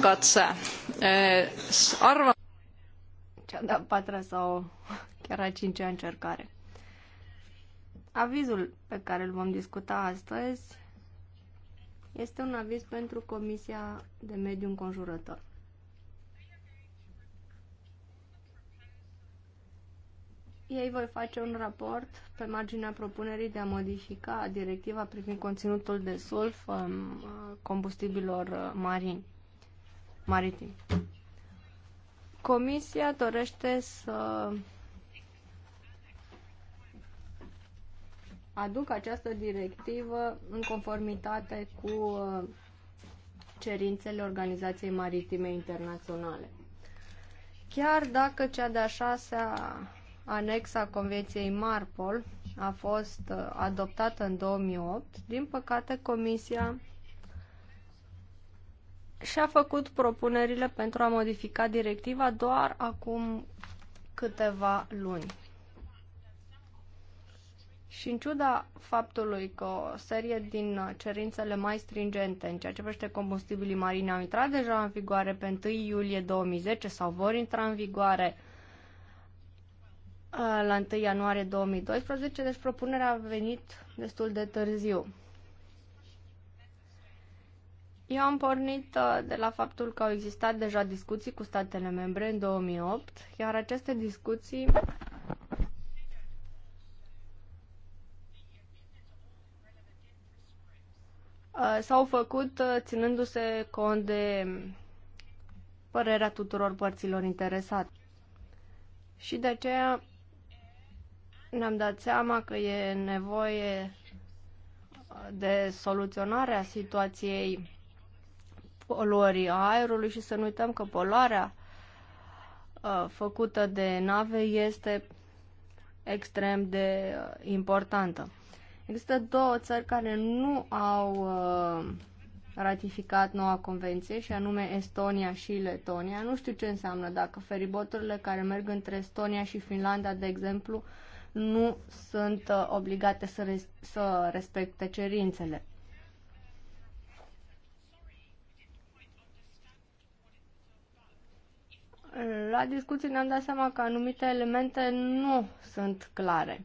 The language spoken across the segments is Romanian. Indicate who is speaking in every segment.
Speaker 1: katse. Eh, arva... Cea de-a patra sau chiar a cincea încercare. Avizul pe care îl vom discuta astăzi este un aviz pentru Comisia de Mediu Înconjurător. Ei voi face un raport pe marginea propunerii de a modifica directiva privind conținutul de sulf în uh, combustibilor uh, marini maritim. Comisia dorește să aduc această directivă în conformitate cu uh, cerințele Organizației Maritime Internaționale. Chiar dacă cea de-a șasea anexa Convenției Marpol a fost uh, adoptată în 2008, din păcate Comisia și-a făcut propunerile pentru a modifica directiva doar acum câteva luni. Și în ciuda faptului că o serie din cerințele mai stringente în ceea ce privește combustibilii marine au intrat deja în vigoare pe 1 iulie 2010 sau vor intra în vigoare uh, la 1 ianuarie 2012, deci propunerea a venit destul de târziu. Eu am pornit uh, de la faptul că au existat deja discuții cu statele membre în 2008, iar aceste discuții uh, s-au făcut uh, ținându-se cont de părerea tuturor părților interesate. Și de aceea ne-am dat seama că e nevoie de soluționarea situației poluării aerului și să nu uităm că poluarea uh, făcută de nave este extrem de uh, importantă. Există două țări care nu au uh, ratificat noua convenție și anume Estonia și Letonia. Nu știu ce înseamnă dacă feriboturile care merg între Estonia și Finlanda, de exemplu, nu sunt obligate să, res- să respecte cerințele. la discuții ne-am dat seama că anumite elemente nu sunt clare.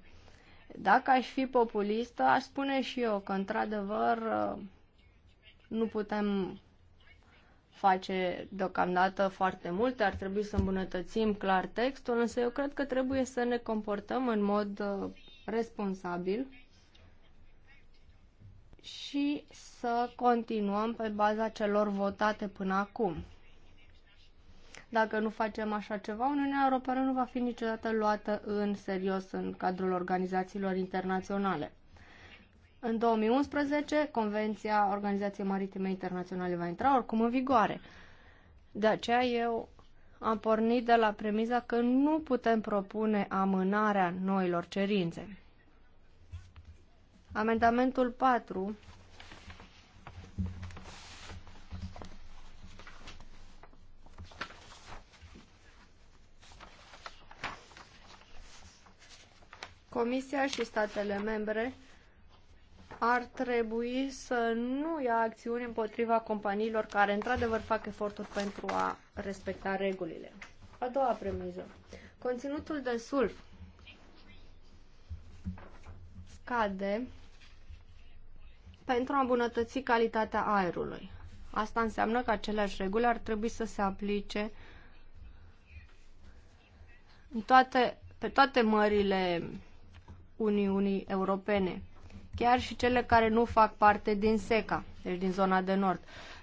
Speaker 1: Dacă aș fi populistă, aș spune și eu că, într-adevăr, nu putem face deocamdată foarte multe, ar trebui să îmbunătățim clar textul, însă eu cred că trebuie să ne comportăm în mod uh, responsabil și să continuăm pe baza celor votate până acum. Dacă nu facem așa ceva, Uniunea Europeană nu va fi niciodată luată în serios în cadrul organizațiilor internaționale. În 2011, Convenția Organizației Maritime Internaționale va intra oricum în vigoare. De aceea eu am pornit de la premiza că nu putem propune amânarea noilor cerințe. Amendamentul 4 Comisia și statele membre ar trebui să nu ia acțiuni împotriva companiilor care într-adevăr fac eforturi pentru a respecta regulile. A doua premiză. Conținutul de sulf scade pentru a îmbunătăți calitatea aerului. Asta înseamnă că aceleași reguli ar trebui să se aplice în toate, pe toate mările Uniunii Europene, chiar și cele care nu fac parte din SECA, deci din zona de nord.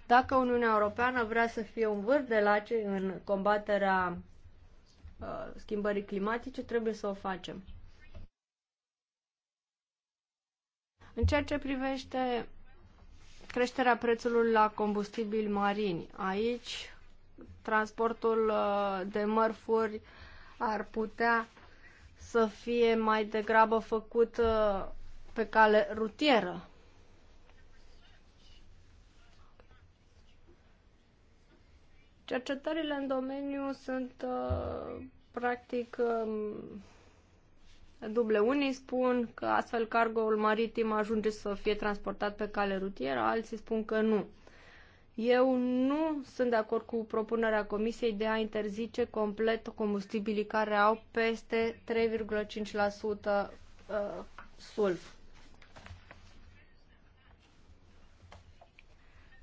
Speaker 1: Dacă Uniunea Europeană vrea să fie un vârf de lace în combaterea uh, schimbării climatice, trebuie să o facem. În ceea ce privește creșterea prețului la combustibili marini, aici transportul uh, de mărfuri ar putea să fie mai degrabă făcută uh, pe cale rutieră. Cercetările în domeniu sunt uh, practic uh, duble. Unii spun că astfel cargoul maritim ajunge să fie transportat pe cale rutieră, alții spun că nu. Eu nu sunt de acord cu propunerea Comisiei de a interzice complet combustibilii care au peste 3,5% uh, sulf.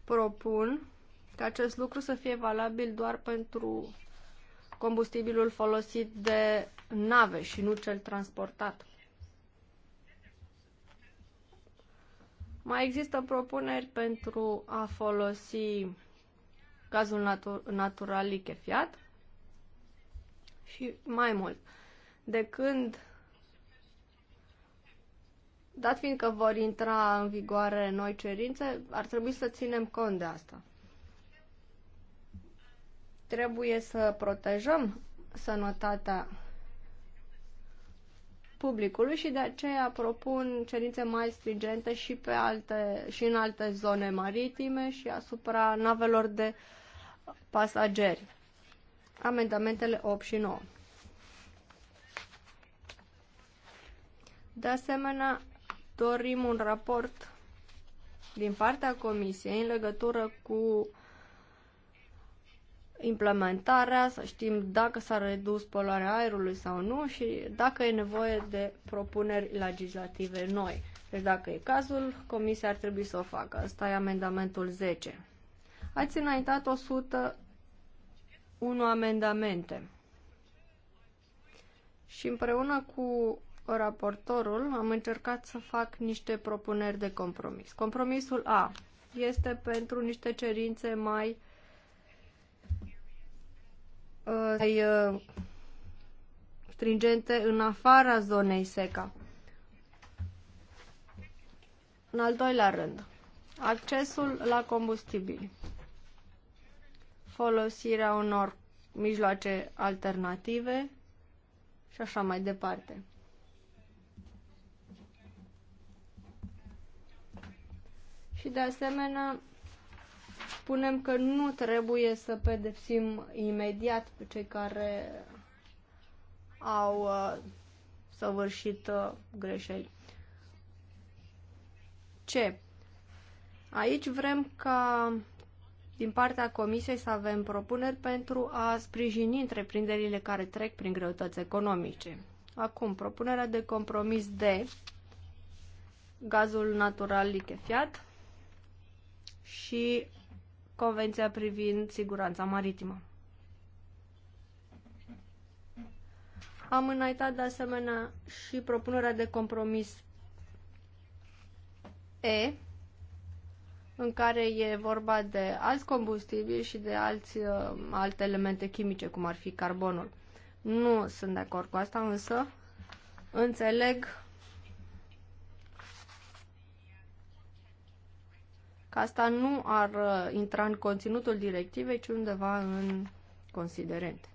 Speaker 1: Propun ca acest lucru să fie valabil doar pentru combustibilul folosit de nave și nu cel transportat. Mai există propuneri pentru a folosi gazul natu- natural lichefiat și mai mult. De când, dat fiind că vor intra în vigoare noi cerințe, ar trebui să ținem cont de asta. Trebuie să protejăm sănătatea publicului și de aceea propun cerințe mai strigente și, pe alte, și în alte zone maritime și asupra navelor de pasageri. Amendamentele 8 și 9. De asemenea, dorim un raport din partea Comisiei în legătură cu implementarea, să știm dacă s-a redus poluarea aerului sau nu și dacă e nevoie de propuneri legislative noi. Deci dacă e cazul, comisia ar trebui să o facă. Asta e amendamentul 10. Ați înaintat 101 amendamente. Și împreună cu raportorul am încercat să fac niște propuneri de compromis. Compromisul A este pentru niște cerințe mai Uh, mai uh, stringente în afara zonei SECA. În al doilea rând, accesul la combustibili. Folosirea unor mijloace alternative și așa mai departe. Și de asemenea, spunem că nu trebuie să pedepsim imediat pe cei care au uh, săvârșit uh, greșeli. Ce? Aici vrem ca din partea Comisiei să avem propuneri pentru a sprijini întreprinderile care trec prin greutăți economice. Acum, propunerea de compromis de gazul natural lichefiat și Convenția privind siguranța maritimă. Am înaintat de asemenea și propunerea de compromis E, în care e vorba de alți combustibili și de alți, uh, alte elemente chimice, cum ar fi carbonul. Nu sunt de acord cu asta, însă înțeleg că asta nu ar uh, intra în conținutul directivei, ci undeva în considerente.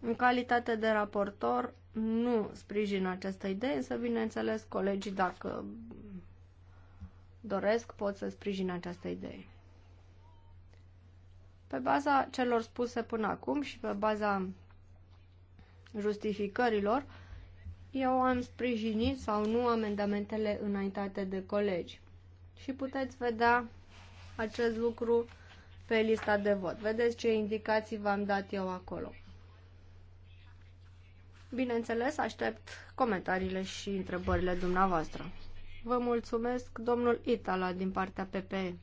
Speaker 1: În calitate de raportor, nu sprijin această idee, însă, bineînțeles, colegii, dacă doresc, pot să sprijin această idee. Pe baza celor spuse până acum și pe baza justificărilor, eu am sprijinit sau nu amendamentele înaintate de colegi și puteți vedea acest lucru pe lista de vot. Vedeți ce indicații v-am dat eu acolo. Bineînțeles, aștept comentariile și întrebările dumneavoastră. Vă mulțumesc, domnul Itala, din partea PPE.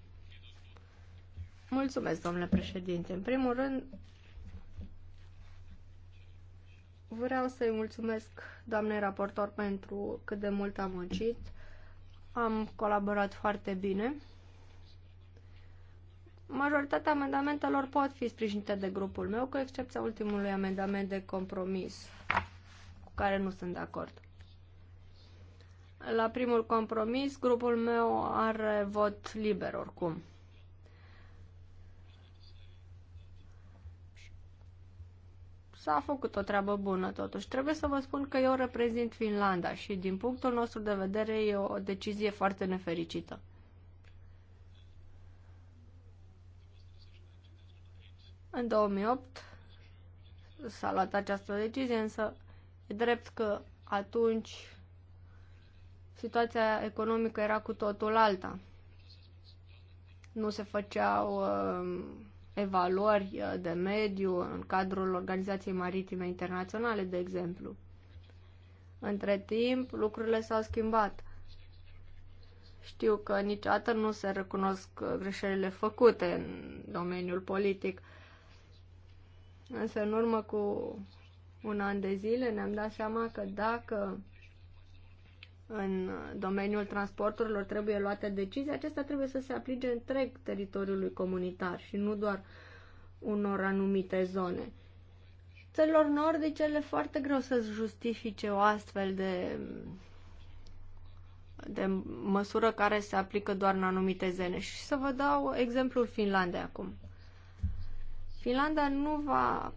Speaker 1: Mulțumesc, domnule președinte. În primul rând, vreau să-i mulțumesc doamnei raportor pentru cât de mult am muncit am colaborat foarte bine. Majoritatea amendamentelor pot fi sprijinite de grupul meu, cu excepția ultimului amendament de compromis, cu care nu sunt de acord. La primul compromis, grupul meu are vot liber oricum. s-a făcut o treabă bună totuși. Trebuie să vă spun că eu reprezint Finlanda și din punctul nostru de vedere e o decizie foarte nefericită. În 2008 s-a luat această decizie, însă e drept că atunci situația economică era cu totul alta. Nu se făceau uh, evaluări uh, de mediu în cadrul Organizației Maritime Internaționale, de exemplu. Între timp, lucrurile s-au schimbat. Știu că niciodată nu se recunosc uh, greșelile făcute în domeniul politic, însă în urmă cu un an de zile ne-am dat seama că dacă în domeniul transporturilor trebuie luate decizii, acestea trebuie să se aplice întreg teritoriului comunitar și nu doar unor anumite zone. Țărilor nordice le foarte greu să justifice o astfel de, de măsură care se aplică doar în anumite zone. Și să vă dau exemplul Finlandei acum. Finlanda nu va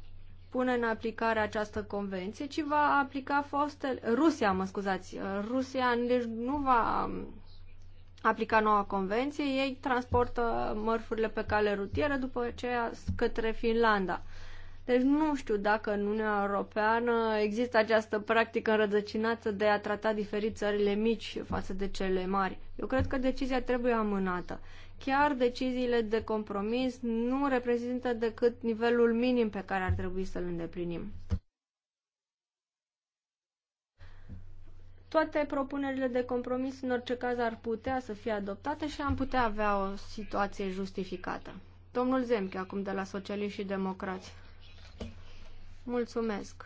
Speaker 1: pune în aplicare această convenție, ci va aplica fostele... Rusia, mă scuzați. Uh, Rusia deci nu va um, aplica noua convenție, ei transportă mărfurile pe cale rutieră, după aceea către Finlanda. Deci nu știu dacă în Uniunea Europeană există această practică înrădăcinată de a trata diferit țările mici față de cele mari. Eu cred că decizia trebuie amânată chiar deciziile de compromis nu reprezintă decât nivelul minim pe care ar trebui să-l îndeplinim. Toate propunerile de compromis, în orice caz, ar putea să fie adoptate și am putea avea o situație justificată. Domnul Zemche, acum de la Socialiști și Democrați. Mulțumesc.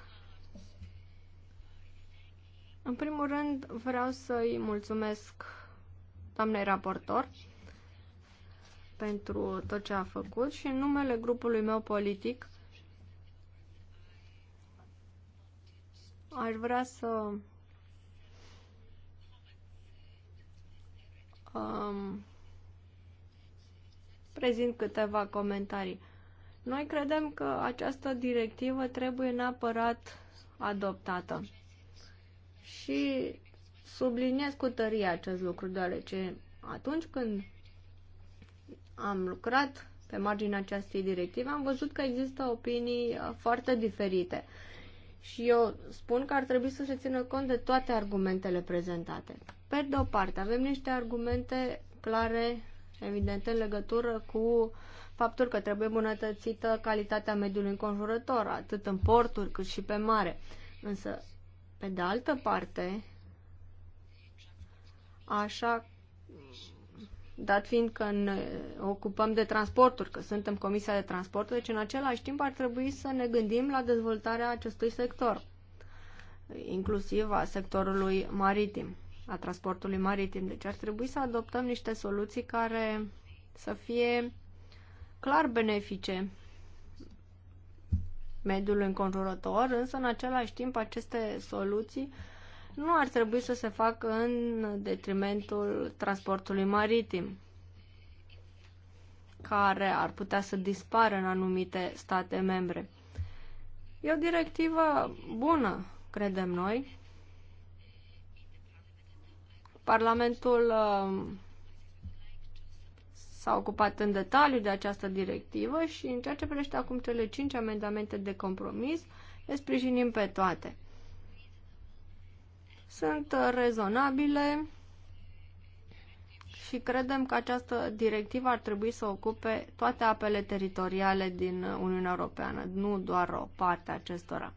Speaker 1: În primul rând, vreau să-i mulțumesc doamnei raportor pentru tot ce a făcut și în numele grupului meu politic aș vrea să um, prezint câteva comentarii. Noi credem că această directivă trebuie neapărat adoptată. Și subliniez cu tărie acest lucru, deoarece atunci când am lucrat pe marginea acestei directive, am văzut că există opinii uh, foarte diferite. Și eu spun că ar trebui să se țină cont de toate argumentele prezentate. Pe de o parte, avem niște argumente clare, evident, în legătură cu faptul că trebuie bunătățită calitatea mediului înconjurător, atât în porturi cât și pe mare. Însă, pe de altă parte, așa dat fiind că ne ocupăm de transporturi, că suntem Comisia de transporturi, deci în același timp ar trebui să ne gândim la dezvoltarea acestui sector, inclusiv a sectorului maritim, a transportului maritim. Deci ar trebui să adoptăm niște soluții care să fie clar benefice mediului înconjurător, însă în același timp aceste soluții uh, nu ar trebui să se facă în detrimentul transportului maritim, care ar putea să dispară în anumite state membre. E o directivă bună, credem noi. Parlamentul uh, s-a ocupat în detaliu de această directivă și în ceea ce privește acum cele cinci amendamente de compromis, le sprijinim pe toate sunt rezonabile și credem că această directivă ar trebui să ocupe toate apele teritoriale din Uniunea Europeană, nu doar o parte acestora.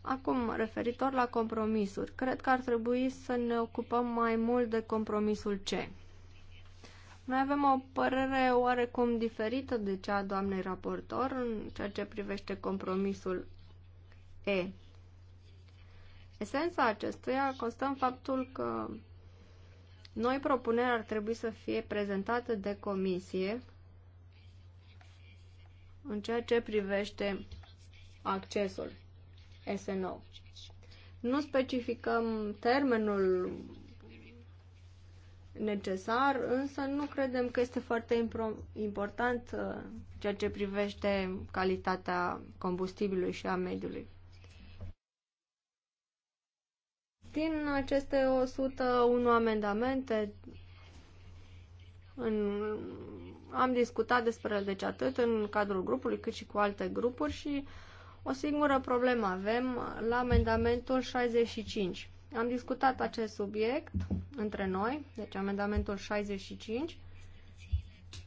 Speaker 1: Acum, referitor la compromisuri, cred că ar trebui să ne ocupăm mai mult de compromisul C. Noi avem o părere oarecum diferită de cea a doamnei raportor în ceea ce privește compromisul E. Esența acestuia constă în faptul că noi propunerea ar trebui să fie prezentată de comisie în ceea ce privește accesul SNO. Nu specificăm termenul necesar, însă nu credem că este foarte important uh, ceea ce privește calitatea combustibilului și a mediului. Din aceste 101 amendamente, în, am discutat despre el deci atât în cadrul grupului cât și cu alte grupuri și o singură problemă avem la amendamentul 65. Am discutat acest subiect între noi, deci amendamentul 65.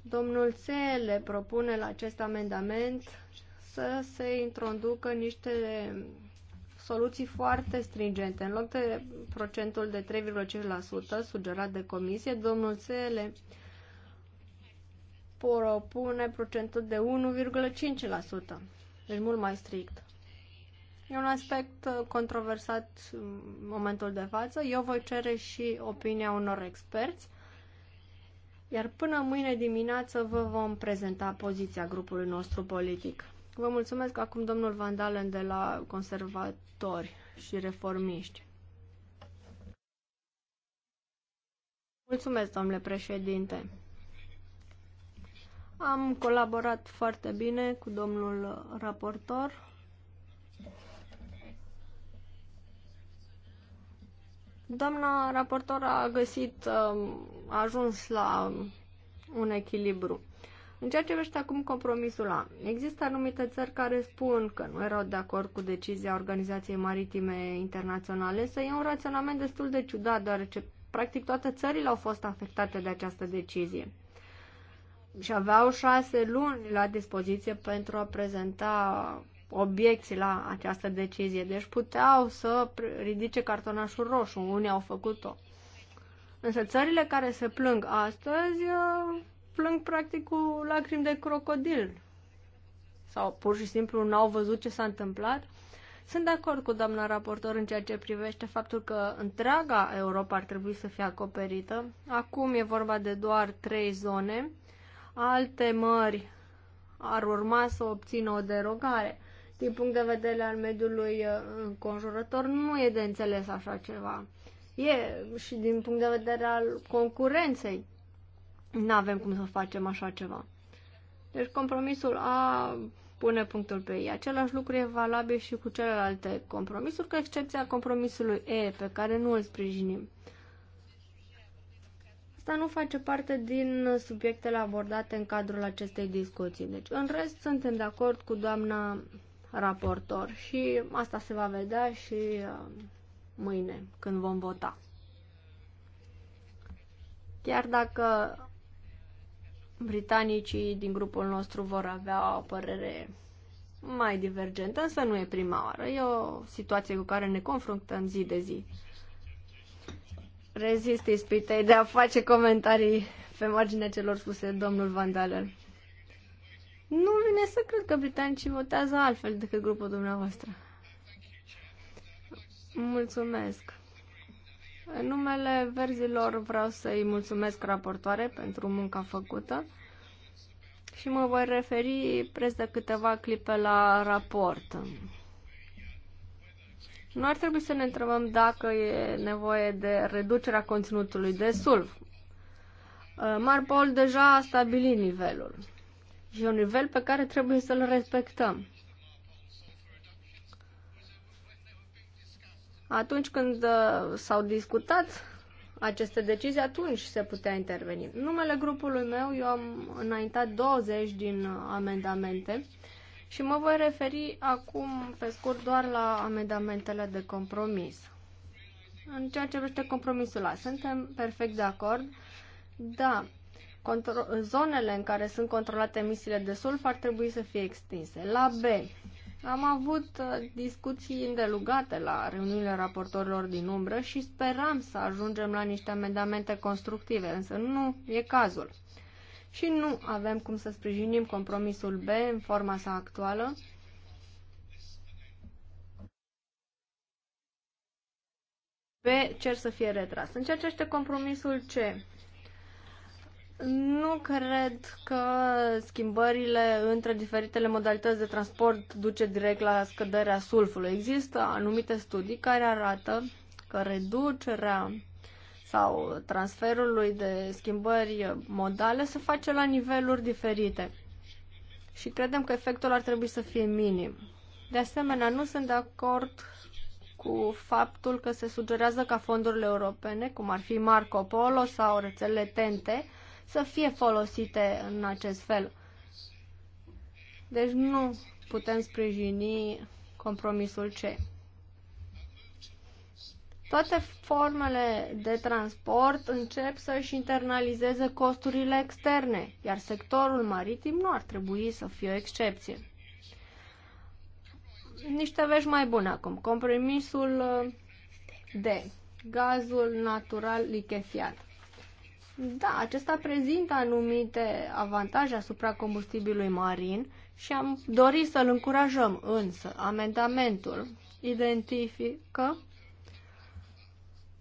Speaker 1: Domnul Țele propune la acest amendament să se introducă niște soluții foarte stringente. În loc de procentul de 3,5% sugerat de comisie, domnul Sele propune procentul de 1,5%. Deci mult mai strict. E un aspect uh, controversat în momentul de față. Eu voi cere și opinia unor experți. Iar până mâine dimineață vă vom prezenta poziția grupului nostru politic. Vă mulțumesc acum domnul Vandalen de la conservatori și reformiști. Mulțumesc, domnule președinte. Am colaborat foarte bine cu domnul raportor. Doamna raportor a găsit, um, a ajuns la un echilibru. În ceea ce vește acum compromisul A, există anumite țări care spun că nu erau de acord cu decizia Organizației Maritime Internaționale, să e un raționament destul de ciudat, deoarece practic toate țările au fost afectate de această decizie. Și aveau șase luni la dispoziție pentru a prezenta obiecții la această decizie, deci puteau să ridice cartonașul roșu, unii au făcut-o. Însă țările care se plâng astăzi plâng practic cu lacrimi de crocodil sau pur și simplu n-au văzut ce s-a întâmplat. Sunt de acord cu doamna raportor în ceea ce privește faptul că întreaga Europa ar trebui să fie acoperită. Acum e vorba de doar trei zone. Alte mări ar urma să obțină o derogare. Din punct de vedere al mediului uh, înconjurător, nu e de înțeles așa ceva. E și din punct de vedere al concurenței. Nu avem cum să facem așa ceva. Deci compromisul A pune punctul pe ei. Același lucru e valabil și cu celelalte compromisuri, cu excepția compromisului E, pe care nu îl sprijinim. Asta nu face parte din subiectele abordate în cadrul acestei discuții. Deci, în rest, suntem de acord cu doamna raportor și asta se va vedea și uh, mâine, când vom vota. Chiar dacă britanicii din grupul nostru vor avea o părere mai divergentă, însă nu e prima oară. E o situație cu care ne confruntăm zi de zi. Rezist ispitei de a face comentarii pe marginea celor spuse domnul Vandalen. Nu vine să cred că britanicii votează altfel decât grupul dumneavoastră. Mulțumesc. În numele verzilor vreau să-i mulțumesc raportoare pentru munca făcută și mă voi referi preț de câteva clipe la raport. Nu ar trebui să ne întrebăm dacă e nevoie de reducerea conținutului de sulf. Uh, Marpol deja a stabilit nivelul. E un nivel pe care trebuie să-l respectăm. Atunci când uh, s-au discutat aceste decizii, atunci se putea interveni. Numele grupului meu, eu am înaintat 20 din uh, amendamente și mă voi referi acum, pe scurt, doar la amendamentele de compromis. În ceea ce vrește compromisul ăla, suntem perfect de acord. Da, zonele în care sunt controlate emisiile de sulf ar trebui să fie extinse. La B, am avut uh, discuții îndelugate la reuniunile raportorilor din umbră și speram să ajungem la niște amendamente constructive, însă nu e cazul. Și nu avem cum să sprijinim compromisul B în forma sa actuală. B cer să fie retras. În ceea ce este compromisul C, nu cred că schimbările între diferitele modalități de transport duce direct la scăderea sulfului. Există anumite studii care arată că reducerea sau transferului de schimbări modale se face la niveluri diferite. Și credem că efectul ar trebui să fie minim. De asemenea, nu sunt de acord cu faptul că se sugerează ca fondurile europene, cum ar fi Marco Polo sau rețelele TENTE, să fie folosite în acest fel. Deci nu putem sprijini compromisul C. Toate formele de transport încep să își internalizeze costurile externe, iar sectorul maritim nu ar trebui să fie o excepție. Niște vești mai bune acum. Compromisul uh, D. Gazul natural lichefiat. Da, acesta prezintă anumite avantaje asupra combustibilului marin și am dorit să-l încurajăm, însă amendamentul identifică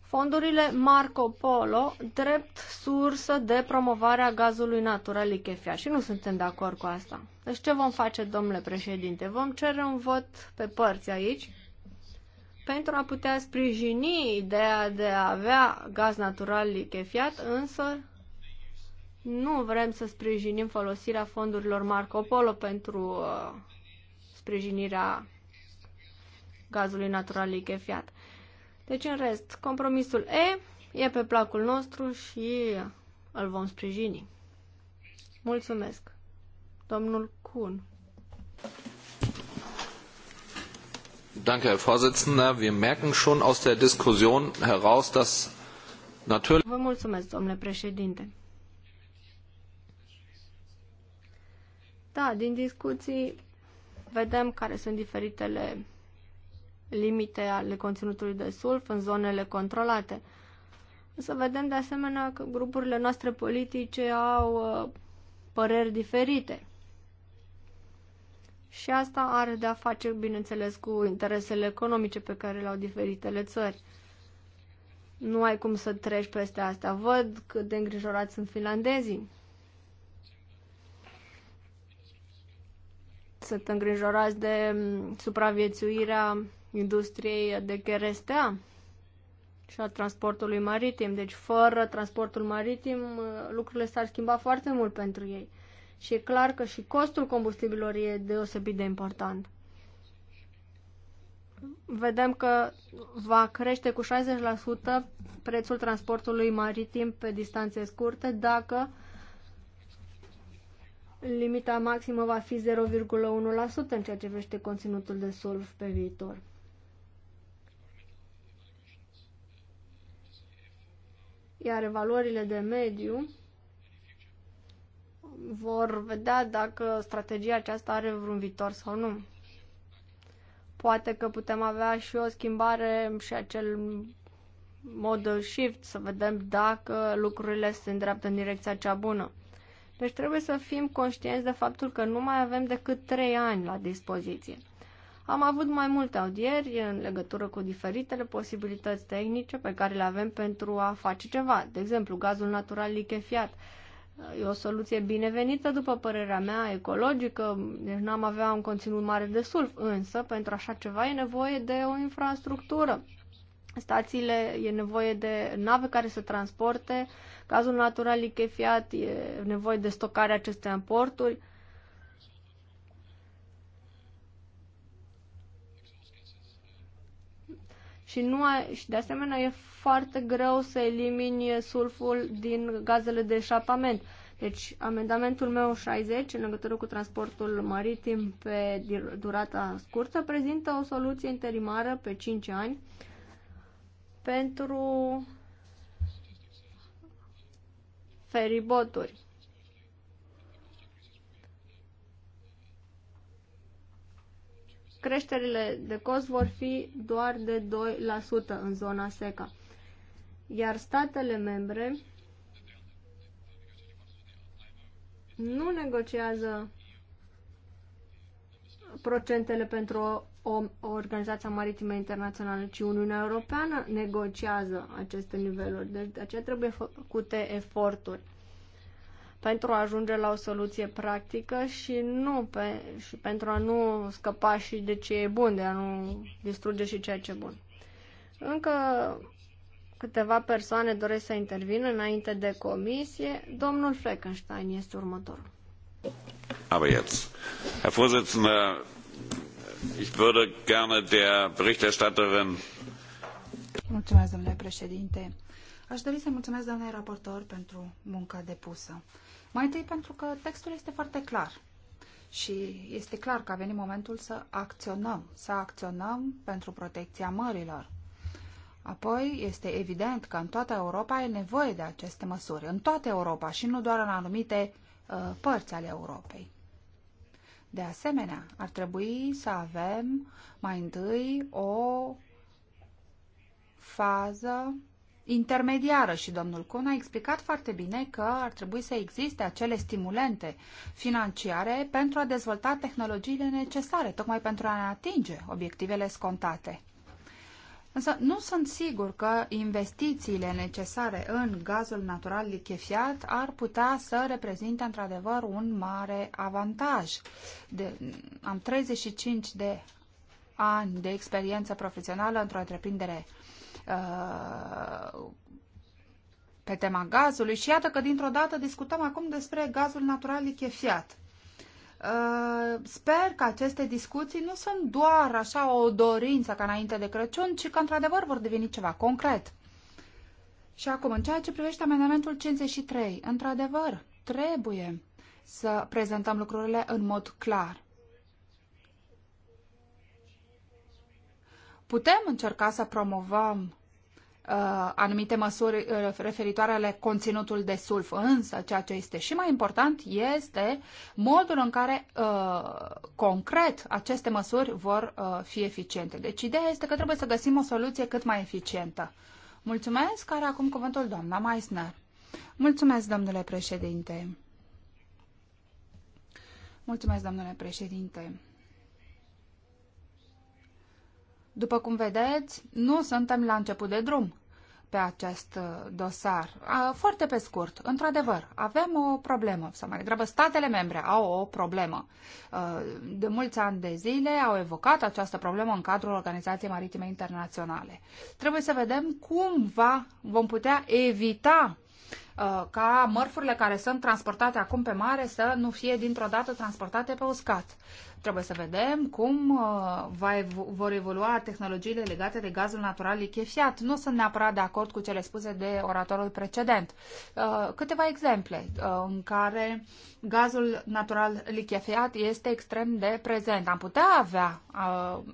Speaker 1: fondurile Marco Polo drept sursă de promovare a gazului natural lichefiat și nu suntem de acord cu asta. Deci ce vom face, domnule președinte? Vom cere un vot pe părți aici pentru a putea sprijini ideea de a avea gaz natural lichefiat, însă nu vrem să sprijinim folosirea fondurilor Marco Polo pentru uh, sprijinirea gazului natural lichefiat. Deci, în rest, compromisul E e pe placul nostru și îl vom sprijini. Mulțumesc. Domnul Kuhn. Danke, Herr Vorsitzender. Wir merken schon aus der Diskussion heraus, dass natürlich. Vă mulțumesc, domnule președinte. Da, din discuții vedem care sunt diferitele limite ale conținutului de sulf în zonele controlate. Să vedem de asemenea că grupurile noastre politice au uh, păreri diferite și asta are de-a face, bineînțeles, cu interesele economice pe care le-au diferitele țări. Nu ai cum să treci peste asta. Văd cât de îngrijorați sunt finlandezii. Sunt îngrijorați de mm, supraviețuirea industriei de cherestea și a transportului maritim. Deci fără transportul maritim mm, lucrurile s-ar schimba foarte mult pentru ei. Și e clar că și costul combustibilor e deosebit de important. Vedem că va crește cu 60% prețul transportului maritim pe distanțe scurte dacă limita maximă va fi 0,1% în ceea ce vește conținutul de solv pe viitor. Iar valorile de mediu vor vedea dacă strategia aceasta are vreun viitor sau nu. Poate că putem avea și o schimbare și acel model shift, să vedem dacă lucrurile se îndreaptă în direcția cea bună. Deci trebuie să fim conștienți de faptul că nu mai avem decât trei ani la dispoziție. Am avut mai multe audieri în legătură cu diferitele posibilități tehnice pe care le avem pentru a face ceva, de exemplu gazul natural lichefiat, E o soluție binevenită, după părerea mea, ecologică, deci n-am avea un conținut mare de sulf, însă pentru așa ceva e nevoie de o infrastructură. Stațiile e nevoie de nave care să transporte, cazul natural lichefiat e nevoie de stocarea acestea în porturi, și, nu a, și de asemenea e foarte greu să elimini sulful din gazele de eșapament. Deci amendamentul meu 60 în legătură cu transportul maritim pe durata scurtă prezintă o soluție interimară pe 5 ani pentru feriboturi. creșterile de cost vor fi doar de 2% în zona SECA. Iar statele membre nu negociază procentele pentru o, o organizație maritimă internațională, ci Uniunea Europeană negociază aceste niveluri. Deci de aceea trebuie făcute eforturi pentru a ajunge la o soluție practică și nu pe, și pentru a nu scăpa și de ce e bun, de a nu distruge și ceea ce e bun. Încă câteva persoane doresc să intervină înainte de comisie. Domnul Fleckenstein este următorul. Aber
Speaker 2: jetzt. Herr Vorsitzender, ich würde gerne der Berichterstatterin.
Speaker 3: Mulțumesc, domnule președinte. Aș dori să mulțumesc domnule raportor pentru munca depusă. Mai întâi pentru că textul este foarte clar și este clar că a venit momentul să acționăm, să acționăm pentru protecția mărilor. Apoi, este evident că în toată Europa e nevoie de aceste măsuri, în toată Europa și nu doar în anumite uh, părți ale Europei. De asemenea, ar trebui să avem mai întâi o fază intermediară și domnul Cun a explicat foarte bine că ar trebui să existe acele stimulente financiare pentru a dezvolta tehnologiile necesare, tocmai pentru a ne atinge obiectivele scontate. Însă nu sunt sigur că investițiile necesare în gazul natural lichefiat ar putea să reprezinte într-adevăr un mare avantaj. De, am 35 de ani de experiență profesională într-o întreprindere Uh, pe tema gazului și iată că dintr-o dată discutăm acum despre gazul natural lichefiat. Uh, sper că aceste discuții nu sunt doar așa o dorință ca înainte de Crăciun, ci că într-adevăr vor deveni ceva concret. Și acum, în ceea ce privește amendamentul 53, într-adevăr, trebuie să prezentăm lucrurile în mod clar. Putem încerca să promovăm Uh, anumite măsuri uh, referitoare la conținutul de sulf. Însă, ceea ce este și mai important este modul în care uh, concret aceste măsuri vor uh, fi eficiente. Deci, ideea este că trebuie să găsim o soluție cât mai eficientă. Mulțumesc, care acum cuvântul doamna Meissner. Mulțumesc, domnule președinte. Mulțumesc, domnule președinte. După cum vedeți, nu suntem la început de drum pe acest uh, dosar. Foarte pe scurt, într-adevăr, avem o problemă, sau mai degrabă statele membre au o problemă. Uh, de mulți ani de zile au evocat această problemă în cadrul Organizației Maritime Internaționale. Trebuie să vedem cum va, vom putea evita Uh, ca mărfurile care sunt transportate acum pe mare să nu fie dintr-o dată transportate pe uscat. Trebuie să vedem cum uh, va evo vor evolua tehnologiile legate de gazul natural lichefiat. Nu sunt neapărat de acord cu cele spuse de oratorul precedent. Uh, câteva exemple în care gazul natural lichefiat este extrem de prezent. Am putea avea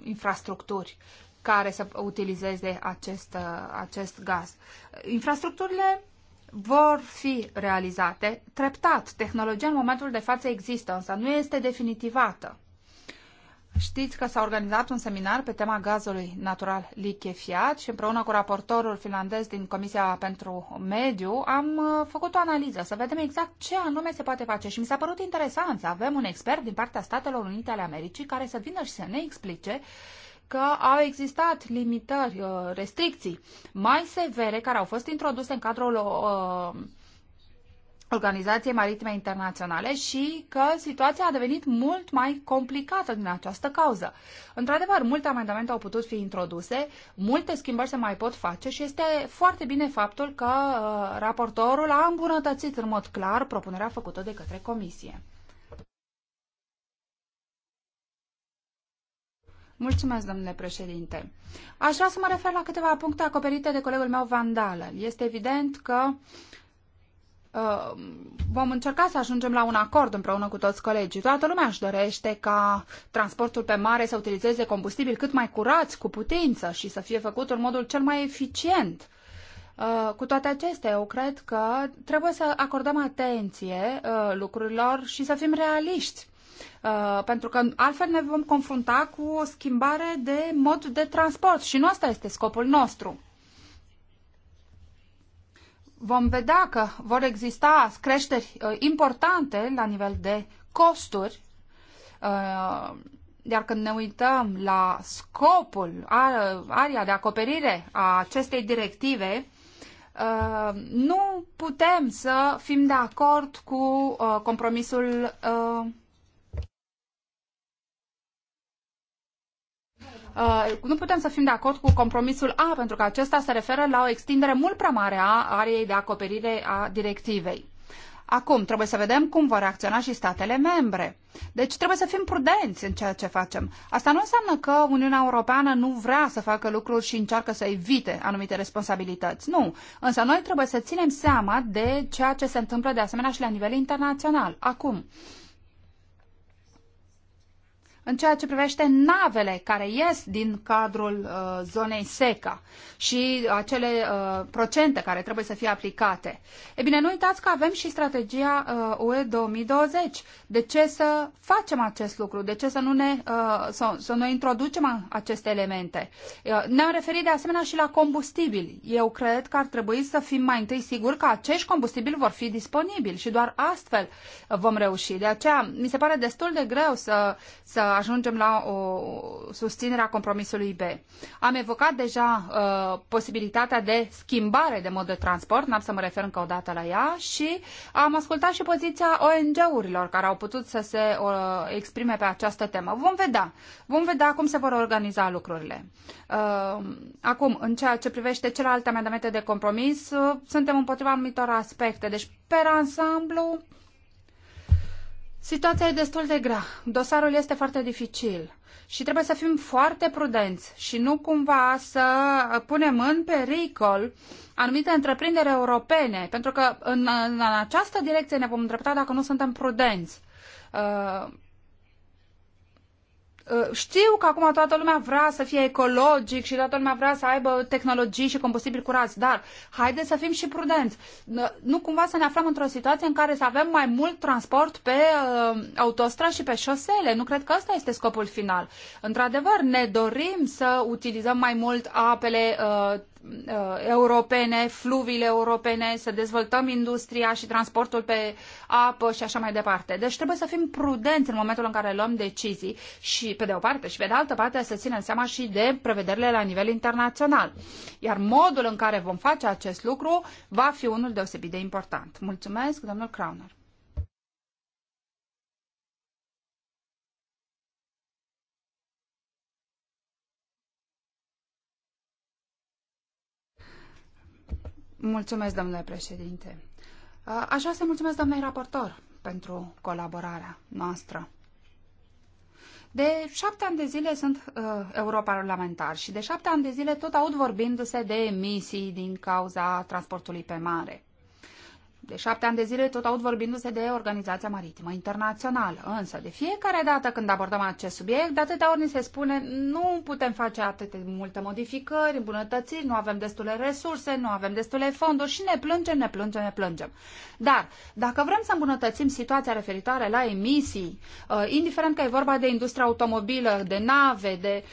Speaker 3: infrastructuri care să utilizeze acest, acest gaz. Infrastructurile vor fi realizate treptat. Tehnologia în momentul de față există, însă nu este definitivată. Știți că s-a organizat un seminar pe tema gazului natural lichefiat și împreună cu raportorul finlandez din Comisia pentru Mediu am uh, făcut o analiză să vedem exact ce anume se poate face și mi s-a părut interesant să avem un expert din partea Statelor Unite ale Americii care să vină și să ne explice uh, că au existat limitări, uh, restricții mai severe care au fost introduse în cadrul uh, Organizației Maritime Internaționale și că situația a devenit mult mai complicată din această cauză. Într-adevăr, multe amendamente au putut fi introduse, multe schimbări se mai pot face și este foarte bine faptul că uh, raportorul a îmbunătățit în mod clar propunerea făcută de către Comisie. Mulțumesc, domnule președinte. Aș vrea să mă refer la câteva puncte acoperite de colegul meu Vandală. Este evident că uh, vom încerca să ajungem la un acord împreună cu toți colegii. Toată lumea își dorește ca transportul pe mare să utilizeze combustibil cât mai curați, cu putință și să fie făcut în modul cel mai eficient. Uh, cu toate acestea, eu cred că trebuie să acordăm atenție uh, lucrurilor și să fim realiști Uh, pentru că altfel ne vom confrunta cu o schimbare de mod de transport și nu asta este scopul nostru vom vedea că vor exista creșteri uh, importante la nivel de costuri, uh, iar când ne uităm la scopul, area de acoperire a acestei directive, nu putem să fim de acord cu compromisul uh, nu putem să fim de acord cu compromisul A, pentru că acesta se referă la o extindere mult prea mare a ariei de acoperire a directivei. Acum, trebuie să vedem cum vor reacționa și statele membre. Deci trebuie să fim prudenți în ceea ce facem. Asta nu înseamnă că Uniunea Europeană nu vrea să facă lucruri și încearcă să evite anumite responsabilități. Nu. Însă noi trebuie să ținem seama de ceea ce se întâmplă de asemenea și la nivel internațional. Acum, uh, în ceea ce privește navele care ies din cadrul uh, zonei SECA și acele uh, procente care trebuie să fie aplicate. E bine, nu uitați că avem și strategia uh, UE 2020. De ce să facem acest lucru? De ce să nu ne, uh, să, să nu introducem aceste elemente? Uh, ne-am referit de asemenea și la combustibili. Eu cred că ar trebui să fim mai întâi siguri că acești combustibili vor fi disponibili și doar astfel uh, vom reuși. De aceea, mi se pare destul de greu să, să ajungem la o susținere a compromisului B. Am evocat deja uh, posibilitatea de schimbare de mod de transport, n-am să mă refer încă o dată la ea, și am ascultat și poziția ONG-urilor care au putut să se uh, exprime pe această temă. Vom vedea. Vom vedea cum se vor organiza lucrurile. Uh, acum, în ceea ce privește celelalte amendamente de compromis, uh, suntem împotriva anumitor aspecte. Deci, pe ansamblu, Situația e destul de grea. Dosarul este foarte dificil și trebuie să fim foarte prudenți și nu cumva să punem în pericol anumite întreprinderi europene, pentru că în, în această direcție ne vom îndrepta dacă nu suntem prudenți. Uh, Uh, știu că acum toată lumea vrea să fie ecologic și toată lumea vrea să aibă tehnologii și combustibili curați, dar haideți să fim și prudenți. Nu cumva să ne aflăm într-o situație în care să avem mai mult transport pe uh, autostrăzi și pe șosele. Nu cred că ăsta este scopul final. Într-adevăr, ne dorim să utilizăm mai mult apele uh, Uh, europene, fluviile europene, să dezvoltăm industria și transportul pe apă și așa mai departe. Deci trebuie să fim prudenți în momentul în care luăm decizii și pe de o parte și pe de altă parte să ținem seama și de prevederile la nivel internațional. Iar modul în care vom face acest lucru va fi unul deosebit de important. Mulțumesc, domnul Crowner. Mulțumesc, domnule președinte. Aș vrea să mulțumesc domnului raportor pentru colaborarea noastră. De șapte ani de zile sunt uh, europarlamentar și de șapte ani de zile tot aud vorbindu-se de emisii din cauza transportului pe mare de șapte ani de zile tot aud vorbindu-se de Organizația Maritimă Internațională. Însă, de fiecare dată când abordăm acest subiect, de atâtea ori ni se spune nu putem face atât de multe modificări, îmbunătățiri, nu avem destule resurse, nu avem destule fonduri și ne plângem, ne plângem, ne plângem. Dar, dacă vrem să îmbunătățim situația referitoare la emisii, uh, indiferent că e vorba de industria automobilă, de nave, de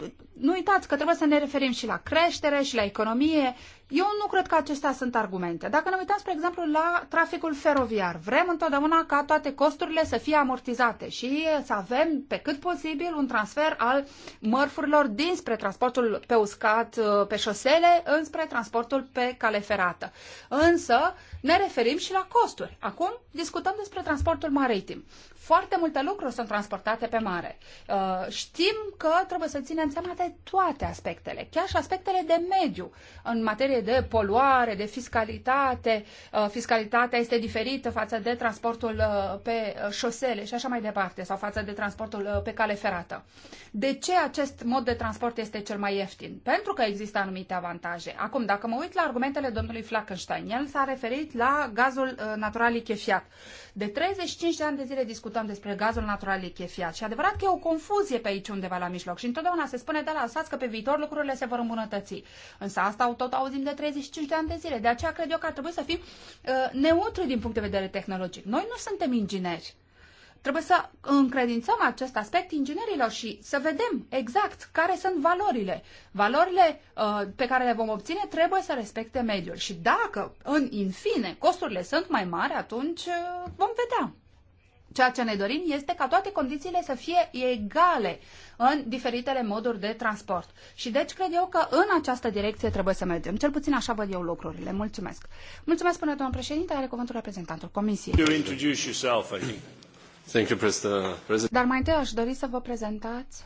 Speaker 3: uh, nu uitați că trebuie să ne referim și la creștere și la economie. Eu nu cred că acestea sunt argumente. Dacă ne uităm, spre exemplu, la traficul feroviar, vrem întotdeauna ca toate costurile să fie amortizate și să avem pe cât posibil un transfer al mărfurilor dinspre transportul pe uscat pe șosele înspre transportul pe cale ferată. Însă ne referim și la costuri. Acum discutăm despre transportul maritim. Foarte multe lucruri sunt transportate pe mare. Uh, știm că trebuie să ținem seama de toate aspectele, chiar și aspectele de mediu, în materie de poluare, de fiscalitate. Uh, fiscalitatea este diferită față de transportul uh, pe șosele și așa mai departe, sau față de transportul pe cale ferată. De ce acest mod de transport este cel mai ieftin? Pentru că există anumite avantaje. Acum, dacă mă uit la argumentele domnului Flackenstein, el s-a referit la gazul natural lichefiat. De 35 de ani de zile discutăm discutăm despre gazul natural lichefiat. Și adevărat că e o confuzie pe aici undeva la mijloc și întotdeauna se spune, da lăsați că pe viitor lucrurile se vor îmbunătăți. Însă asta tot auzim de 35 de ani de zile. De aceea cred eu că ar trebui să fim uh, neutri din punct de vedere tehnologic. Noi nu suntem ingineri trebuie să încredințăm acest aspect inginerilor și să vedem exact care sunt valorile. Valorile uh, pe care le vom obține trebuie să respecte mediul și dacă, în infine, costurile sunt mai mari, atunci uh, vom vedea. Ceea ce ne dorim este ca toate condițiile să fie egale în diferitele moduri de transport. Și deci cred eu că în această direcție trebuie să mergem. Cel puțin așa văd eu lucrurile. Mulțumesc. Mulțumesc, până domnul președinte. Are cuvântul reprezentantul Comisiei. Dar mai întâi aș dori să vă prezentați.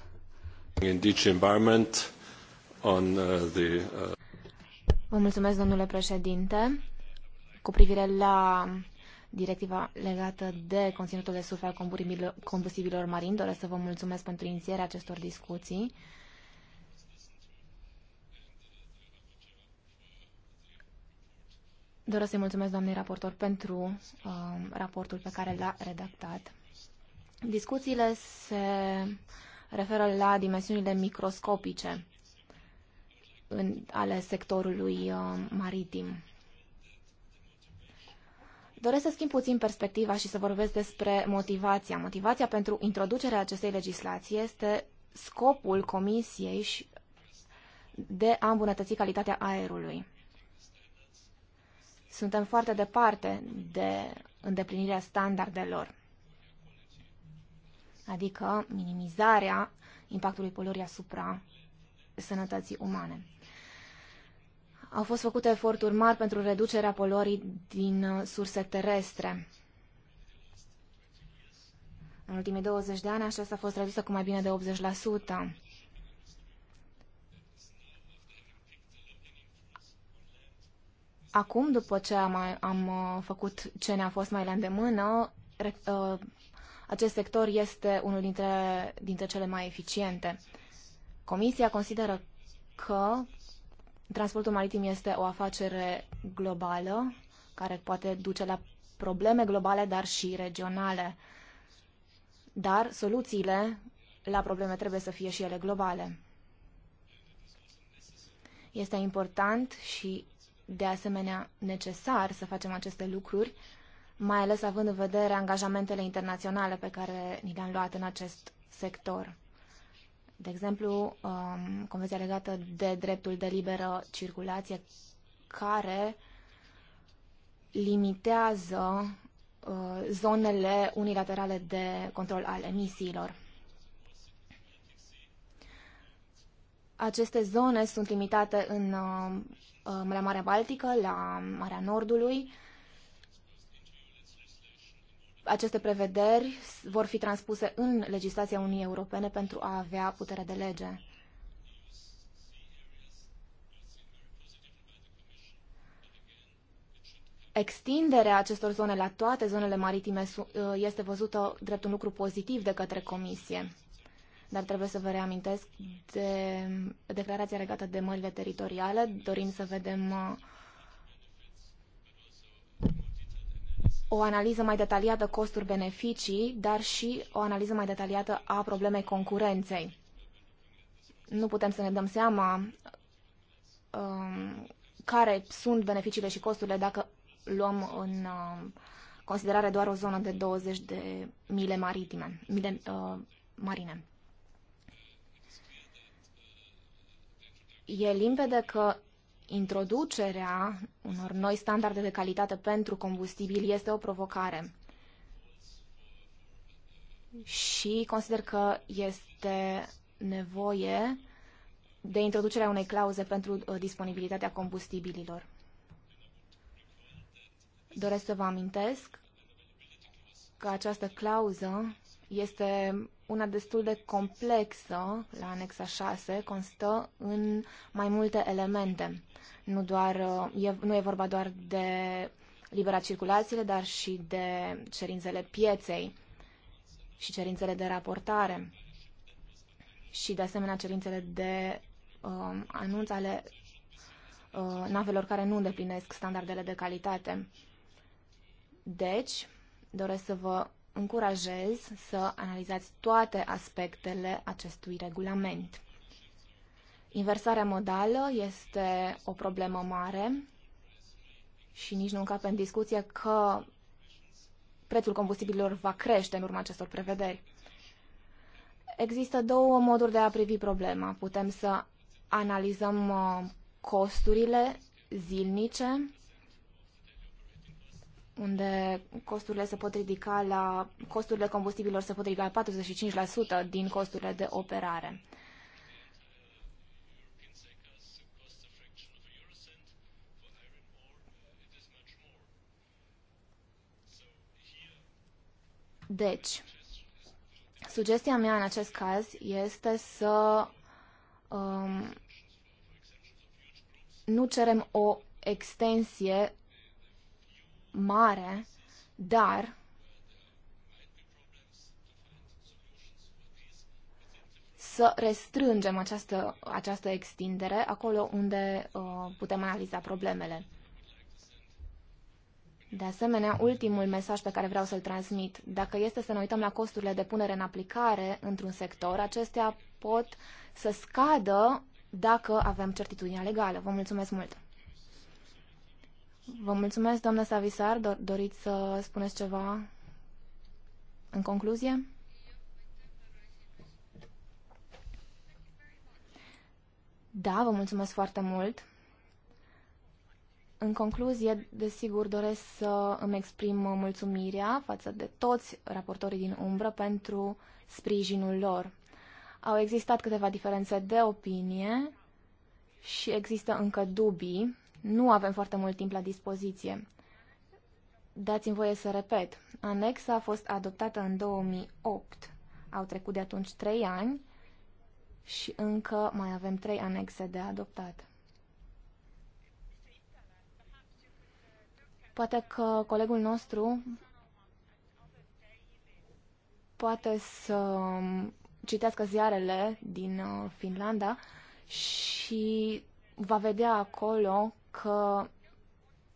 Speaker 2: Uh, uh-
Speaker 4: vă mulțumesc, domnule președinte. Cu privire la directiva legată de conținutul de sulf al combustibilor marini. Doresc să vă mulțumesc pentru inițierea acestor discuții. Doresc să-i mulțumesc doamnei raportor pentru uh, raportul pe care l-a redactat. Discuțiile se referă la dimensiunile microscopice în, ale sectorului uh, maritim. Doresc să schimb puțin perspectiva și să vorbesc despre motivația. Motivația pentru introducerea acestei legislații este scopul Comisiei și de a îmbunătăți calitatea aerului. Suntem foarte departe de îndeplinirea standardelor, adică minimizarea impactului poluării asupra sănătății umane. Au fost făcute eforturi mari pentru reducerea poluării din uh, surse terestre. În ultimii 20 de ani aceasta a fost redusă cu mai bine de 80%. Acum, după ce am, am uh, făcut ce ne-a fost mai la îndemână, uh, acest sector este unul dintre, dintre cele mai eficiente. Comisia consideră că Transportul maritim este o afacere globală care poate duce la probleme globale, dar și regionale. Dar soluțiile la probleme trebuie să fie și ele globale. Este important și de asemenea necesar să facem aceste lucruri, mai ales având în vedere angajamentele internaționale pe care ni le-am luat în acest sector. De exemplu, um, Convenția legată de dreptul de liberă circulație care limitează uh, zonele unilaterale de control al emisiilor. Aceste zone sunt limitate în uh, uh Marea Baltică, la Marea Nordului, aceste prevederi vor fi transpuse în legislația Uniunii Europene pentru a avea putere de lege. Extinderea acestor zone la toate zonele maritime uh, este văzută drept un lucru pozitiv de către Comisie. Dar trebuie să vă reamintesc de declarația legată de mările teritoriale. Dorim să vedem uh, o analiză mai detaliată costuri-beneficii, dar și o analiză mai detaliată a problemei concurenței. Nu putem să ne dăm seama um, care sunt beneficiile și costurile dacă luăm în uh, considerare doar o zonă de 20 de mile maritime, mile, uh, marine. E limpede că introducerea unor noi standarde de calitate pentru combustibil este o provocare. Și consider că este nevoie de introducerea unei clauze pentru uh, disponibilitatea combustibililor. Doresc să vă amintesc că această clauză este una destul de complexă la anexa 6, constă în mai multe elemente. Nu, doar, uh, e, nu e vorba doar de libera circulație, dar și de cerințele pieței și cerințele de raportare și, de asemenea, cerințele de uh, anunț ale uh, navelor care nu îndeplinesc standardele de calitate. Deci, doresc să vă încurajez să analizați toate aspectele acestui regulament. Inversarea modală este o problemă mare și nici nu încape în discuție că prețul combustibililor va crește în urma acestor prevederi. Există două moduri de a privi problema. Putem să analizăm uh, costurile zilnice, unde costurile se pot ridica la costurile combustibilor se pot ridica la 45% din costurile de operare. Deci, sugestia mea în acest caz este să um, nu cerem o extensie mare, dar să restrângem această, această extindere acolo unde uh, putem analiza problemele. De asemenea, ultimul mesaj pe care vreau să-l transmit, dacă este să ne uităm la costurile de punere în aplicare într-un sector, acestea pot să scadă dacă avem certitudinea legală. Vă mulțumesc mult! Vă mulțumesc, doamnă Savisar. doriți să spuneți ceva în concluzie? Da, vă mulțumesc foarte mult. În concluzie, desigur, doresc să îmi exprim mulțumirea față de toți raportorii din umbră pentru sprijinul lor. Au existat câteva diferențe de opinie și există încă dubii. Nu avem foarte mult timp la dispoziție. Dați-mi voie să repet. Anexa a fost adoptată în 2008. Au trecut de atunci trei ani și încă mai avem trei anexe de adoptat. Poate că colegul nostru poate să citească ziarele din uh, Finlanda și va vedea acolo că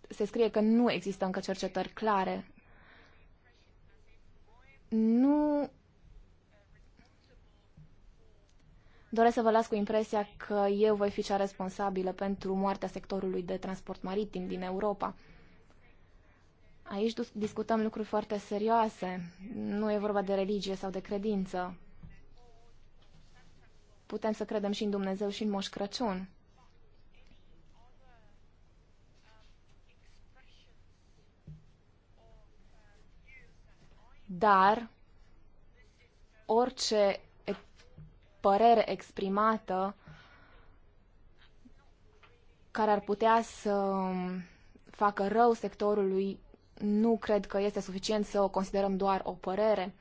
Speaker 4: se scrie că nu există încă cercetări clare. Nu doresc să vă las cu impresia că eu voi fi cea responsabilă pentru moartea sectorului de transport maritim din Europa. Aici discutăm lucruri foarte serioase. Nu e vorba de religie sau de credință. Putem să credem și în Dumnezeu și în Moș Crăciun. Dar orice părere exprimată care ar putea să facă rău sectorului nu cred că este suficient să o considerăm doar o părere.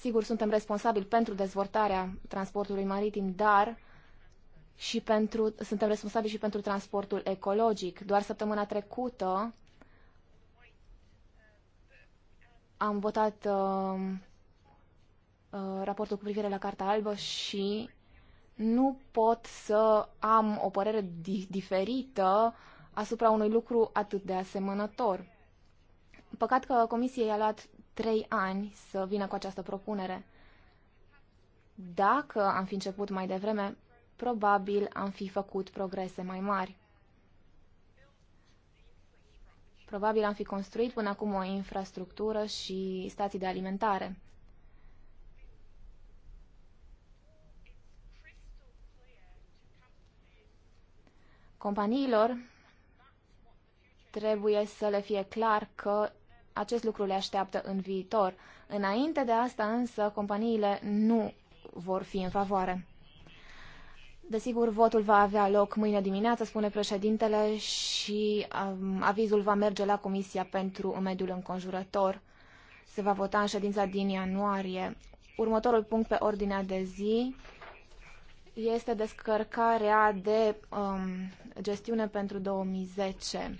Speaker 4: Sigur, suntem responsabili pentru dezvoltarea transportului maritim, dar și pentru, suntem responsabili și pentru transportul ecologic. Doar săptămâna trecută am votat uh, uh, raportul cu privire la Carta Albă și nu pot să am o părere di- diferită uh, asupra unui lucru atât de asemănător. Păcat că Comisiei a luat trei ani să vină cu această propunere. Dacă am fi început mai devreme, probabil am fi făcut progrese mai mari. Probabil am fi construit până acum o infrastructură și stații de alimentare. Companiilor trebuie să le fie clar că acest lucru le așteaptă în viitor. Înainte de asta însă, companiile nu vor fi în favoare. Desigur, votul va avea loc mâine dimineață, spune președintele, și um, avizul va merge la Comisia pentru Mediul Înconjurător. Se va vota în ședința din ianuarie. Următorul punct pe ordinea de zi este descărcarea de um, gestiune pentru 2010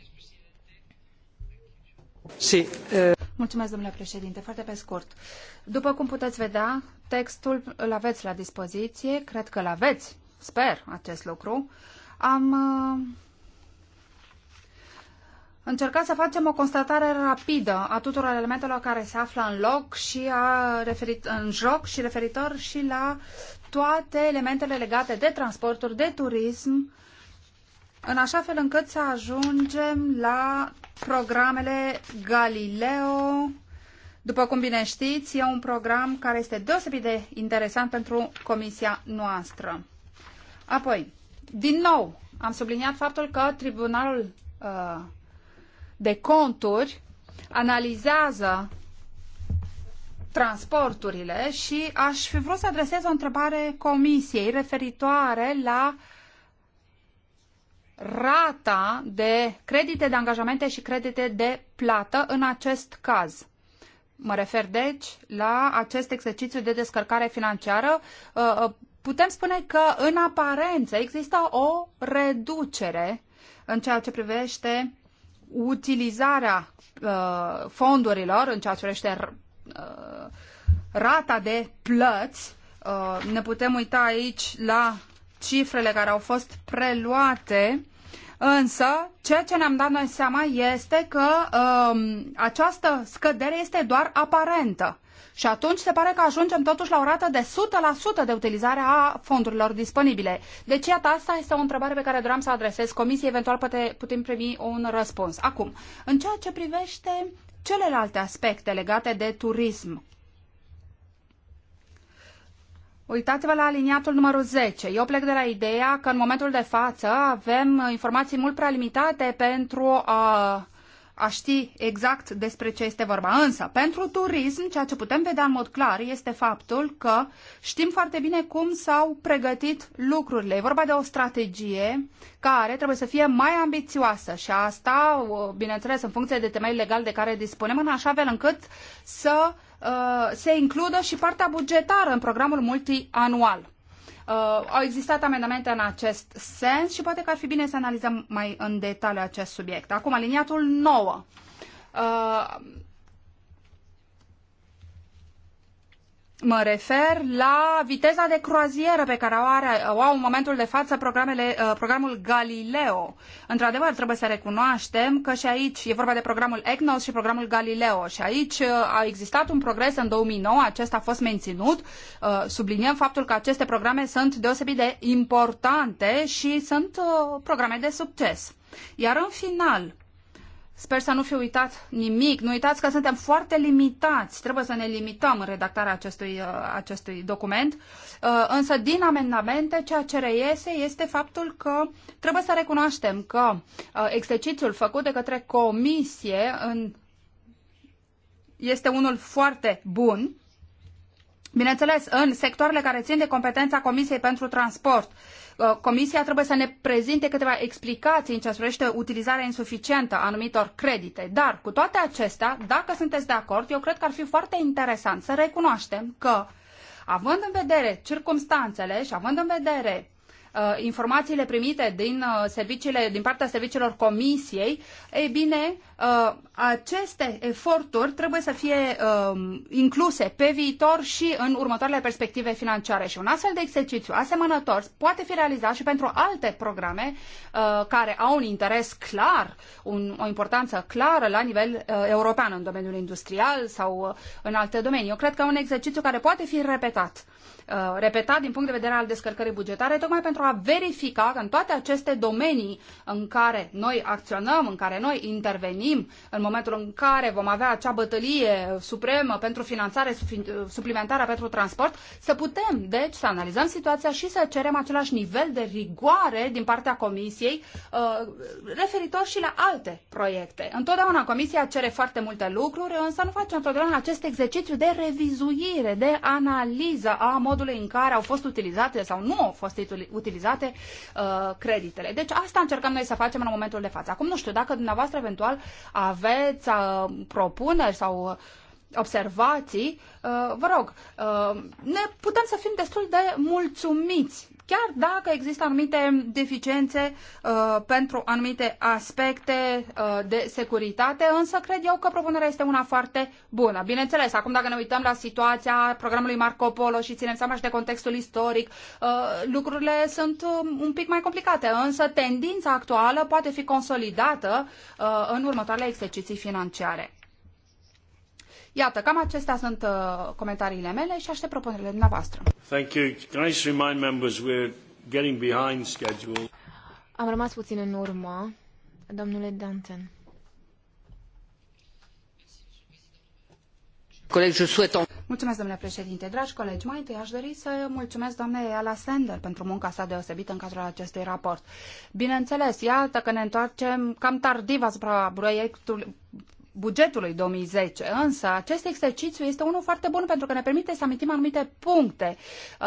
Speaker 3: domnule președinte. Foarte pe scurt. După cum puteți vedea, textul îl aveți la dispoziție. Cred că îl aveți. Sper acest lucru. Am uh, încercat să facem o constatare rapidă a tuturor elementelor care se află în loc și a referit, în joc și referitor și la toate elementele legate de transporturi, de turism, uh, în așa fel încât să ajungem la programele Galileo. După cum bine știți, e un program care este deosebit de interesant pentru comisia noastră. Apoi, din nou, am subliniat faptul că Tribunalul uh, de Conturi analizează transporturile și aș fi vrut să adresez o întrebare comisiei referitoare la uh, rata de credite de angajamente și credite de plată în acest caz. Mă refer, deci, la acest exercițiu de descărcare financiară. Uh, uh, putem spune că, în aparență, există o reducere în ceea ce privește utilizarea uh, fondurilor, în ceea ce privește rata de plăți. Ne putem uita aici la cifrele care au fost preluate, însă ceea ce ne-am dat noi seama este că um, această scădere este doar aparentă. Și atunci se pare că ajungem totuși la o rată de 100% de utilizare a fondurilor disponibile. Deci, iată, asta este o întrebare pe care doream să o adresez comisiei, eventual poate, putem primi un răspuns. Acum, în ceea ce privește celelalte aspecte legate de turism, Uitați-vă la aliniatul numărul 10. Eu plec de la ideea că în momentul de față avem informații mult prea limitate pentru a, a ști exact despre ce este vorba. Însă, pentru turism, ceea ce putem vedea în mod clar este faptul că știm foarte bine cum s-au pregătit lucrurile. E vorba de o strategie care trebuie să fie mai ambițioasă și asta, bineînțeles, în funcție de temei legal de care dispunem, în așa fel încât să Uh, se includă și partea bugetară în programul multianual. Uh, au existat amendamente în acest sens și poate că ar fi bine să analizăm mai în detaliu acest subiect. Acum, aliniatul 9. Mă refer la viteza de croazieră pe care o, are, o au în momentul de față programele, uh, programul Galileo. Într-adevăr, trebuie să recunoaștem că și aici e vorba de programul EGNOS și programul Galileo. Și aici uh, a existat un progres în 2009, acesta a fost menținut. Uh, subliniem faptul că aceste programe sunt deosebit de importante și sunt programe de succes. Iar în final, Sper să nu fi uitat nimic. Nu uitați că suntem foarte limitați. Trebuie să ne limităm în redactarea acestui, uh, acestui document. Uh, însă, din amendamente, ceea ce reiese este faptul că trebuie să recunoaștem că uh, exercițiul făcut de către comisie în... este unul foarte bun. Bineînțeles, în sectoarele care țin de competența Comisiei pentru Transport Uh, comisia trebuie să ne prezinte câteva explicații în ceea ce privește utilizarea insuficientă a anumitor credite. Dar, cu toate acestea, dacă sunteți de acord, eu cred că ar fi foarte interesant să recunoaștem că, având în vedere circumstanțele și având în vedere uh, informațiile primite din uh, serviciile, din partea serviciilor comisiei, ei bine, uh, aceste eforturi trebuie să fie uh, incluse pe viitor și în următoarele perspective financiare. Și un astfel de exercițiu asemănător poate fi realizat și pentru alte programe uh, care au un interes clar, un, o importanță clară la nivel uh, european în domeniul industrial sau uh, în alte domenii. Eu cred că un exercițiu care poate fi repetat uh, repetat din punct de vedere al descărcării bugetare, tocmai pentru a verifica că în toate aceste domenii în care noi acționăm, în care noi intervenim, gândim în momentul în care vom avea acea bătălie supremă pentru finanțare suplimentară pentru transport, să putem, deci, să analizăm situația și să cerem același nivel de rigoare din partea Comisiei uh, referitor și la alte proiecte. Întotdeauna Comisia cere foarte multe lucruri, însă nu face întotdeauna acest exercițiu de revizuire, de analiză a modului în care au fost utilizate sau nu au fost utilizate uh, creditele. Deci asta încercăm noi să facem în momentul de față. Acum nu știu dacă dumneavoastră eventual aveți uh, propuneri sau uh, observații, uh, vă rog, ne putem să fim destul de mulțumiți chiar dacă există anumite deficiențe uh, pentru anumite aspecte uh, de securitate, însă cred eu că propunerea este una foarte bună. Bineînțeles, acum dacă ne uităm la situația programului Marco Polo și ținem seama și de contextul istoric, uh, lucrurile sunt uh, un pic mai complicate, însă tendința actuală poate fi consolidată uh, în următoarele exerciții financiare. Iată, cam acestea sunt uh, comentariile mele și aștept propunerile dumneavoastră.
Speaker 4: Thank you. Can I just remind members we're getting behind
Speaker 2: schedule.
Speaker 4: Am rămas puțin în urmă. Domnule Danton.
Speaker 3: Mulțumesc, domnule președinte. Dragi colegi, mai întâi aș dori să mulțumesc doamnei Ala Sender pentru munca sa deosebită în cadrul acestui raport. Bineînțeles, iată că ne întoarcem cam tardiv asupra proiectului, bugetului 2010. Însă acest exercițiu este unul foarte bun pentru că ne permite să amintim anumite puncte uh,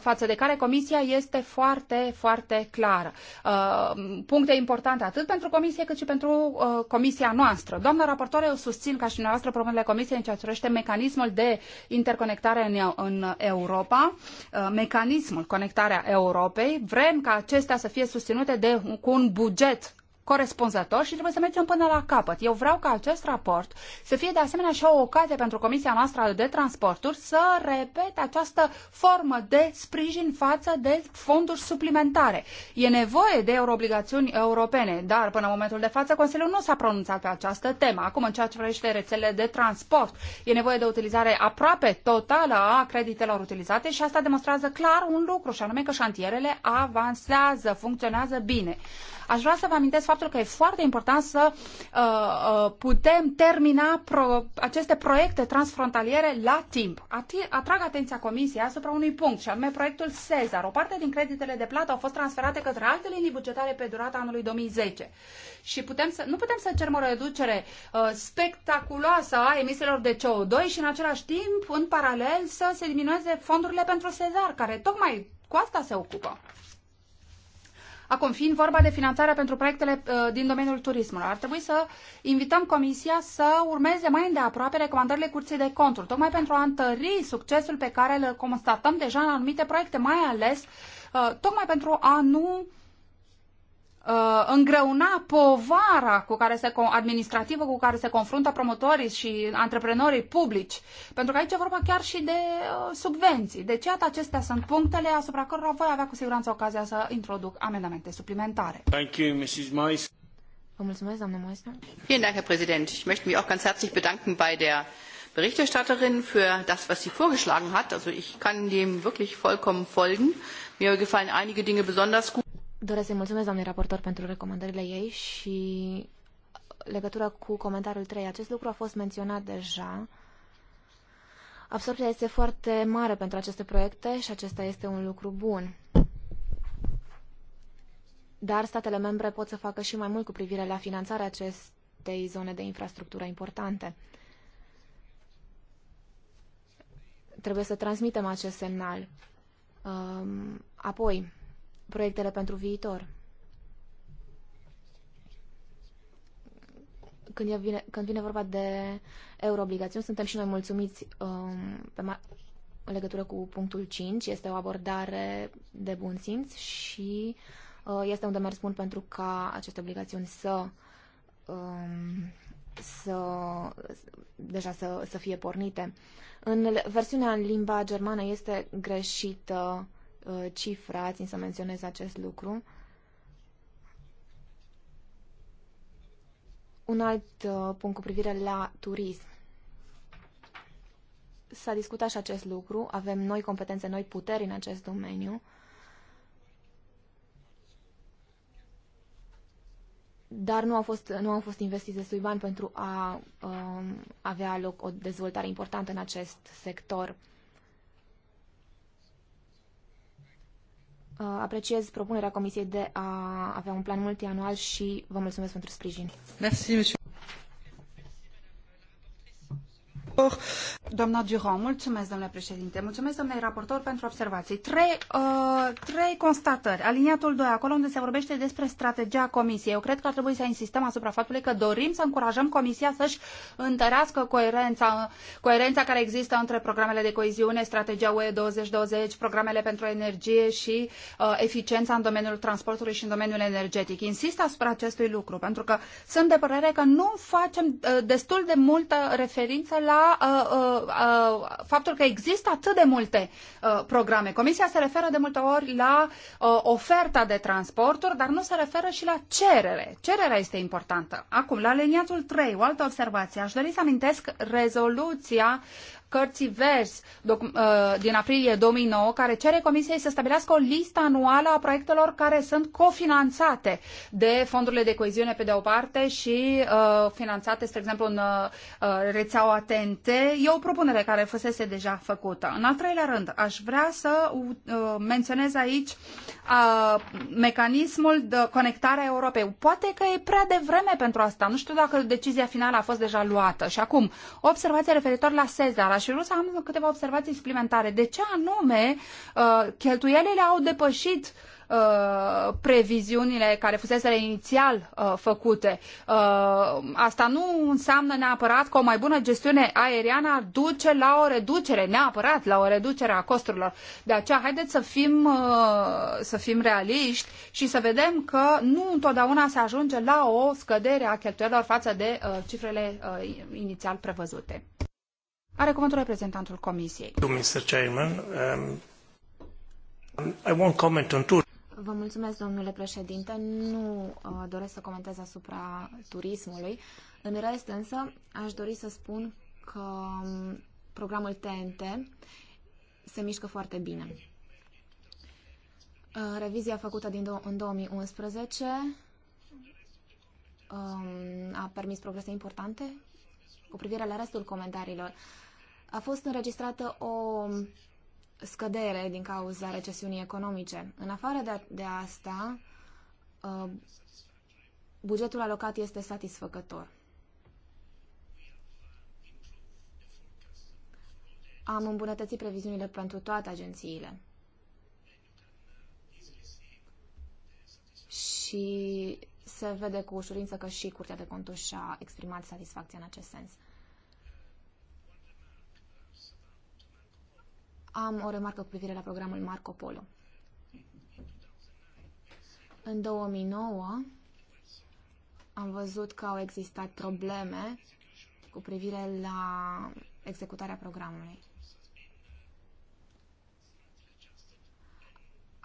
Speaker 3: față de care Comisia este foarte, foarte clară. Uh, puncte importante atât pentru Comisie cât și pentru uh, Comisia noastră. Doamna raportoare, eu susțin ca și dumneavoastră problemele Comisiei în ceea ce mecanismul de interconectare în, în Europa, uh, mecanismul conectarea Europei. Vrem ca acestea să fie susținute de, cu un buget corespunzător și trebuie să mergem până la capăt. Eu vreau ca acest raport să fie de asemenea și o ocazie pentru Comisia noastră de Transporturi să repete această formă de sprijin față de fonduri suplimentare. E nevoie de euroobligațiuni europene, dar până în momentul de față Consiliul nu s-a pronunțat pe această temă. Acum, în ceea ce privește rețelele de transport, e nevoie de utilizare aproape totală a creditelor utilizate și asta demonstrează clar un lucru, și anume că șantierele avansează, funcționează bine. Aș vrea să vă amintesc faptul că e foarte important să uh, uh, putem termina pro, aceste proiecte transfrontaliere la timp. Ati- atrag atenția Comisiei asupra unui punct, și anume proiectul Cezar. O parte din creditele de plată au fost transferate către alte linii bugetare pe durata anului 2010. Și putem să, nu putem să cerem o reducere uh, spectaculoasă a emisiilor de CO2 și în același timp, în paralel, să se diminueze fondurile pentru Cezar, care tocmai cu asta se ocupă. Acum, fiind vorba de finanțarea pentru proiectele uh, din domeniul turismului, ar trebui să invităm Comisia să urmeze mai îndeaproape recomandările Curții de Conturi, tocmai pentru a întări succesul pe care îl constatăm deja în anumite proiecte, mai ales uh, tocmai pentru a nu uh, îngreuna povara cu care se, administrativă cu care se confruntă promotorii și antreprenorii publici. Pentru că aici e vorba chiar și de uh, subvenții. Deci, iată, acestea sunt punctele asupra cărora voi avea cu siguranță ocazia să introduc amendamente suplimentare.
Speaker 1: Thank you, Mrs. Mais.
Speaker 3: Vă mulțumesc, doamnă Meister. Vielen Dank, Herr Präsident. Ich möchte mich auch ganz herzlich bedanken bei der Berichterstatterin für das, was sie vorgeschlagen hat. Also ich kann dem wirklich vollkommen folgen. Mir gefallen einige Dinge besonders gut.
Speaker 4: Doresc să-i mulțumesc, doamnei raportor, pentru recomandările ei și legătură cu comentariul 3. Acest lucru a fost menționat deja. Absorpția este foarte mare pentru aceste proiecte și acesta este un lucru bun. Dar statele membre pot să facă și mai mult cu privire la finanțarea acestei zone de infrastructură importante. Trebuie să transmitem acest semnal. Apoi, proiectele pentru viitor. Când vine, când vine vorba de euroobligațiuni, suntem și noi mulțumiți um, pe în legătură cu punctul 5. Este o abordare de bun simț și uh, este un demers bun pentru ca aceste obligațiuni să, um, să deja să, să fie pornite. În versiunea în limba germană este greșită Uh, cifra, țin să menționez acest lucru. Un alt uh, punct cu privire la turism. S-a discutat și acest lucru, avem noi competențe, noi puteri în acest domeniu. Dar nu au fost, nu au fost investiți destui bani pentru a um, avea loc o dezvoltare importantă în acest sector. Uh, apreciez propunerea Comisiei de a avea un plan multianual și vă mulțumesc pentru sprijin.
Speaker 2: Merci,
Speaker 3: raport. Doamna Durand, mulțumesc, domnule președinte. Mulțumesc, domnule raportor, pentru observații. Trei, uh, trei constatări. Aliniatul 2, acolo unde se vorbește despre strategia Comisiei. Eu cred că ar trebui să insistăm asupra faptului că dorim să încurajăm Comisia să-și întărească coerența, coerența care există între programele de coeziune, strategia UE 2020, programele pentru energie și uh, eficiența în domeniul transportului și în domeniul energetic. Insist asupra acestui lucru, pentru că sunt de părere că nu facem uh, destul de multă referință la Uh, uh, uh, faptul că există atât de multe programe. Comisia se referă de multe ori la oferta de transporturi, dar nu se referă și la cerere. Cererea este importantă. Acum, la liniatul 3, o altă observație. Aș dori să amintesc rezoluția cărții verzi uh, din aprilie 2009, care cere Comisiei să stabilească o listă anuală a proiectelor care sunt cofinanțate de fondurile de coeziune pe de o parte și uh, finanțate, spre exemplu, în uh, rețeaua TNT. E o propunere care fusese deja făcută. În al treilea rând, aș vrea să uh, menționez aici uh, mecanismul de conectare a Europei. Poate că e prea devreme pentru asta. Nu știu dacă decizia finală a fost deja luată. Și acum, observația referitor la la și vreau să am câteva observații suplimentare. De ce anume uh, cheltuielile au depășit uh, previziunile care fusese inițial uh, făcute. Uh, asta nu înseamnă neapărat că o mai bună gestiune aeriană ar duce la o reducere, neapărat la o reducere a costurilor. De aceea, haideți să fim, uh, să fim realiști și să vedem că nu întotdeauna se ajunge la o scădere a cheltuielor față de uh, cifrele inițial prevăzute. Are cuvântul reprezentantul Comisiei.
Speaker 2: Mr. Chairman, um, I won't comment on tour.
Speaker 3: Vă mulțumesc,
Speaker 4: domnule președinte. Nu uh, doresc să comentez asupra turismului. În rest, însă, aș dori să spun că um, programul TNT se mișcă foarte bine. Uh, revizia făcută din do- în 2011 um, a permis progrese importante cu privire la restul comentariilor. Uh, a fost înregistrată o scădere din cauza recesiunii economice. În afară de, de asta, ă, bugetul alocat este satisfăcător. Am îmbunătățit previziunile pentru toate agențiile. Și se vede cu ușurință că și Curtea de Conturi și-a exprimat satisfacția în acest sens. Am o remarcă cu privire la programul Marco Polo. În 2009 am văzut că au existat probleme cu privire la executarea programului.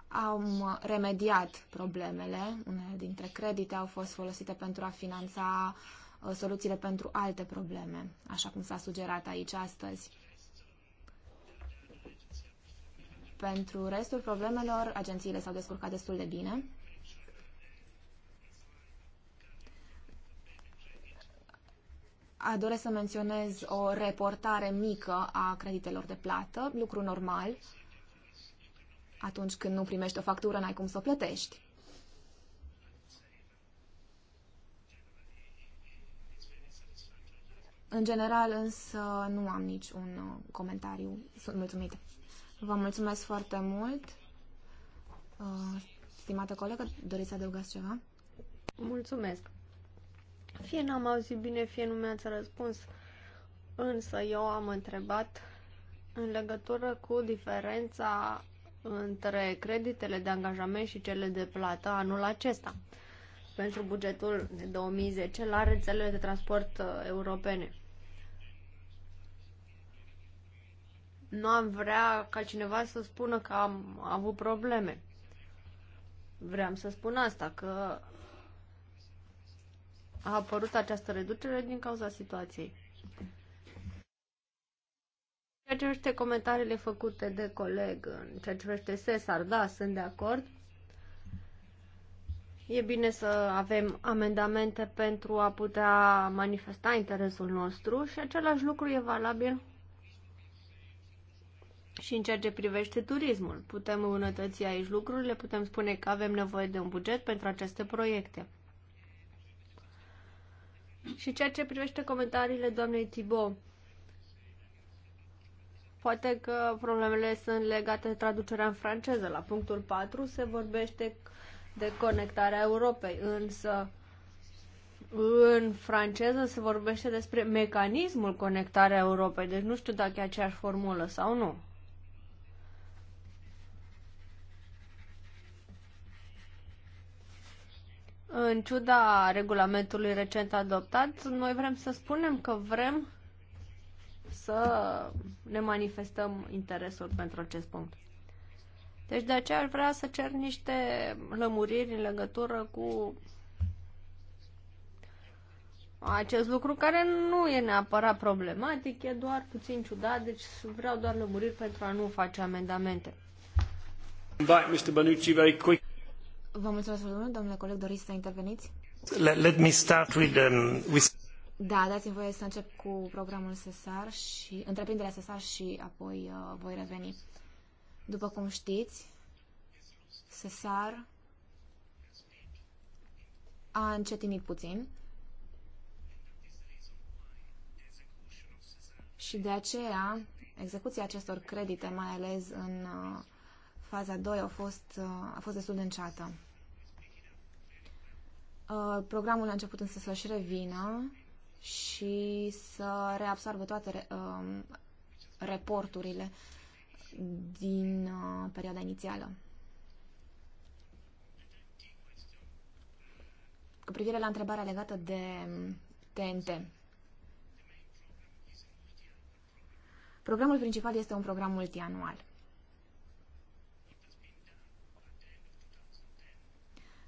Speaker 4: Am remediat problemele, unele dintre credite au fost folosite pentru a finanța uh, soluțiile pentru alte probleme, așa cum s-a sugerat aici astăzi. Pentru restul problemelor, agențiile s-au descurcat destul de bine. A doresc să menționez o reportare mică a creditelor de plată, lucru normal. Atunci când nu primești o factură, n-ai cum să o plătești. În general, însă, nu am niciun uh, comentariu. Sunt mulțumită. Vă mulțumesc foarte mult. Uh, stimată colegă,
Speaker 1: doriți să adăugați ceva? Mulțumesc. Fie n-am auzit bine, fie nu mi-ați răspuns, însă eu am întrebat în legătură cu diferența între creditele de angajament și cele de plată anul acesta pentru bugetul de 2010 la rețelele de transport uh, europene. nu am vrea ca cineva să spună că am avut probleme. Vreau să spun asta, că a apărut această reducere din cauza situației. Ceea ce privește comentariile făcute de coleg, în ceea ce privește Cesar, da, sunt de acord. E bine să avem amendamente pentru a putea manifesta interesul nostru și același lucru e valabil și în ceea ce privește turismul, putem îmbunătăți aici lucrurile, putem spune că avem nevoie de un buget pentru aceste proiecte. Și ceea ce privește comentariile doamnei Tibo, poate că problemele sunt legate de traducerea în franceză. La punctul 4 se vorbește de conectarea Europei, însă în franceză se vorbește despre mecanismul conectarea Europei, deci nu știu dacă e aceeași formulă sau nu. În ciuda regulamentului recent adoptat, noi vrem să spunem că vrem să ne manifestăm interesul pentru acest punct. Deci de aceea aș vrea să cer niște lămuriri în legătură cu acest lucru care nu e neapărat problematic, e doar puțin ciudat, deci vreau doar lămuriri pentru a nu face amendamente.
Speaker 2: Mr.
Speaker 4: Banucci, very quick. Vă mulțumesc foarte mult, domnule coleg, doriți să interveniți?
Speaker 2: Let, let me start with, um, with...
Speaker 4: Da, dați-mi voie să încep cu programul SESAR și întreprinderea SESAR și apoi uh, voi reveni. După cum știți, SESAR a încetinit puțin și de aceea execuția acestor credite, mai ales în uh, faza 2, a fost, uh, a fost destul de înceată. Uh, programul a început însă să-și revină și să reabsorbe toate um, reporturile din uh, perioada inițială. Cu privire la întrebarea legată de TNT. Programul principal este un program multianual.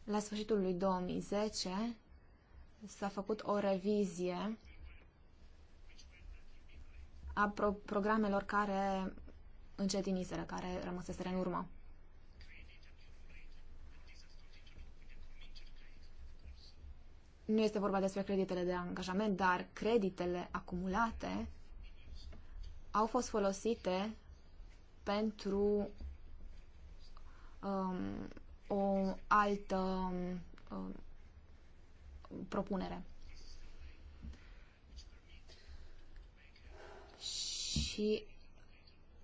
Speaker 4: La sfârșitul lui 2010 s-a făcut o revizie a pro programelor care încetiniseră, care rămăseseră în urmă. Nu este vorba despre creditele de angajament, dar creditele acumulate au fost folosite pentru um, o altă um, propunere. Și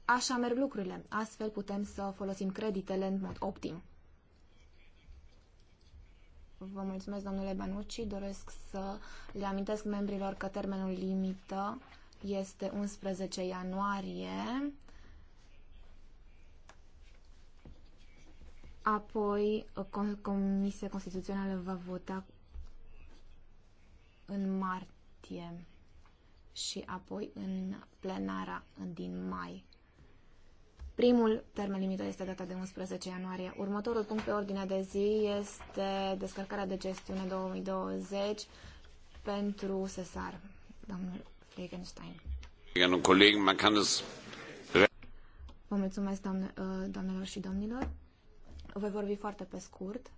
Speaker 4: așa merg lucrurile. Astfel putem să folosim creditele în mod optim. Vă mulțumesc, domnule Banucci. Doresc să le amintesc membrilor că termenul limită este 11 ianuarie Apoi, uh, Comisia Constituțională va vota în martie și apoi în plenara din mai. Primul termen limitat este data de 11 ianuarie. Următorul punct pe ordinea de zi este descărcarea de gestiune 2020 pentru Sesar, domnul Fleckenstein. Vă mulțumesc, doamne, uh, doamnelor și domnilor. Voi vorbi foarte pe scurt.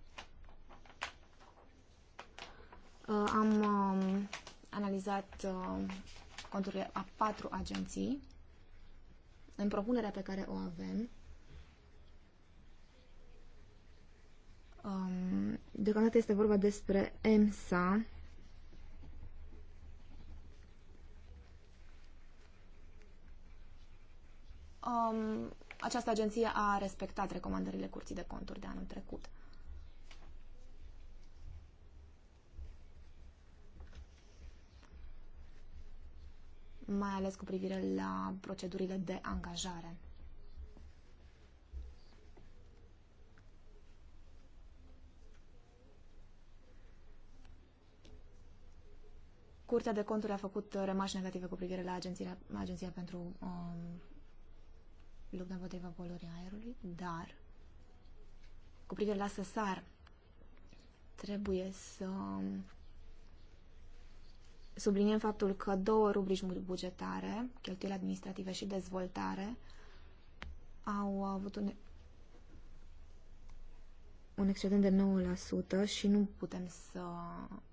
Speaker 4: Uh, am um, analizat uh, conturile a patru agenții. În propunerea pe care o avem, Um, deocamdată este vorba despre EMSA. Um, această agenție a respectat recomandările Curții de Conturi de anul trecut. mai ales cu privire la procedurile de angajare. Curtea de conturi a făcut remarci negative cu privire la Agenția, Agenția pentru um, lupta împotriva poluării aerului, dar cu privire la săsar trebuie să subliniem faptul că două rubrici bugetare, cheltuieli administrative și dezvoltare, au avut un, un excedent de 9% și nu putem să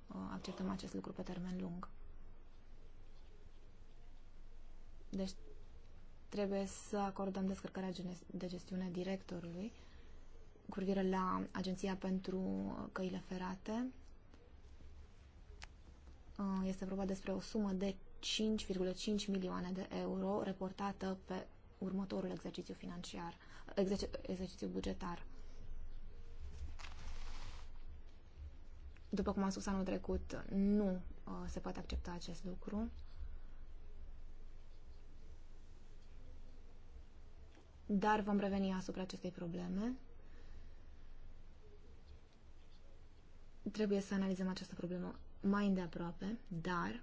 Speaker 4: uh, acceptăm acest lucru pe termen lung. Deci trebuie să acordăm descărcarea de gestiune directorului cu privire la Agenția pentru Căile Ferate. Uh, este vorba despre o sumă de 5,5 milioane de euro reportată pe următorul exercițiu financiar, exerci, exercițiu bugetar. După cum am spus anul trecut, nu uh, se poate accepta acest lucru. dar vom reveni asupra acestei probleme. Trebuie să analizăm această problemă mai îndeaproape, dar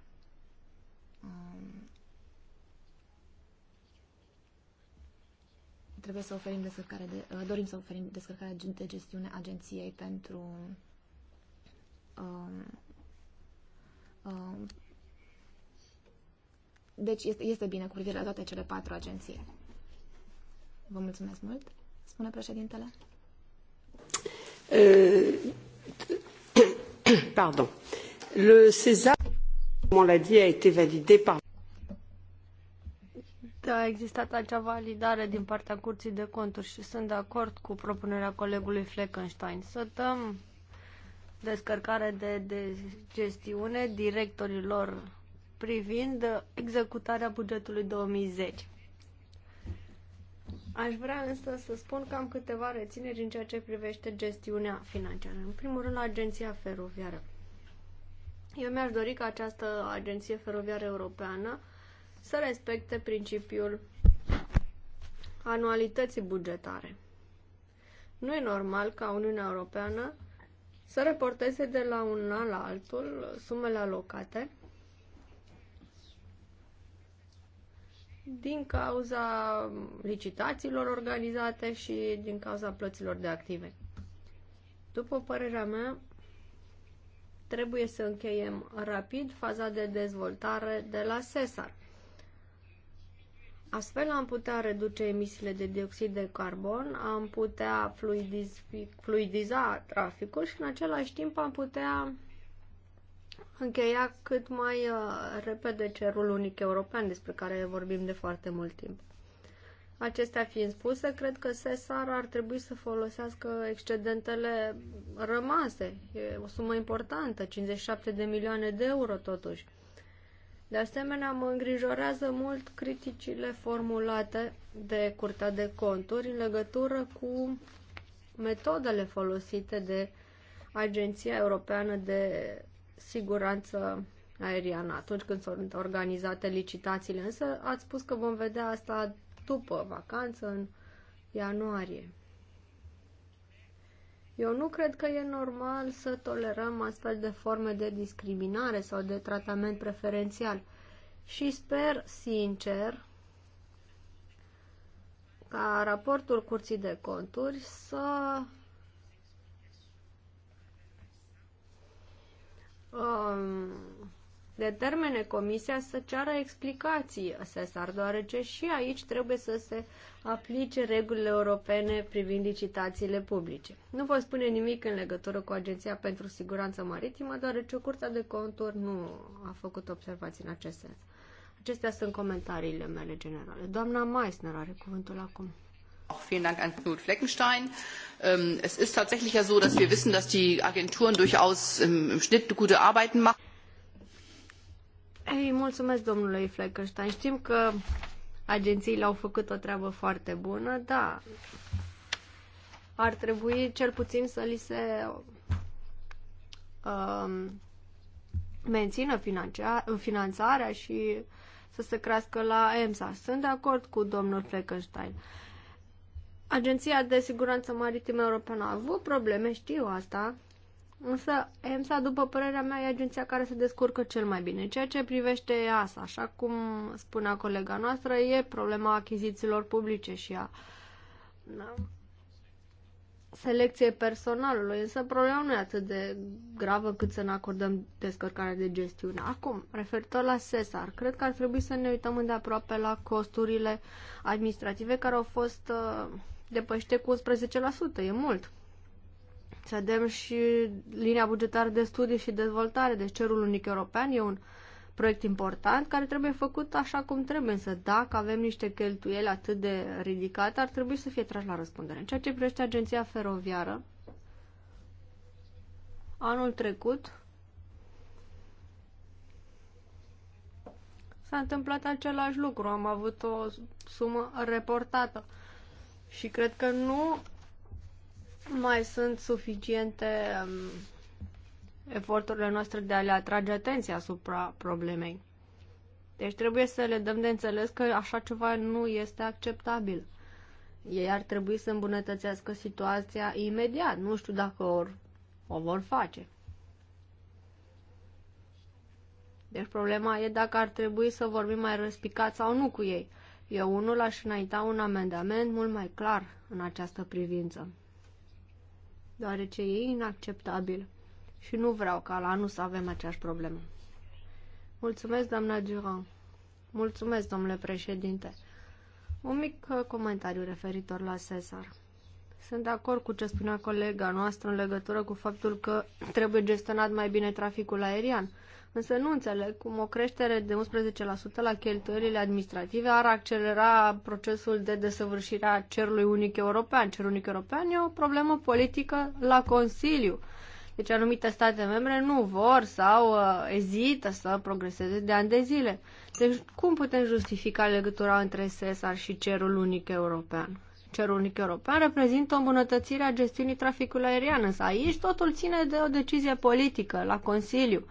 Speaker 4: um, trebuie să oferim descărcare de, uh, dorim să oferim descărcarea de gestiune agenției pentru um, um, deci este, este bine cu privire la toate cele patru agenții. Vă mulțumesc mult, spune președintele.
Speaker 2: Uh,
Speaker 3: pardon. Le César, cum l-a dit, a été validé par
Speaker 1: da, a existat acea validare din partea Curții de Conturi și sunt de acord cu propunerea colegului Fleckenstein să dăm descărcare de, de gestiune directorilor privind executarea bugetului 2010. Aș vrea însă să spun că am câteva rețineri în ceea ce privește gestiunea financiară. În primul rând, Agenția Feroviară. Eu mi-aș dori ca această Agenție Feroviară Europeană să respecte principiul anualității bugetare. Nu e normal ca Uniunea Europeană să reporteze de la un an la altul sumele alocate din cauza licitațiilor organizate și din cauza plăților de active. După părerea mea, trebuie să încheiem rapid faza de dezvoltare de la SESAR. Astfel am putea reduce emisiile de dioxid de carbon, am putea fluidiz, fluidiza traficul și în același timp am putea încheia cât mai uh, repede cerul unic european, despre care vorbim de foarte mult timp. Acestea fiind spuse, cred că SESAR ar trebui să folosească excedentele rămase. E o sumă importantă, 57 de milioane de euro totuși. De asemenea, mă îngrijorează mult criticile formulate de Curtea de Conturi în legătură cu metodele folosite de Agenția Europeană de siguranță aeriană atunci când sunt organizate licitațiile, însă ați spus că vom vedea asta după vacanță, în ianuarie. Eu nu cred că e normal să tolerăm astfel de forme de discriminare sau de tratament preferențial. Și sper sincer ca raportul Curții de Conturi să um, determine comisia să ceară explicații SESAR, deoarece și aici trebuie să se aplice regulile europene privind licitațiile publice. Nu vă spune nimic în legătură cu Agenția pentru Siguranță Maritimă, deoarece Curtea de Conturi nu a făcut observații în acest sens. Acestea sunt comentariile mele generale. Doamna Meissner are cuvântul acum.
Speaker 3: Auch vielen Dank an Knut Fleckenstein. Ähm, es ist tatsächlich ja so, dass wir wissen, dass die Agenturen durchaus im, im Schnitt gute Arbeiten machen.
Speaker 1: Ei, mulțumesc domnului Fleckenstein. Știm că agențiile au făcut o treabă foarte bună, da. Ar trebui cel puțin să li se um, mențină finanțarea și să se crească la EMSA. Sunt de acord cu domnul Fleckenstein. Uh, Agenția de Siguranță Maritimă Europeană a avut probleme, știu asta, însă EMSA, după părerea mea, e agenția care se descurcă cel mai bine. Ceea ce privește EASA, așa cum spunea colega noastră, e problema achizițiilor publice și a selecției personalului, însă problema nu e atât de gravă cât să ne acordăm descărcarea de gestiune. Acum, referitor la SESAR, cred că ar trebui să ne uităm îndeaproape la costurile administrative care au fost uh, depășește cu 11%, e mult. Să dăm și linia bugetară de studii și dezvoltare, deci cerul unic european e un proiect important care trebuie făcut așa cum trebuie, însă dacă avem niște cheltuieli atât de ridicate, ar trebui să fie trași la răspundere. În ceea ce privește agenția feroviară, anul trecut s-a întâmplat același lucru, am avut o sumă reportată. Și cred că nu mai sunt suficiente um, eforturile noastre de a le atrage atenția asupra problemei. Deci trebuie să le dăm de înțeles că așa ceva nu este acceptabil. Ei ar trebui să îmbunătățească situația imediat. Nu știu dacă or, o vor face. Deci problema e dacă ar trebui să vorbim mai răspicat sau nu cu ei. Eu unul aș înainta un amendament mult mai clar în această privință, deoarece e inacceptabil și nu vreau ca la anul să avem aceeași problemă. Mulțumesc, doamna Durand. Mulțumesc, domnule președinte. Un mic uh, comentariu referitor la Cesar. Sunt de acord cu ce spunea colega noastră în legătură cu faptul că trebuie gestionat mai bine traficul aerian. Însă nu înțeleg cum o creștere de 11% la cheltuielile administrative ar accelera procesul de desăvârșire a cerului unic european. Cerul unic european e o problemă politică la Consiliu. Deci anumite state membre nu vor sau uh, ezită să progreseze de ani de zile. Deci cum putem justifica legătura între SESAR și cerul unic european? Cerul unic european reprezintă o îmbunătățire a gestiunii traficului aerian, însă aici totul ține de o decizie politică la Consiliu.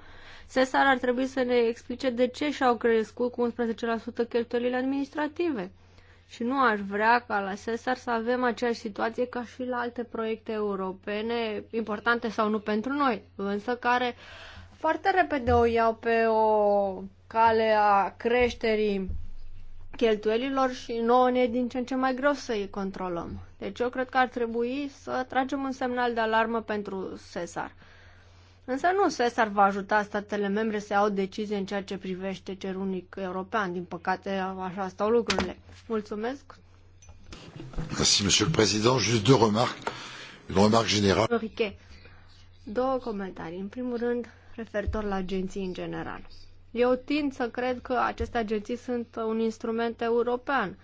Speaker 1: Cesar ar trebui să ne explice de ce și-au crescut cu 11% cheltuielile administrative. Și nu aș vrea ca la Cesar să avem aceeași situație ca și la alte proiecte europene, importante sau nu pentru noi, însă care foarte repede o iau pe o cale a creșterii cheltuielilor și nouă ne din ce în ce mai greu să îi controlăm. Deci eu cred că ar trebui să tragem un semnal de alarmă pentru Cesar. Însă nu SESAR ar va ajuta statele membre să iau decizie în ceea ce privește cer unic european. Din păcate, așa stau lucrurile. Mulțumesc!
Speaker 2: Merci, Monsieur le Président. Juste deux remarques. Une remarque générale.
Speaker 1: Riche. Două comentarii. În primul rând, referitor la agenții în general. Eu tind să cred că aceste agenții sunt un instrument european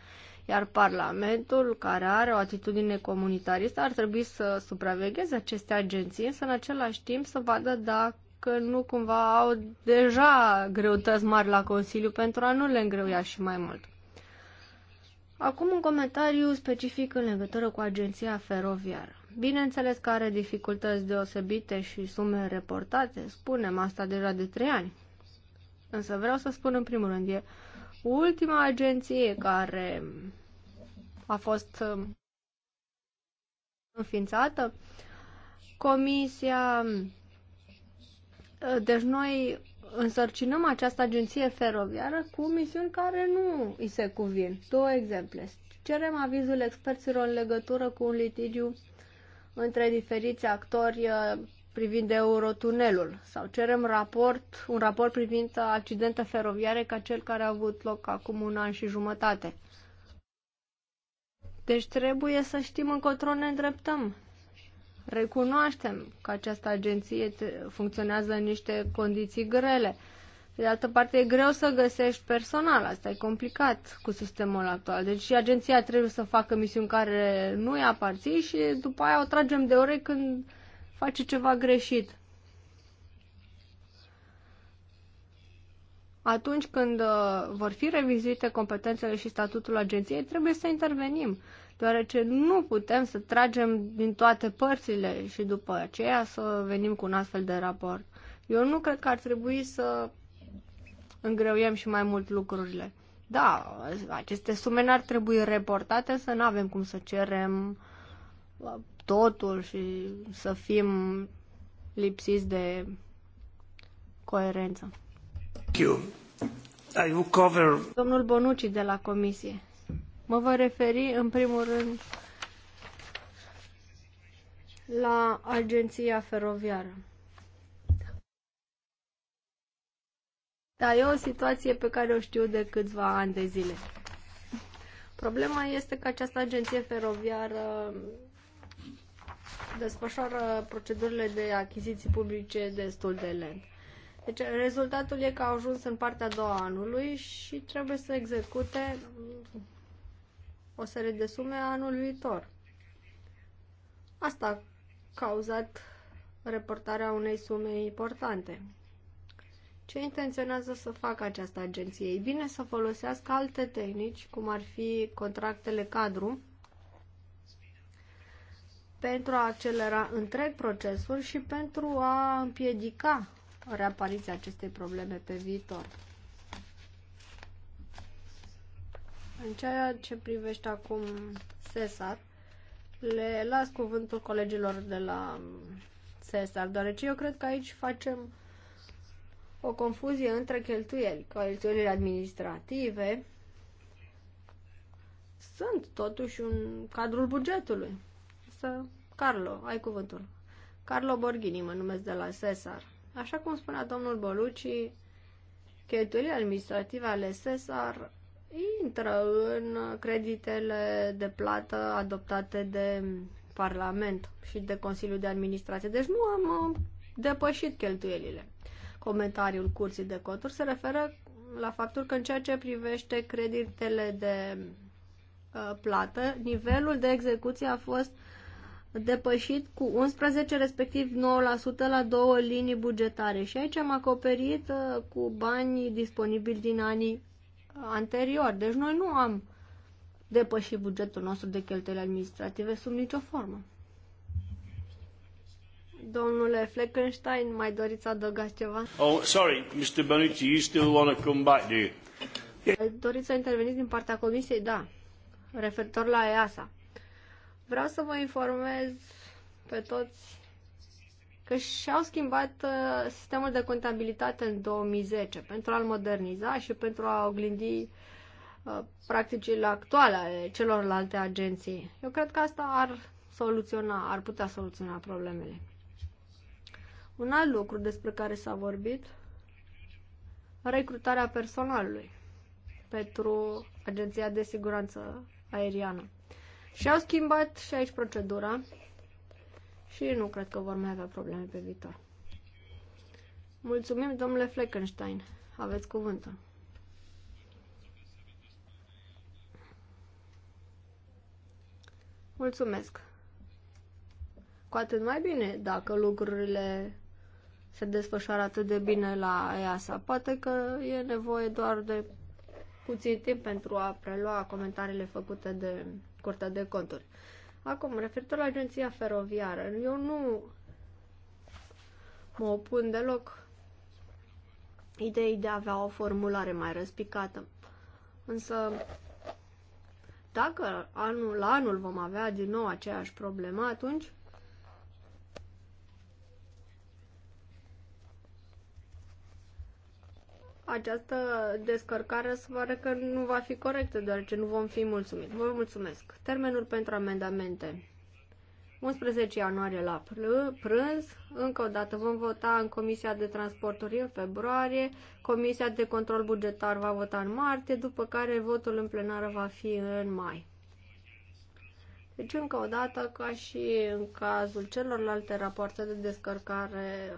Speaker 1: iar Parlamentul, care are o atitudine comunitaristă, ar trebui să supravegheze aceste agenții, însă în același timp să vadă dacă nu cumva au deja greutăți mari la Consiliu pentru a nu le îngreuia și mai mult. Acum un comentariu specific în legătură cu agenția feroviară. Bineînțeles că are dificultăți deosebite și sume reportate, spunem asta deja de trei ani. Însă vreau să spun în primul rând, e Ultima agenție care a fost um, înființată, Comisia. Um, deci noi însărcinăm această agenție feroviară cu misiuni care nu îi se cuvin. Două exemple. Cerem avizul experților în legătură cu un litigiu între diferiți actori uh, privind eurotunelul sau cerem raport, un raport privind accidente feroviare ca cel care a avut loc acum un an și jumătate. Deci trebuie să știm încotro ne îndreptăm. Recunoaștem că această agenție funcționează în niște condiții grele. De altă parte, e greu să găsești personal, asta e complicat cu sistemul actual. Deci și agenția trebuie să facă misiuni care nu-i aparții și după aia o tragem de ore când face ceva greșit. Atunci când uh, vor fi revizuite competențele și statutul agenției, trebuie să intervenim, deoarece nu putem să tragem din toate părțile și după aceea să venim cu un astfel de raport. Eu nu cred că ar trebui să îngreuiem și mai mult lucrurile. Da, aceste sume n-ar trebui reportate, să nu avem cum să cerem uh, totul și să fim lipsiți de coerență.
Speaker 2: You. I will cover...
Speaker 1: Domnul Bonucci de la Comisie. Mă voi referi în primul rând la agenția feroviară. Da, e o situație pe care o știu de câțiva ani de zile. Problema este că această agenție feroviară desfășoară procedurile de achiziții publice destul de lent. Deci rezultatul e că au ajuns în partea a doua anului și trebuie să execute o serie de sume anul viitor. Asta a cauzat reportarea unei sume importante. Ce intenționează să facă această agenție? Ei bine să folosească alte tehnici, cum ar fi contractele cadru, pentru a accelera întreg procesul și pentru a împiedica reapariția acestei probleme pe viitor. În ceea ce privește acum Cesar, le las cuvântul colegilor de la Cesar, deoarece eu cred că aici facem o confuzie între cheltuieli. Cheltuielile administrative sunt totuși un cadrul bugetului să... Carlo, ai cuvântul. Carlo Borghini, mă numesc de la Cesar. Așa cum spunea domnul Boluci, cheltuielile administrative ale Cesar intră în creditele de plată adoptate de Parlament și de Consiliul de Administrație. Deci nu am depășit cheltuielile. Comentariul Curții de coturi se referă la faptul că în ceea ce privește creditele de uh, plată, nivelul de execuție a fost depășit cu 11, respectiv 9% la două linii bugetare. Și aici am acoperit uh, cu banii disponibili din anii anteriori. Deci noi nu am depășit bugetul nostru de cheltuieli administrative sub nicio formă. Domnule Fleckenstein, mai doriți să adăugați ceva? Oh, sorry, Mr. Bonucci, you still want to come back, do you? Doriți să interveniți din partea comisiei? Da. Referitor la EASA. Vreau să vă informez pe toți că și-au schimbat uh, sistemul de contabilitate în 2010 pentru a-l moderniza și pentru a oglindi uh, practicile actuale ale celorlalte agenții. Eu cred că asta ar soluționa, ar putea soluționa problemele. Un alt lucru despre care s-a vorbit, recrutarea personalului pentru Agenția de Siguranță Aeriană. Și au schimbat și aici procedura și nu cred că vor mai avea probleme pe viitor. Mulțumim, domnule Fleckenstein. Aveți cuvântul. Mulțumesc. Cu atât mai bine dacă lucrurile se desfășoară atât de bine la EASA. Poate că e nevoie doar de puțin timp pentru a prelua comentariile făcute de Curtea de Conturi. Acum, referitor la agenția feroviară, eu nu mă opun deloc ideii de a avea o formulare mai răspicată. Însă, dacă anul la anul vom avea din nou aceeași problemă, atunci această descărcare se pare că nu va fi corectă, deoarece nu vom fi mulțumit. Vă mulțumesc. Termenul pentru amendamente. 11 ianuarie la prânz, încă o dată vom vota în Comisia de Transporturi în februarie, Comisia de Control Bugetar va vota în martie, după care votul în plenară va fi în mai. Deci, încă o dată, ca și în cazul celorlalte rapoarte de descărcare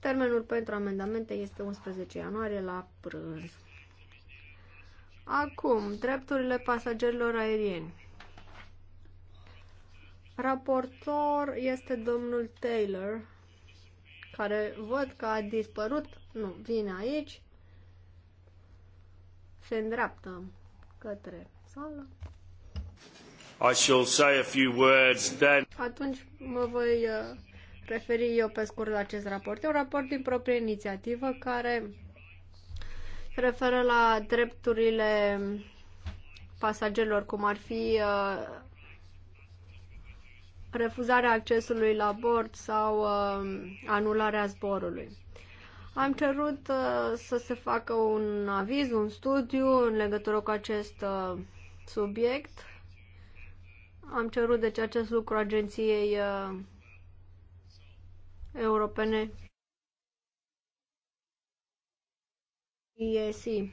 Speaker 1: Termenul pentru amendamente este 11 ianuarie la prânz. Acum, drepturile pasagerilor aerieni. Raportor este domnul Taylor, care văd că a dispărut. Nu, vine aici. Se îndreaptă către sală. I shall say a few words then. Atunci mă voi uh, referi eu pe scurt la acest raport. E un raport din proprie inițiativă care se referă la drepturile pasagerilor, cum ar fi uh, refuzarea accesului la bord sau uh, anularea zborului. Am cerut uh, să se facă un aviz, un studiu în legătură cu acest subiect. Am cerut deci acest lucru agenției uh, Europene ESI. Uh,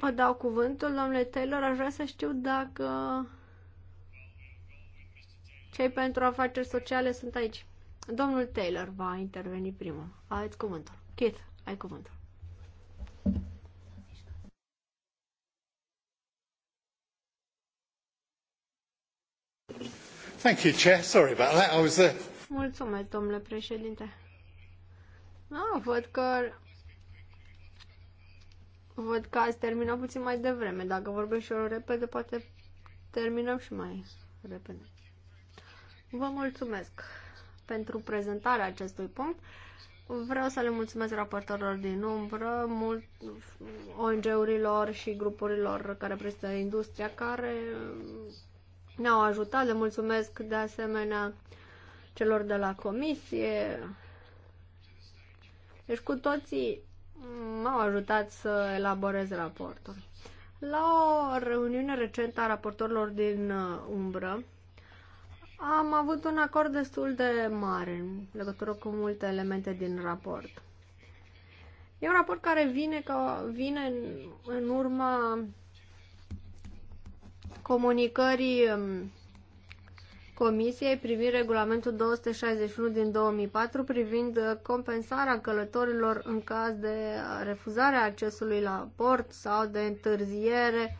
Speaker 1: vă dau cuvântul, domnule Taylor, aș vrea să știu dacă cei pentru afaceri sociale sunt aici. Domnul Taylor va interveni primul. Aveți cuvântul. Keith, ai cuvântul.
Speaker 2: Thank you, Chair. Sorry about that. I was there.
Speaker 1: Mulțumesc, domnule președinte. văd că Văd că ați terminat puțin mai devreme. Dacă vorbesc și eu repede, poate terminăm și mai repede. Vă mulțumesc pentru prezentarea acestui punct. Vreau să le mulțumesc raportorilor din umbră, ONG-urilor și grupurilor care prezintă industria, care ne-au ajutat. Le mulțumesc de asemenea celor de la comisie. Deci cu toții m-au ajutat să elaborez raportul. La o reuniune recentă a raportorilor din uh, umbră, am avut un acord destul de mare în legătură cu multe elemente din raport. E un raport care vine, ca, vine în, în urma comunicării um, Comisiei privind regulamentul 261 din 2004 privind uh, compensarea călătorilor în caz de uh, refuzare a accesului la port sau de întârziere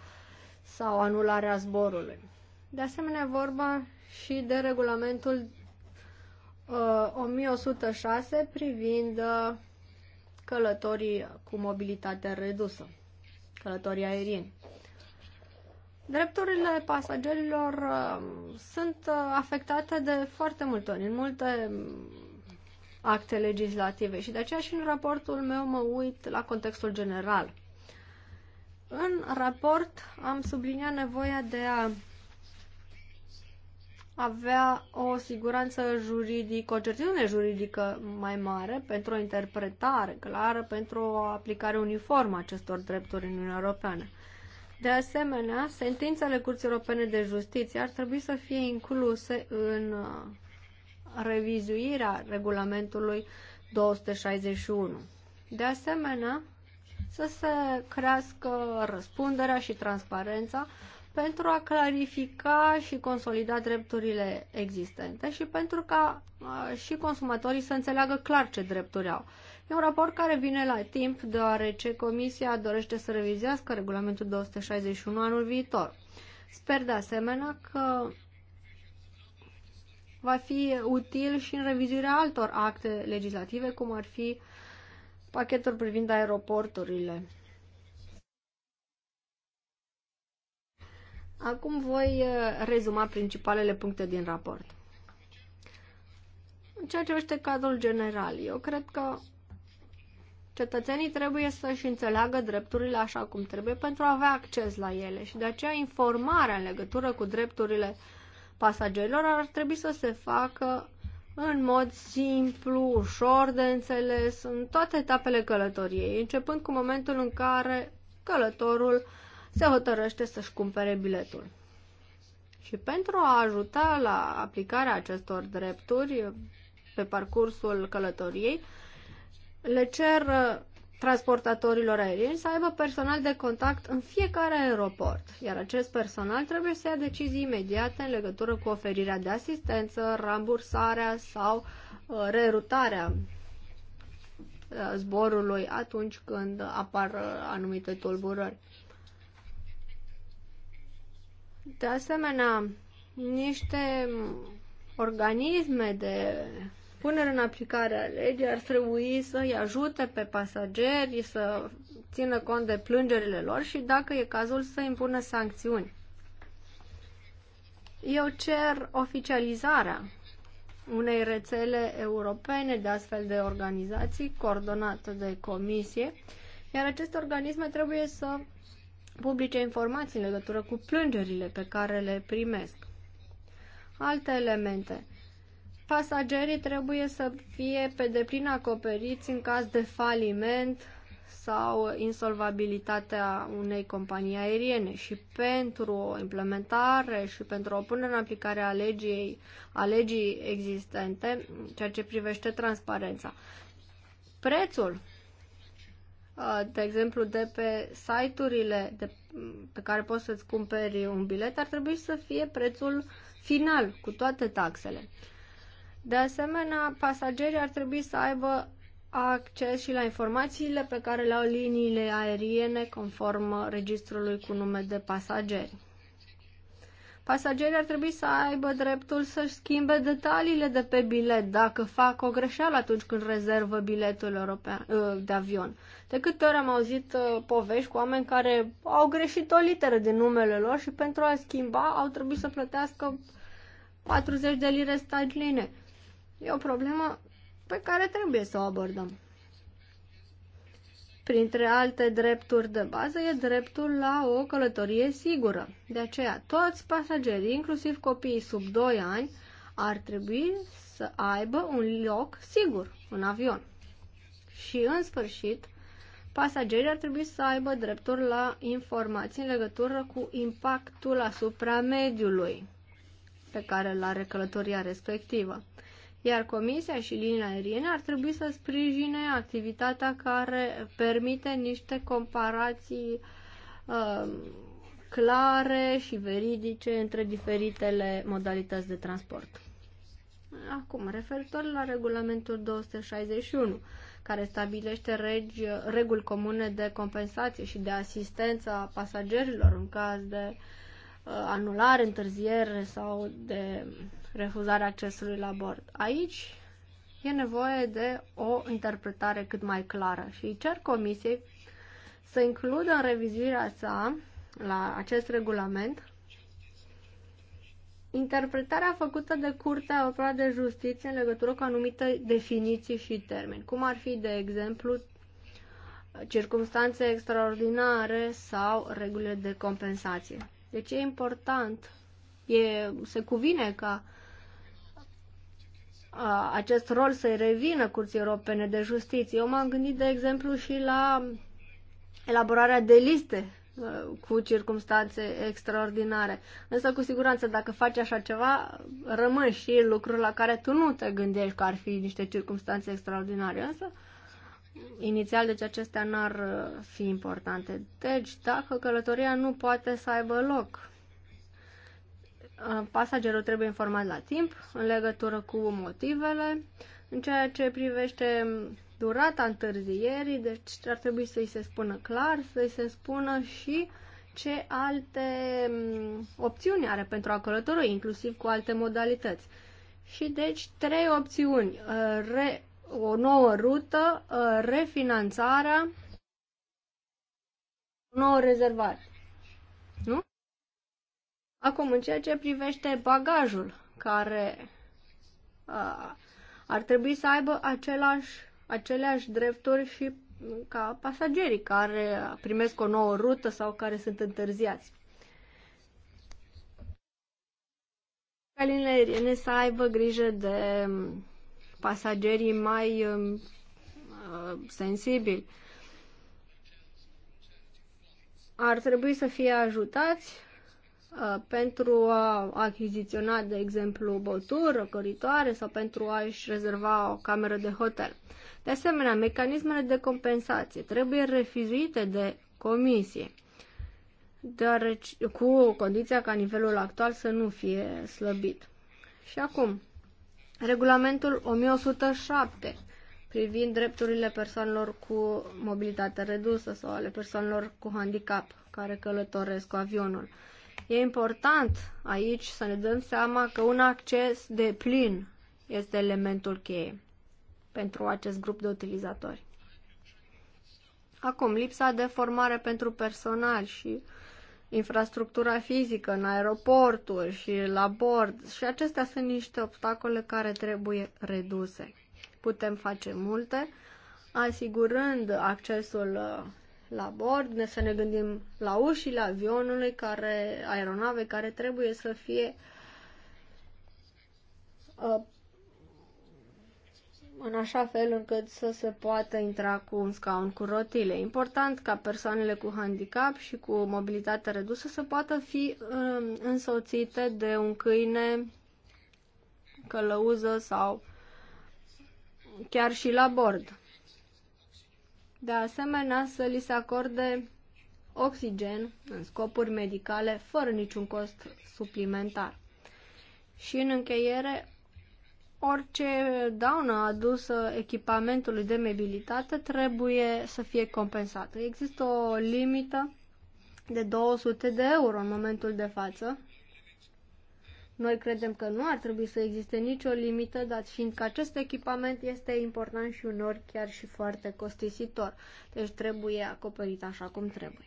Speaker 1: sau anularea zborului. De asemenea, vorba și de regulamentul uh, 1106 privind uh, călătorii cu mobilitate redusă, călătorii aerieni. Drepturile pasagerilor uh, sunt uh, afectate de foarte multe ori, în multe um, acte legislative și de aceea și în raportul meu mă uit la contextul general. În raport am subliniat nevoia de a avea o siguranță juridică, o certitudine juridică mai mare pentru o interpretare clară, pentru o aplicare uniformă a acestor drepturi în Uniunea Europeană. De asemenea, sentințele Curții Europene de Justiție ar trebui să fie incluse în uh, revizuirea regulamentului 261. De asemenea, să se crească răspunderea și transparența pentru a clarifica și consolida drepturile existente și pentru ca uh, și consumatorii să înțeleagă clar ce drepturi au. E un raport care vine la timp, deoarece Comisia dorește să revizească regulamentul 261 anul viitor. Sper de asemenea că va fi util și în revizuirea altor acte legislative, cum ar fi pachetul privind aeroporturile. Acum voi eh, rezuma principalele puncte din raport. În ceea ce vește cadrul general, eu cred că Cetățenii trebuie să-și înțeleagă drepturile așa cum trebuie pentru a avea acces la ele și de aceea informarea în legătură cu drepturile pasagerilor ar trebui să se facă în mod simplu, ușor de înțeles, în toate etapele călătoriei, începând cu momentul în care călătorul se hotărăște să-și cumpere biletul. Și pentru a ajuta la aplicarea acestor drepturi pe parcursul călătoriei, le cer uh, transportatorilor aerieni să aibă personal de contact în fiecare aeroport, iar acest personal trebuie să ia decizii imediate în legătură cu oferirea de asistență, rambursarea sau uh, rerutarea uh, zborului atunci când apar anumite tulburări. De asemenea, niște organisme de punerea în aplicare a legii ar trebui să îi ajute pe pasageri să țină cont de plângerile lor și, dacă e cazul, să impună sancțiuni. Eu cer oficializarea unei rețele europene de astfel de organizații coordonată de comisie, iar aceste organisme trebuie să publice informații în legătură cu plângerile pe care le primesc. Alte elemente pasagerii trebuie să fie pe deplin acoperiți în caz de faliment sau insolvabilitatea unei companii aeriene și pentru o implementare și pentru o punere în aplicare a legii, a legii existente, ceea ce privește transparența. Prețul, de exemplu, de pe site-urile de, pe care poți să-ți cumperi un bilet, ar trebui să fie prețul final, cu toate taxele. De asemenea, pasagerii ar trebui să aibă acces și la informațiile pe care le au liniile aeriene conform registrului cu nume de pasageri. Pasagerii ar trebui să aibă dreptul să-și schimbe detaliile de pe bilet dacă fac o greșeală atunci când rezervă biletul european, ă, de avion. De câte ori am auzit ă, povești cu oameni care au greșit o literă de numele lor și pentru a schimba au trebuit să plătească 40 de lire stagline. E o problemă pe care trebuie să o abordăm. Printre alte drepturi de bază e dreptul la o călătorie sigură. De aceea, toți pasagerii, inclusiv copiii sub 2 ani, ar trebui să aibă un loc sigur în avion. Și, în sfârșit, pasagerii ar trebui să aibă drepturi la informații în legătură cu impactul asupra mediului pe care îl are călătoria respectivă iar Comisia și linia aeriene ar trebui să sprijine activitatea care permite niște comparații uh, clare și veridice între diferitele modalități de transport. Acum, referitor la regulamentul 261, care stabilește regi, reguli comune de compensație și de asistență a pasagerilor în caz de uh, anulare, întârziere sau de refuzarea accesului la bord. Aici e nevoie de o interpretare cât mai clară și cer comisiei să includă în revizuirea sa la acest regulament interpretarea făcută de Curtea Europeană de Justiție în legătură cu anumite definiții și termeni, cum ar fi, de exemplu, circumstanțe extraordinare sau regulile de compensație. Deci e important, e, se cuvine ca uh, a, acest rol să-i revină Curții Europene de Justiție. Eu m-am gândit, de exemplu, și la elaborarea de liste cu circunstanțe extraordinare. Însă, cu siguranță, dacă faci așa ceva, rămân și lucruri la care tu nu te gândești că ar fi niște circunstanțe extraordinare. Însă, inițial, deci acestea n-ar fi importante. Deci, dacă călătoria nu poate să aibă loc Uh, pasagerul trebuie informat la timp în legătură cu motivele. În ceea ce privește durata întârzierii, deci ar trebui să-i se spună clar, să-i se spună și ce alte um, opțiuni are pentru a călători, inclusiv cu alte modalități. Și deci trei opțiuni. Uh, re, o nouă rută, uh, refinanțarea, nouă rezervare. Nu? Acum, în ceea ce privește bagajul, care uh, ar trebui să aibă același, aceleași drepturi și ca pasagerii care primesc o nouă rută sau care sunt întârziați. Calinele ne să aibă grijă de pasagerii mai uh, sensibili. Ar trebui să fie ajutați Uh, pentru a achiziționa, de exemplu, băutură, coritoare sau pentru a-și rezerva o cameră de hotel. De asemenea, mecanismele de compensație trebuie refizuite de comisie, deoarece, cu condiția ca nivelul actual să nu fie slăbit. Și acum, regulamentul 1107 privind drepturile persoanelor cu mobilitate redusă sau ale persoanelor cu handicap care călătoresc cu avionul. E important aici să ne dăm seama că un acces de plin este elementul cheie pentru acest grup de utilizatori. Acum, lipsa de formare pentru personal și infrastructura fizică în aeroporturi și la bord și acestea sunt niște obstacole care trebuie reduse. Putem face multe asigurând accesul uh, la bord, ne să ne gândim la ușile avionului, care, aeronave care trebuie să fie uh, în așa fel încât să se poată intra cu un scaun cu rotile. Important ca persoanele cu handicap și cu mobilitate redusă să poată fi uh, însoțite de un câine călăuză sau chiar și la bord de asemenea să li se acorde oxigen în scopuri medicale fără niciun cost suplimentar. Și în încheiere, orice daună adusă echipamentului de mobilitate trebuie să fie compensată. Există o limită de 200 de euro în momentul de față noi credem că nu ar trebui să existe nicio limită, dat fiind că acest echipament este important și unor chiar și foarte costisitor. Deci trebuie acoperit așa cum trebuie.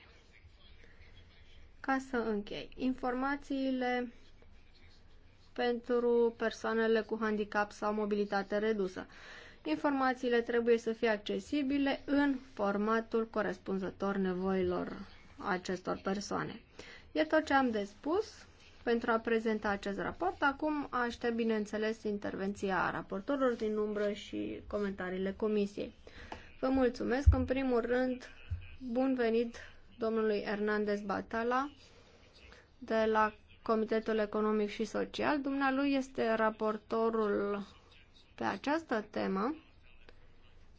Speaker 1: Ca să închei, informațiile pentru persoanele cu handicap sau mobilitate redusă. Informațiile trebuie să fie accesibile în formatul corespunzător nevoilor acestor persoane. E tot ce am de spus pentru a prezenta acest raport. Acum aștept, bineînțeles, intervenția raportorilor din umbră și comentariile comisiei. Vă mulțumesc. În primul rând, bun venit domnului Hernandez Batala de la Comitetul Economic și Social. Dumnealui este raportorul pe această temă.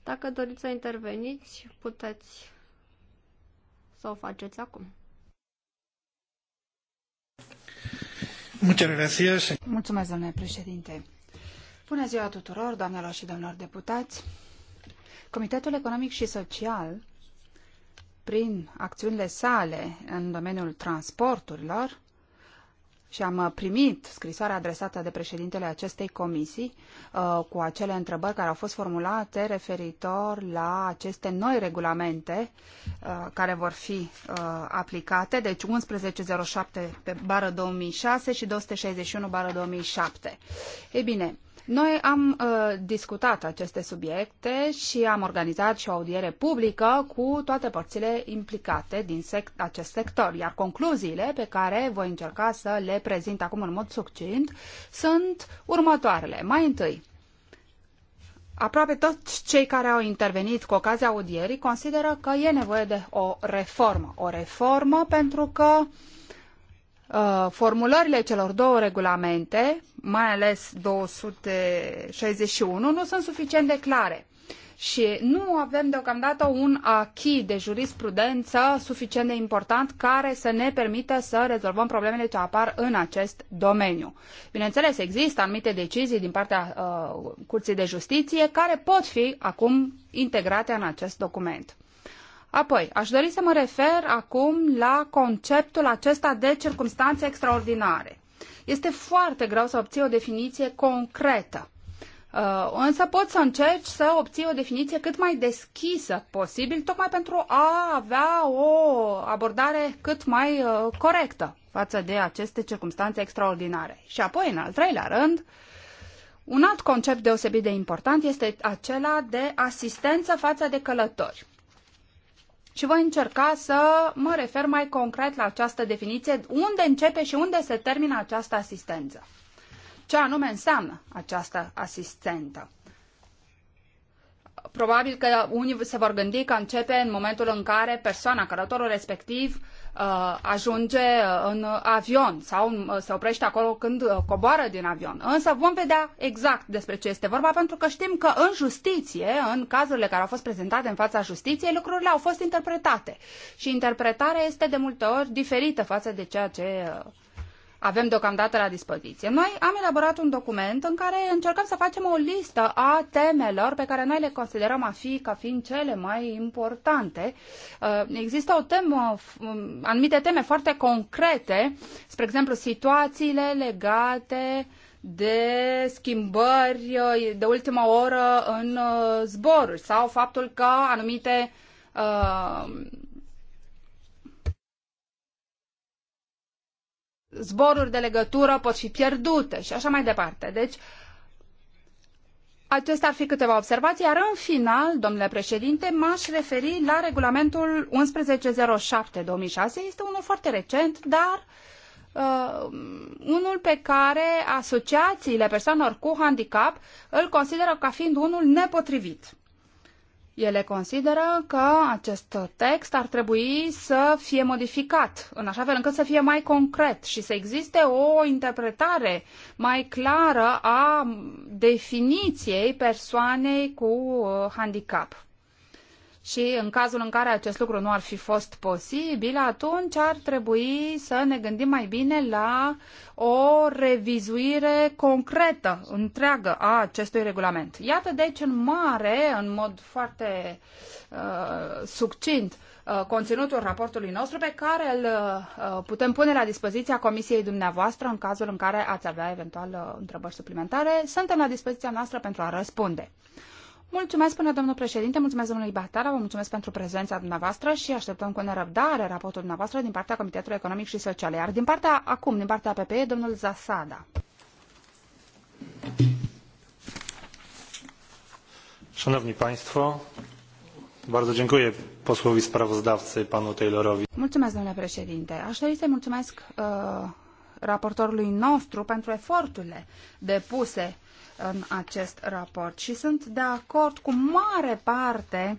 Speaker 1: Dacă doriți să interveniți, puteți să o faceți acum.
Speaker 3: Mulțumesc, domnule președinte. Bună ziua tuturor, doamnelor și domnilor deputați. Comitetul Economic și Social, prin acțiunile sale în domeniul transporturilor, și am uh, primit scrisoarea adresată de președintele acestei comisii uh, cu acele întrebări care au fost formulate referitor la aceste noi regulamente uh, care vor fi aplicate, deci 1107 pe bară 2006 și 261 bară 2007. Ei bine, noi am uh, discutat aceste subiecte și am organizat și o audiere publică cu toate părțile implicate din sec- acest sector, iar concluziile pe care voi încerca să le prezint acum în mod succint sunt următoarele. Mai întâi, Aproape toți cei care au intervenit cu ocazia audierii consideră că e nevoie de o reformă. O reformă pentru că uh, Uh, formulările celor două regulamente, mai ales 261, nu sunt suficient de clare. Și nu avem deocamdată un achi de jurisprudență suficient de important care să ne permită să rezolvăm problemele ce apar în acest domeniu. Bineînțeles, există anumite decizii din partea uh, Curții de Justiție care pot fi acum integrate în acest document. Apoi, aș dori să mă refer acum la conceptul acesta de circunstanțe extraordinare. Este foarte greu să obții o definiție concretă. Uh, însă poți să încerci să obții o definiție cât mai deschisă posibil, tocmai pentru a avea o abordare cât mai uh, corectă față de aceste circunstanțe extraordinare. Și apoi, în al treilea rând, un alt concept deosebit de important este acela de asistență față de călători și voi încerca să mă refer mai concret la această definiție, unde începe și unde se termină această asistență. Ce anume înseamnă această asistentă? Probabil că unii se vor gândi că începe în momentul în care persoana, călătorul respectiv, uh, Uh, ajunge uh, în avion sau uh, se oprește acolo când coboară din avion. Însă vom vedea exact despre ce este vorba, pentru că știm că în justiție, în cazurile care au fost prezentate în fața justiției, lucrurile au fost interpretate. Și interpretarea este de multe ori diferită față de ceea ce uh, avem deocamdată la dispoziție. Noi am elaborat un document în care încercăm să facem o listă a temelor pe care noi le considerăm a fi ca fiind cele mai importante. Uh, există o temă, um, anumite teme foarte concrete, spre exemplu situațiile legate de schimbări uh, de ultima oră în uh, zboruri sau faptul că anumite uh, zboruri de legătură pot fi pierdute și așa mai departe. Deci, Acestea ar fi câteva observații, iar în final, domnule președinte, m-aș referi la regulamentul 1107-2006. Este unul foarte recent, dar uh, unul pe care asociațiile persoanelor cu handicap îl consideră ca fiind unul nepotrivit. Ele consideră că acest text ar trebui să fie modificat în așa fel încât să fie mai concret și să existe o interpretare mai clară a definiției persoanei cu uh, handicap. Și în cazul în care acest lucru nu ar fi fost posibil, atunci ar trebui să ne gândim mai bine la o revizuire concretă, întreagă a acestui regulament. Iată deci în mare, în mod foarte uh, succint, uh, conținutul raportului nostru pe care îl uh, putem pune la dispoziția comisiei dumneavoastră în cazul în care ați avea eventual uh, întrebări suplimentare. Suntem la dispoziția noastră pentru a răspunde. Mulțumesc, până domnul președinte, mulțumesc domnului Batara, vă mulțumesc pentru prezența dumneavoastră și așteptăm cu nerăbdare raportul dumneavoastră din partea Comitetului Economic și Social. Iar din partea, acum, din partea PPE, domnul Zasada.
Speaker 2: Szanowni Państwo, bardzo dziękuję posłowi sprawozdawcy, panu Taylorowi.
Speaker 3: Mulțumesc, domnule președinte. Aș dori să mulțumesc uh, raportorului nostru pentru eforturile depuse în acest raport și sunt de acord cu mare parte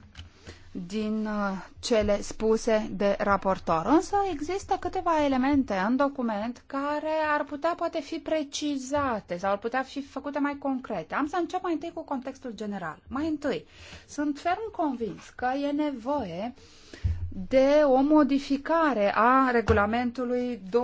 Speaker 3: din uh, cele spuse de raportor. Însă există câteva elemente în document care ar putea poate fi precizate sau ar putea fi făcute mai concrete. Am să încep mai întâi cu contextul general. Mai întâi, sunt ferm convins că e nevoie de o modificare a regulamentului 2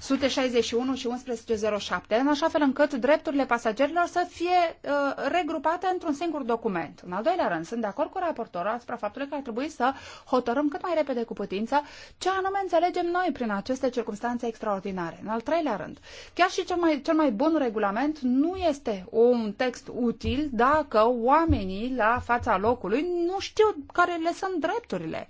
Speaker 3: 161 și 1107, în așa fel încât drepturile pasagerilor să fie uh, regrupate într-un singur document. În al doilea rând, sunt de acord cu raportorul asupra faptului că ar trebui să hotărâm cât mai repede cu putință ce anume înțelegem noi prin aceste circunstanțe extraordinare. În al treilea rând, chiar și cel mai, cel mai bun regulament nu este un text util dacă oamenii la fața locului nu știu care le sunt drepturile.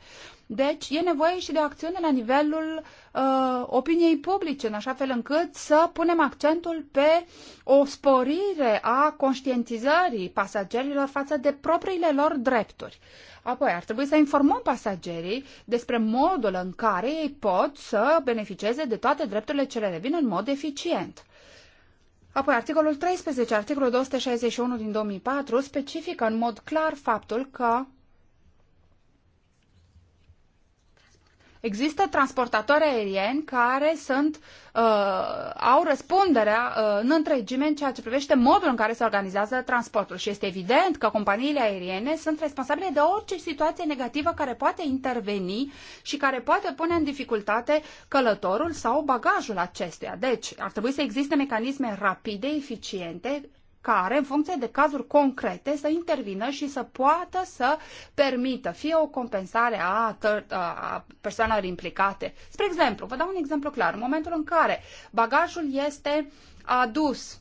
Speaker 3: Deci e nevoie și de acțiune la nivelul uh, opiniei publice, în așa fel încât să punem accentul pe o sporire a conștientizării pasagerilor față de propriile lor drepturi. Apoi ar trebui să informăm pasagerii despre modul în care ei pot să beneficieze de toate drepturile ce le revin în mod eficient. Apoi, articolul 13, articolul 261 din 2004, specifică în mod clar faptul că Există transportatori aerieni care sunt, uh, au răspunderea uh, în întregime în ceea ce privește modul în care se organizează transportul și este evident că companiile aeriene sunt responsabile de orice situație negativă care poate interveni și care poate pune în dificultate călătorul sau bagajul acestuia. Deci ar trebui să existe mecanisme rapide, eficiente, care, în funcție de cazuri concrete, să intervină și să poată să permită fie o compensare a, a persoanelor implicate. Spre exemplu, vă dau un exemplu clar. În momentul în care bagajul este adus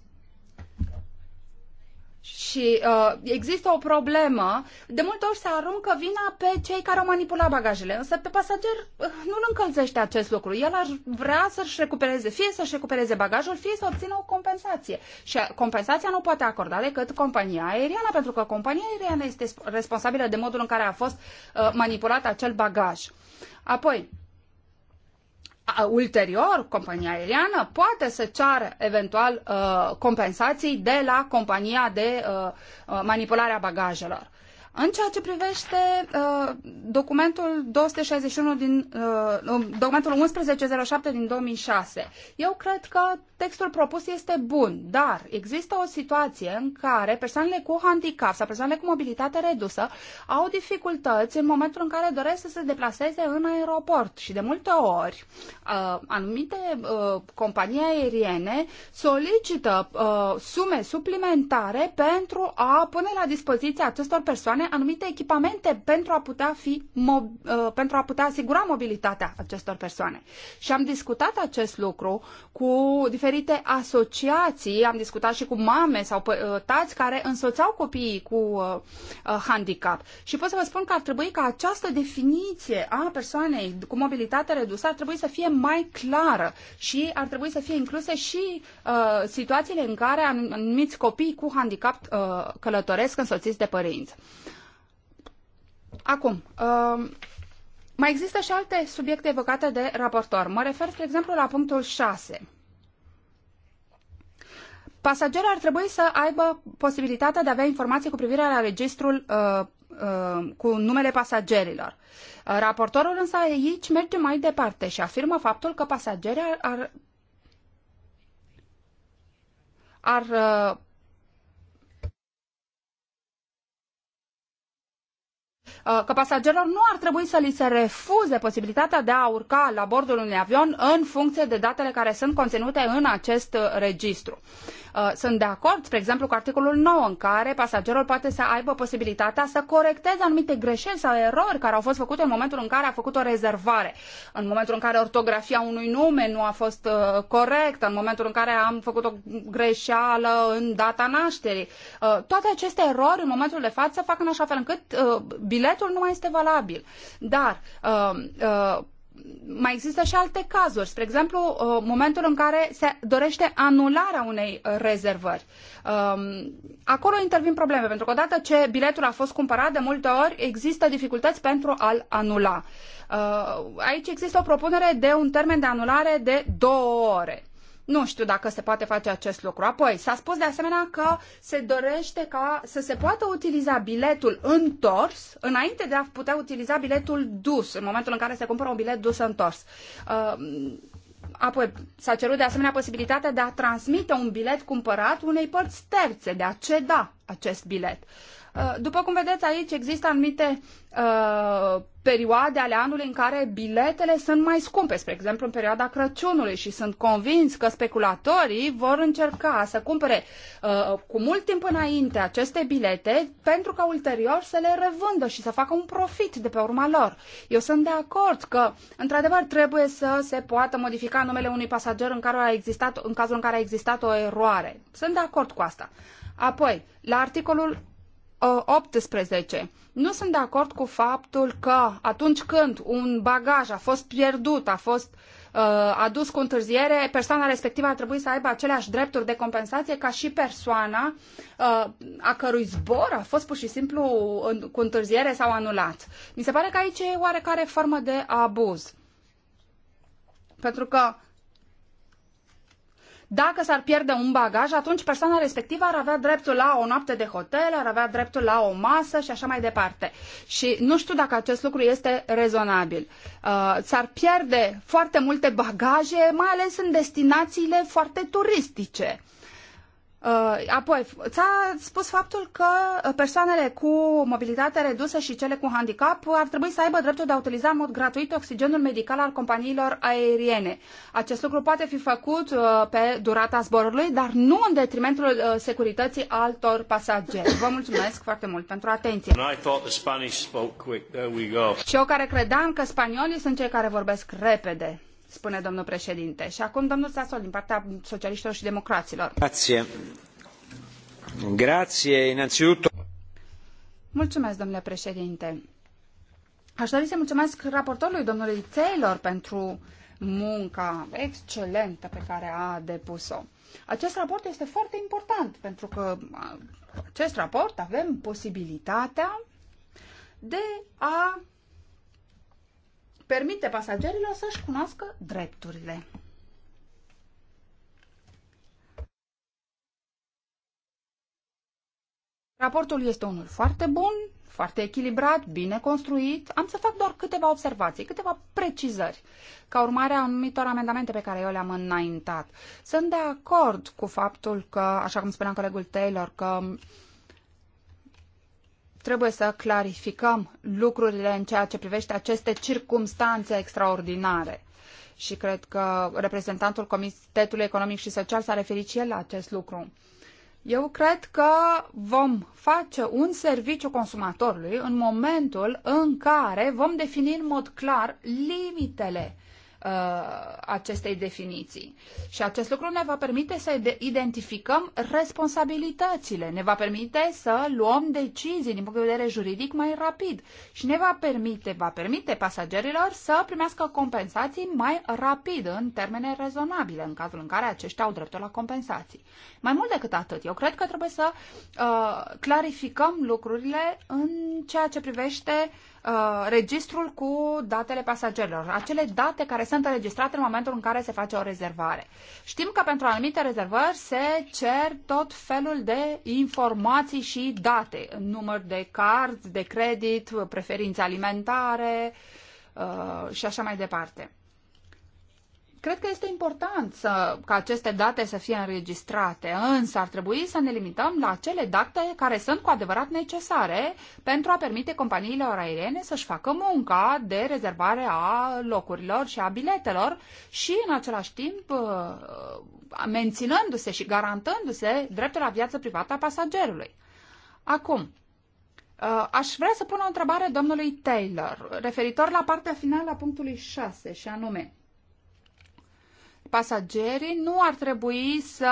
Speaker 3: și uh, există o problemă. De multe ori se aruncă vina pe cei care au manipulat bagajele, însă pe pasager uh, nu-l încălzește acest lucru. El ar vrea să-și recupereze, fie să-și recupereze bagajul, fie să obțină o compensație. Și uh, compensația nu poate acorda decât compania aeriană, pentru că compania aeriană este responsabilă de modul în care a fost uh, manipulat acel bagaj. Apoi, ulterior, compania aeriană poate să ceară eventual uh, compensații de la compania de uh, uh manipulare a bagajelor. În ceea ce privește uh, documentul 261 din uh, um, documentul 1107 din 2006, eu cred că textul propus este bun, dar există o situație în care persoanele cu handicap sau persoanele cu mobilitate redusă au dificultăți în momentul în care doresc să se deplaseze în aeroport și de multe ori uh, anumite uh, companii aeriene solicită uh, sume suplimentare pentru a pune la dispoziție acestor persoane anumite echipamente pentru a putea, fi, uh, pentru a putea asigura mobilitatea acestor persoane. Și am discutat acest lucru cu diferite asociații, am discutat și cu mame sau uh, tați care însoțau copiii cu uh, handicap. Și pot să vă spun că ar trebui ca această definiție a persoanei cu mobilitate redusă ar trebui să fie mai clară și ar trebui să fie incluse și situațiile în care anumiți copii cu handicap uh, călătoresc însoțiți de părinți. Acum, uh, mai există și alte subiecte evocate de raportor. Mă refer, spre exemplu, la punctul 6. Pasagerul ar trebui să aibă posibilitatea de a avea informații cu privire la registrul uh, uh, cu numele pasagerilor. Uh, raportorul însă aici merge mai departe și afirmă faptul că pasagerii ar, ar, ar uh, Uh, că pasagerilor nu ar trebui să li se refuze posibilitatea de a urca la bordul unui avion în funcție de datele care sunt conținute în acest uh, registru. Uh, sunt de acord, spre exemplu, cu articolul 9, în care pasagerul poate să aibă posibilitatea să corecteze anumite greșeli sau erori care au fost făcute în momentul în care a făcut o rezervare, în momentul în care ortografia unui nume nu a fost uh, corectă, în momentul în care am făcut o greșeală în data nașterii. Uh, toate aceste erori, în momentul de față, fac în așa fel încât uh, biletul nu mai este valabil. Dar uh, mai există și alte cazuri. Spre exemplu, uh, momentul în care se dorește anularea unei uh, rezervări. Um, acolo intervin probleme, pentru că odată ce biletul a fost cumpărat, de multe ori există dificultăți pentru a-l anula. Uh, aici există o propunere de un termen de anulare de două ore. Nu știu dacă se poate face acest lucru. Apoi, s-a spus de asemenea că se dorește ca să se poată utiliza biletul întors înainte de a putea utiliza biletul dus, în momentul în care se cumpără un bilet dus întors. Uh, apoi s-a cerut de asemenea posibilitatea de a transmite un bilet cumpărat unei părți terțe, de a ceda acest bilet. Uh, după cum vedeți aici, există anumite uh, perioade ale anului în care biletele sunt mai scumpe, spre exemplu în perioada Crăciunului și sunt convins că speculatorii vor încerca să cumpere uh, cu mult timp înainte aceste bilete pentru ca ulterior să le revândă și să facă un profit de pe urma lor. Eu sunt de acord că, într-adevăr, trebuie să se poată modifica numele unui pasager în, care a existat, în cazul în care a existat o eroare. Sunt de acord cu asta. Apoi, la articolul 18. Nu sunt de acord cu faptul că atunci când un bagaj a fost pierdut, a fost uh, adus cu întârziere, persoana respectivă ar trebui să aibă aceleași drepturi de compensație ca și persoana uh, a cărui zbor a fost pur și simplu în, cu întârziere sau anulat. Mi se pare că aici e oarecare formă de abuz. Pentru că dacă s-ar pierde un bagaj, atunci persoana respectivă ar avea dreptul la o noapte de hotel, ar avea dreptul la o masă și așa mai departe. Și nu știu dacă acest lucru este rezonabil. Uh, s-ar pierde foarte multe bagaje, mai ales în destinațiile foarte turistice. Uh, Uh, apoi, s-a spus faptul că uh, persoanele cu mobilitate redusă și cele cu handicap ar trebui să aibă dreptul de a utiliza în mod gratuit oxigenul medical al companiilor aeriene. Acest lucru poate fi făcut uh, pe durata zborului, dar nu în detrimentul securității altor pasageri. Vă mulțumesc foarte mult pentru atenție. Și eu care credeam că spaniolii sunt cei care vorbesc repede spune domnul președinte. Și acum domnul Sasol din partea socialiștilor și democraților.
Speaker 2: Grazie. Grazie, innanzitutto.
Speaker 3: Mulțumesc, domnule președinte. Aș dori să mulțumesc raportorului domnului Taylor pentru munca excelentă pe care a depus-o. Acest raport este foarte important pentru că acest raport avem posibilitatea de a permite pasagerilor să-și cunoască drepturile. Raportul este unul foarte bun, foarte echilibrat, bine construit. Am să fac doar câteva observații, câteva precizări, ca urmare a anumitor amendamente pe care eu le-am înaintat. Sunt de acord cu faptul că, așa cum spunea colegul Taylor, că trebuie să clarificăm lucrurile în ceea ce privește aceste circumstanțe extraordinare. Și cred că reprezentantul Comitetului Economic și Social s-a referit și el la acest lucru. Eu cred că vom face un serviciu consumatorului în momentul în care vom defini în mod clar limitele Uh, acestei definiții. Și acest lucru ne va permite să identificăm responsabilitățile, ne va permite să luăm decizii din punct de vedere juridic mai rapid și ne va permite, va permite pasagerilor să primească compensații mai rapid, în termene rezonabile, în cazul în care aceștia au dreptul la compensații. Mai mult decât atât, eu cred că trebuie să uh, clarificăm lucrurile în ceea ce privește uh, Uh, registrul cu datele pasagerilor, acele date care sunt înregistrate în momentul în care se face o rezervare. Știm că pentru anumite rezervări se cer tot felul de informații și date, număr de card, de credit, preferințe alimentare uh, și așa mai departe. Cred că este important să, ca aceste date să fie înregistrate, însă ar trebui să ne limităm la acele date care sunt cu adevărat necesare pentru a permite companiilor aeriene să-și facă munca de rezervare a locurilor și a biletelor și, în același timp, uh, menținându-se și garantându-se dreptul la viață privată a pasagerului. Acum, uh, aș vrea să pun o întrebare domnului Taylor referitor la partea finală a punctului 6 și anume pasagerii nu ar trebui să,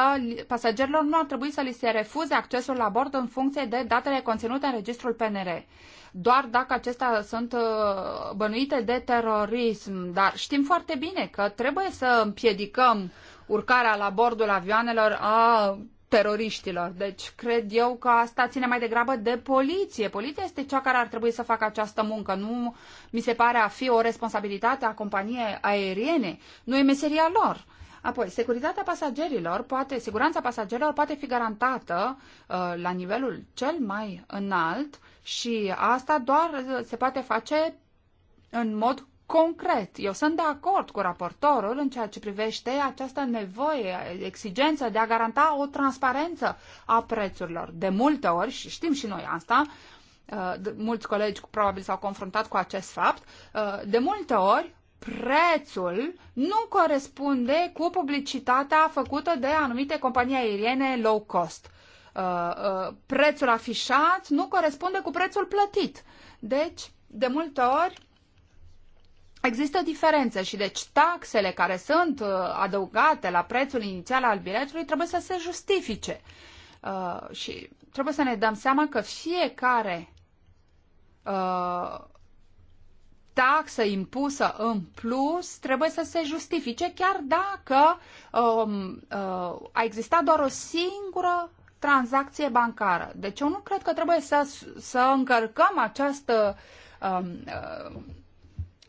Speaker 3: pasagerilor nu ar trebui să li se refuze accesul la bord în funcție de datele conținute în registrul PNR. Doar dacă acestea sunt uh, bănuite de terorism. Dar știm foarte bine că trebuie să împiedicăm urcarea la bordul avioanelor a teroriștilor. Deci cred eu că asta ține mai degrabă de poliție. Poliția este cea care ar trebui să facă această muncă. Nu mi se pare a fi o responsabilitate a companiei aeriene. Nu e meseria lor. Apoi, securitatea pasagerilor poate, siguranța pasagerilor poate fi garantată uh, la nivelul cel mai înalt și asta doar se poate face în mod concret. Eu sunt de acord cu raportorul în ceea ce privește această nevoie, exigență de a garanta o transparență a prețurilor. De multe ori, și știm și noi asta, uh, mulți colegi probabil s-au confruntat cu acest fapt, uh, de multe ori prețul nu corespunde cu publicitatea făcută de anumite companii aeriene low cost. Uh, prețul afișat nu corespunde cu prețul plătit. Deci, de multe ori, Există diferențe și deci taxele care sunt uh, adăugate la prețul inițial al biletului trebuie să se justifice. Uh, și trebuie să ne dăm seama că fiecare uh, taxă impusă în plus trebuie să se justifice chiar dacă um, uh, a existat doar o singură tranzacție bancară. Deci eu nu cred că trebuie să, să încărcăm această um, uh,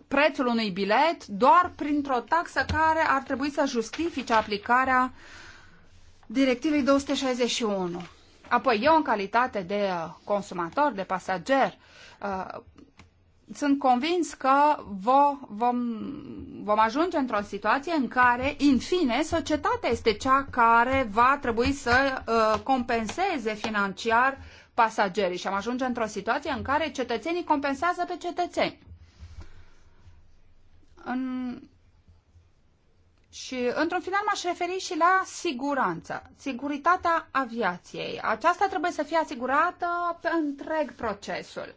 Speaker 3: prețul unui bilet doar printr-o taxă care ar trebui să justifice aplicarea directivei 261. Apoi, eu, în calitate de uh, consumator, de pasager, uh, sunt convins că vom, vom ajunge într-o situație în care, în fine, societatea este cea care va trebui să uh, compenseze financiar pasagerii și am ajunge într-o situație în care cetățenii compensează pe cetățeni în... Și, într-un final, m-aș referi și la siguranță, siguritatea aviației. Aceasta trebuie să fie asigurată pe întreg procesul.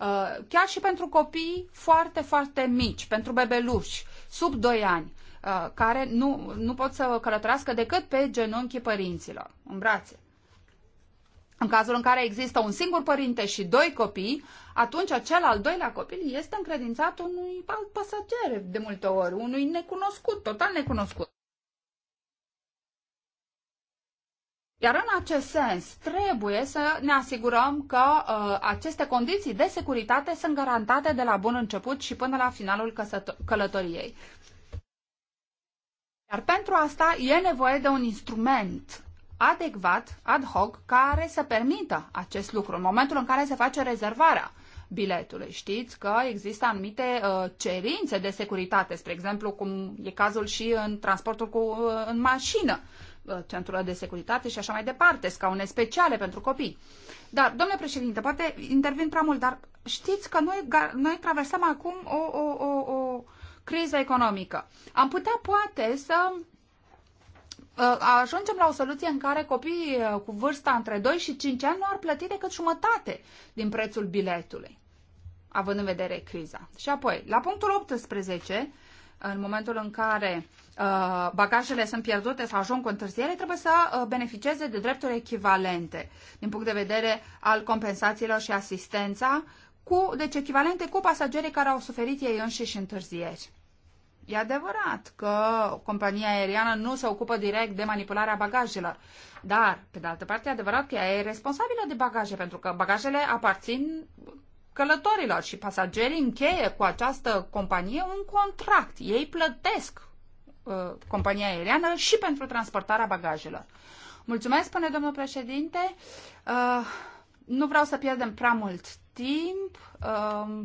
Speaker 3: Uh, chiar și pentru copii foarte, foarte mici, pentru bebeluși, sub 2 ani, uh, care nu, nu pot să călătorească decât pe genunchii părinților, în brațe în cazul în care există un singur părinte și doi copii, atunci acel al doilea copil este încredințat unui alt pasager, de multe ori, unui necunoscut, total necunoscut. Iar în acest sens, trebuie să ne asigurăm că uh, aceste condiții de securitate sunt garantate de la bun început și până la finalul călătoriei. Iar pentru asta e nevoie de un instrument adecvat, ad hoc, care să permită acest lucru în momentul în care se face rezervarea biletului. Știți că există anumite uh, cerințe de securitate, spre exemplu, cum e cazul și în transportul cu, uh, în mașină, uh, centrul de securitate și așa mai departe, scaune speciale pentru copii. Dar, domnule președinte, poate intervin prea mult, dar știți că noi, noi traversăm acum o, o, o, o criză economică. Am putea poate să Ă, ajungem la o soluție în care copiii ă, cu vârsta între 2 și 5 ani nu ar plăti decât jumătate din prețul biletului, având în vedere criza. Și apoi, la punctul 18, în momentul în care uh, bagajele sunt pierdute sau ajung cu întârziere, trebuie să uh, beneficieze de drepturi echivalente din punct de vedere al compensațiilor și asistența, cu, deci echivalente cu pasagerii care au suferit ei înșiși întârzieri. E adevărat că compania aeriană nu se ocupă direct de manipularea bagajelor, dar, pe de altă parte, e adevărat că ea e responsabilă de bagaje, pentru că bagajele aparțin călătorilor și pasagerii încheie cu această companie un contract. Ei plătesc uh, compania aeriană și pentru transportarea bagajelor. Mulțumesc, spune domnul președinte. Uh, nu vreau să pierdem prea mult timp. Uh,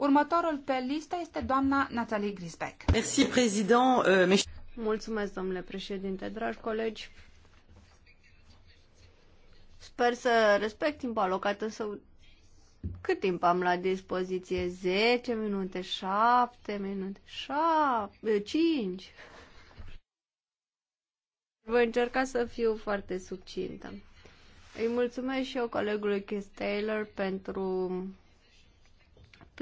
Speaker 3: Următorul pe listă este doamna Nathalie Grisbeck.
Speaker 2: Merci, Uh,
Speaker 1: Mulțumesc, domnule președinte, dragi colegi. Sper să respect timpul alocat, însă cât timp am la dispoziție? 10 minute, 7 minute, 7, 5. Eh, Voi încerca să fiu foarte succintă. Îi mulțumesc și eu colegului Chris Taylor pentru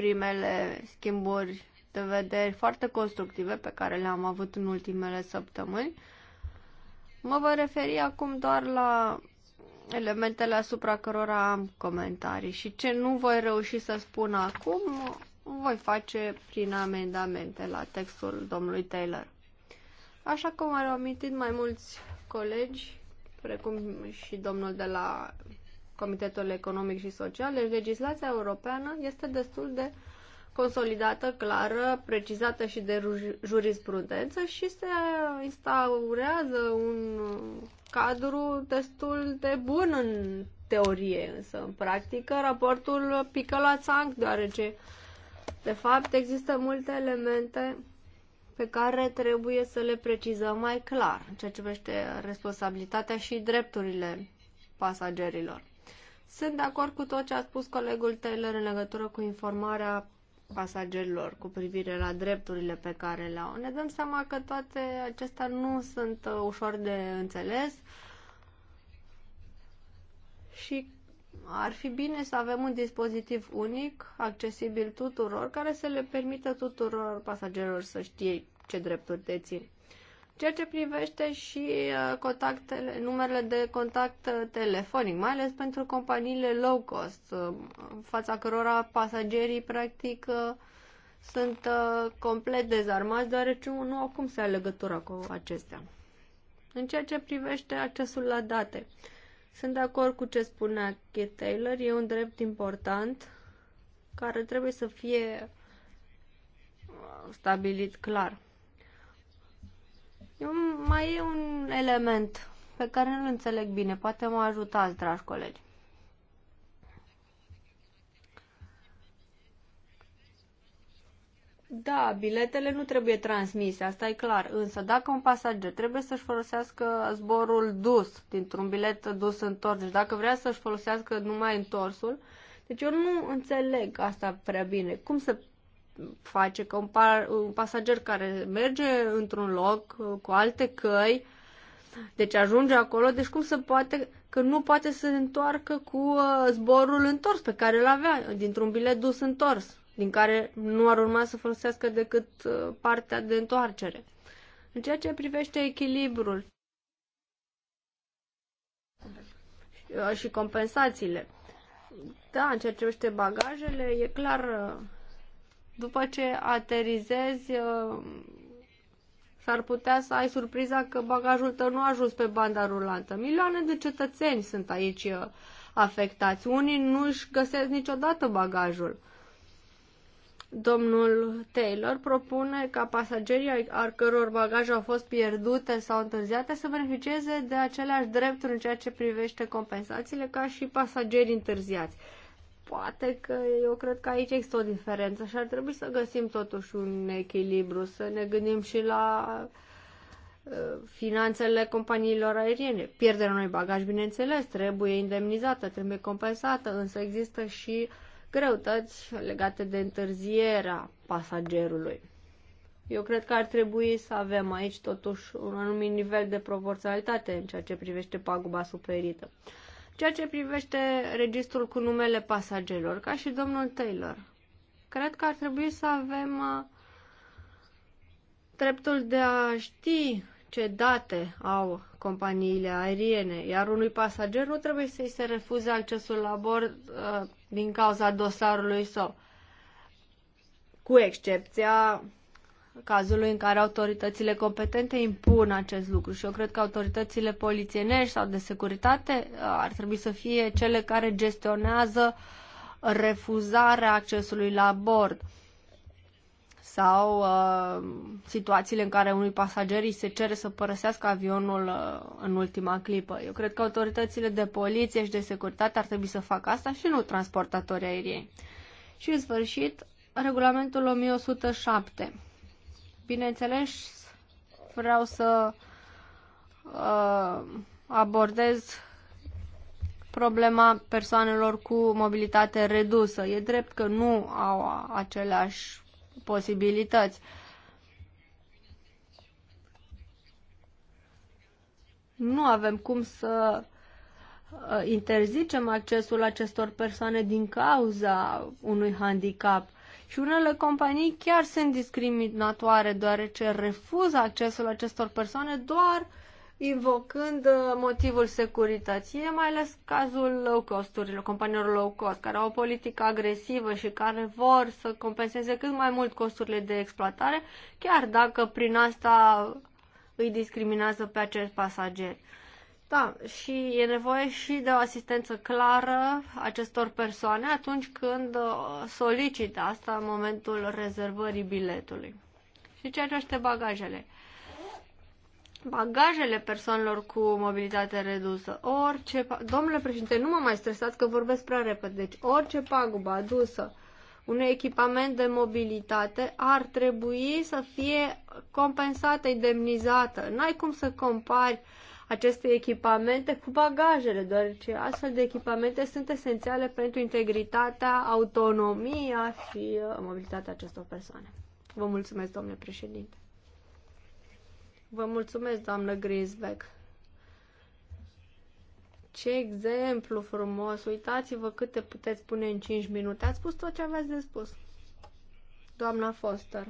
Speaker 1: primele schimburi de vederi foarte constructive pe care le-am avut în ultimele săptămâni. Mă voi referi acum doar la elementele asupra cărora am comentarii și ce nu voi reuși să spun acum voi face prin amendamente la textul domnului Taylor. Așa cum au amintit mai mulți colegi, precum și domnul de la Comitetul Economic și Social, deci legislația europeană este destul de consolidată, clară, precizată și de jurisprudență și se instaurează un cadru destul de bun în teorie, însă în practică raportul pică la țanc, deoarece de fapt există multe elemente pe care trebuie să le precizăm mai clar în ceea ce privește responsabilitatea și drepturile pasagerilor. Sunt de acord cu tot ce a spus colegul Taylor în legătură cu informarea pasagerilor cu privire la drepturile pe care le au. Ne dăm seama că toate acestea nu sunt uh, ușor de înțeles și ar fi bine să avem un dispozitiv unic, accesibil tuturor, care să le permită tuturor pasagerilor să știe ce drepturi dețin. Ceea ce privește și uh, contactele, numerele de contact uh, telefonic, mai ales pentru companiile low cost, uh, în fața cărora pasagerii practic sunt complet dezarmați, deoarece nu au cum să ia legătura cu acestea. În ceea ce privește accesul la date, sunt de acord cu ce spunea Keith Taylor, e un drept important care trebuie să fie stabilit clar. Mai e un element pe care nu-l înțeleg bine. Poate mă ajutați, dragi colegi. Da, biletele nu trebuie transmise, asta e clar. Însă dacă un pasager trebuie să-și folosească zborul dus, dintr-un bilet dus întors, deci dacă vrea să-și folosească numai întorsul, deci eu nu înțeleg asta prea bine. Cum să face că un, par, un pasager care merge într-un loc uh, cu alte căi, deci ajunge acolo, deci cum se poate că nu poate să se întoarcă cu uh, zborul întors pe care îl avea, dintr-un bilet dus întors, din care nu ar urma să folosească decât uh, partea de întoarcere. În ceea ce privește echilibrul și compensațiile, da, în ceea ce privește bagajele, e clar după ce aterizezi, uh, s-ar putea să ai surpriza că bagajul tău nu a ajuns pe banda rulantă. Milioane de cetățeni sunt aici uh, afectați. Unii nu își găsesc niciodată bagajul. Domnul Taylor propune ca pasagerii al căror bagaje au fost pierdute sau întârziate să beneficieze de aceleași drepturi în ceea ce privește compensațiile ca și pasagerii întârziați poate că eu cred că aici există o diferență și ar trebui să găsim totuși un echilibru, să ne gândim și la uh, finanțele companiilor aeriene. Pierderea unui bagaj, bineînțeles, trebuie indemnizată, trebuie compensată, însă există și greutăți legate de întârzierea pasagerului. Eu cred că ar trebui să avem aici totuși un anumit nivel de proporționalitate în ceea ce privește paguba suferită. Ceea ce privește registrul cu numele pasagerilor, ca și domnul Taylor, cred că ar trebui să avem uh, dreptul de a ști ce date au companiile aeriene, iar unui pasager nu trebuie să-i se refuze accesul la bord uh, din cauza dosarului său, cu excepția cazului în care autoritățile competente impun acest lucru și eu cred că autoritățile polițienești sau de securitate uh, ar trebui să fie cele care gestionează refuzarea accesului la bord sau uh, situațiile în care unui pasager îi se cere să părăsească avionul uh, în ultima clipă. Eu cred că autoritățile de poliție și de securitate ar trebui să facă asta și nu transportatorii aerieni. Și în sfârșit, regulamentul 1107 Bineînțeles, vreau să uh, abordez problema persoanelor cu mobilitate redusă. E drept că nu au aceleași posibilități. Nu avem cum să uh, interzicem accesul acestor persoane din cauza unui handicap. Și unele companii chiar sunt discriminatoare, deoarece refuză accesul acestor persoane doar invocând uh, motivul securității, e mai ales cazul low costurilor, companiilor low cost, care au o politică agresivă și care vor să compenseze cât mai mult costurile de exploatare, chiar dacă prin asta îi discriminează pe acești pasageri. Da, și e nevoie și de o asistență clară acestor persoane atunci când uh, solicită asta în momentul rezervării biletului. Și ceea ce aște bagajele. Bagajele persoanelor cu mobilitate redusă. Orice, domnule președinte, nu mă mai stresați că vorbesc prea repede. Deci orice pagubă adusă unui echipament de mobilitate ar trebui să fie compensată, indemnizată. N-ai cum să compari uh, aceste echipamente cu bagajele, deoarece astfel de echipamente sunt esențiale pentru integritatea, autonomia și uh, mobilitatea acestor persoane. Vă mulțumesc, domnule președinte. Vă mulțumesc, doamnă Grisbeck. Ce exemplu frumos! Uitați-vă câte puteți pune în 5 minute. Ați spus tot ce aveți de spus. Doamna Foster.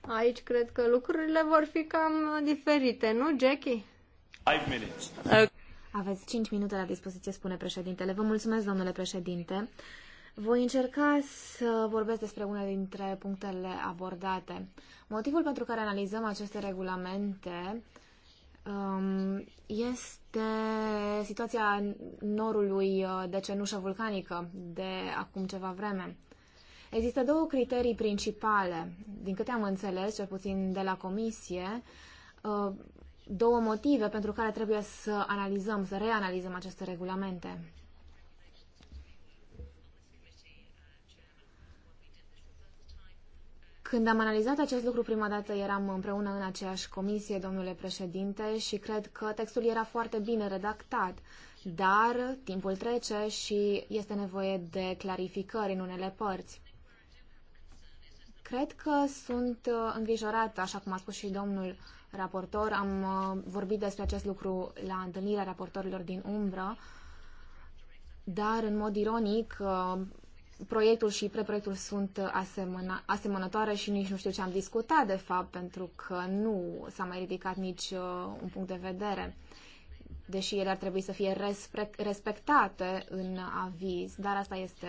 Speaker 1: Aici cred că lucrurile vor fi cam diferite, nu, Jackie?
Speaker 4: Aveți 5 minute la dispoziție, spune președintele. Vă mulțumesc, domnule președinte. Voi încerca să vorbesc despre unele dintre punctele abordate. Motivul pentru care analizăm aceste regulamente um, este situația norului uh, de cenușă vulcanică de acum ceva vreme. Există două criterii principale, din câte am înțeles, cel puțin de la comisie, uh, două motive pentru care trebuie să analizăm, să reanalizăm aceste regulamente. Când am analizat acest lucru prima dată, eram împreună în aceeași comisie, domnule președinte, și cred că textul era foarte bine redactat, dar timpul trece și este nevoie de clarificări în unele părți. Cred că sunt îngrijorată, așa cum a spus și domnul raportor. Am uh, vorbit despre acest lucru la întâlnirea raportorilor din umbră, dar în mod ironic uh, proiectul și preproiectul sunt asemăna, asemănătoare și nici nu știu ce am discutat, de fapt, pentru că nu s-a mai ridicat nici uh, un punct de vedere. Deși ele ar trebui să fie respectate în aviz, dar asta este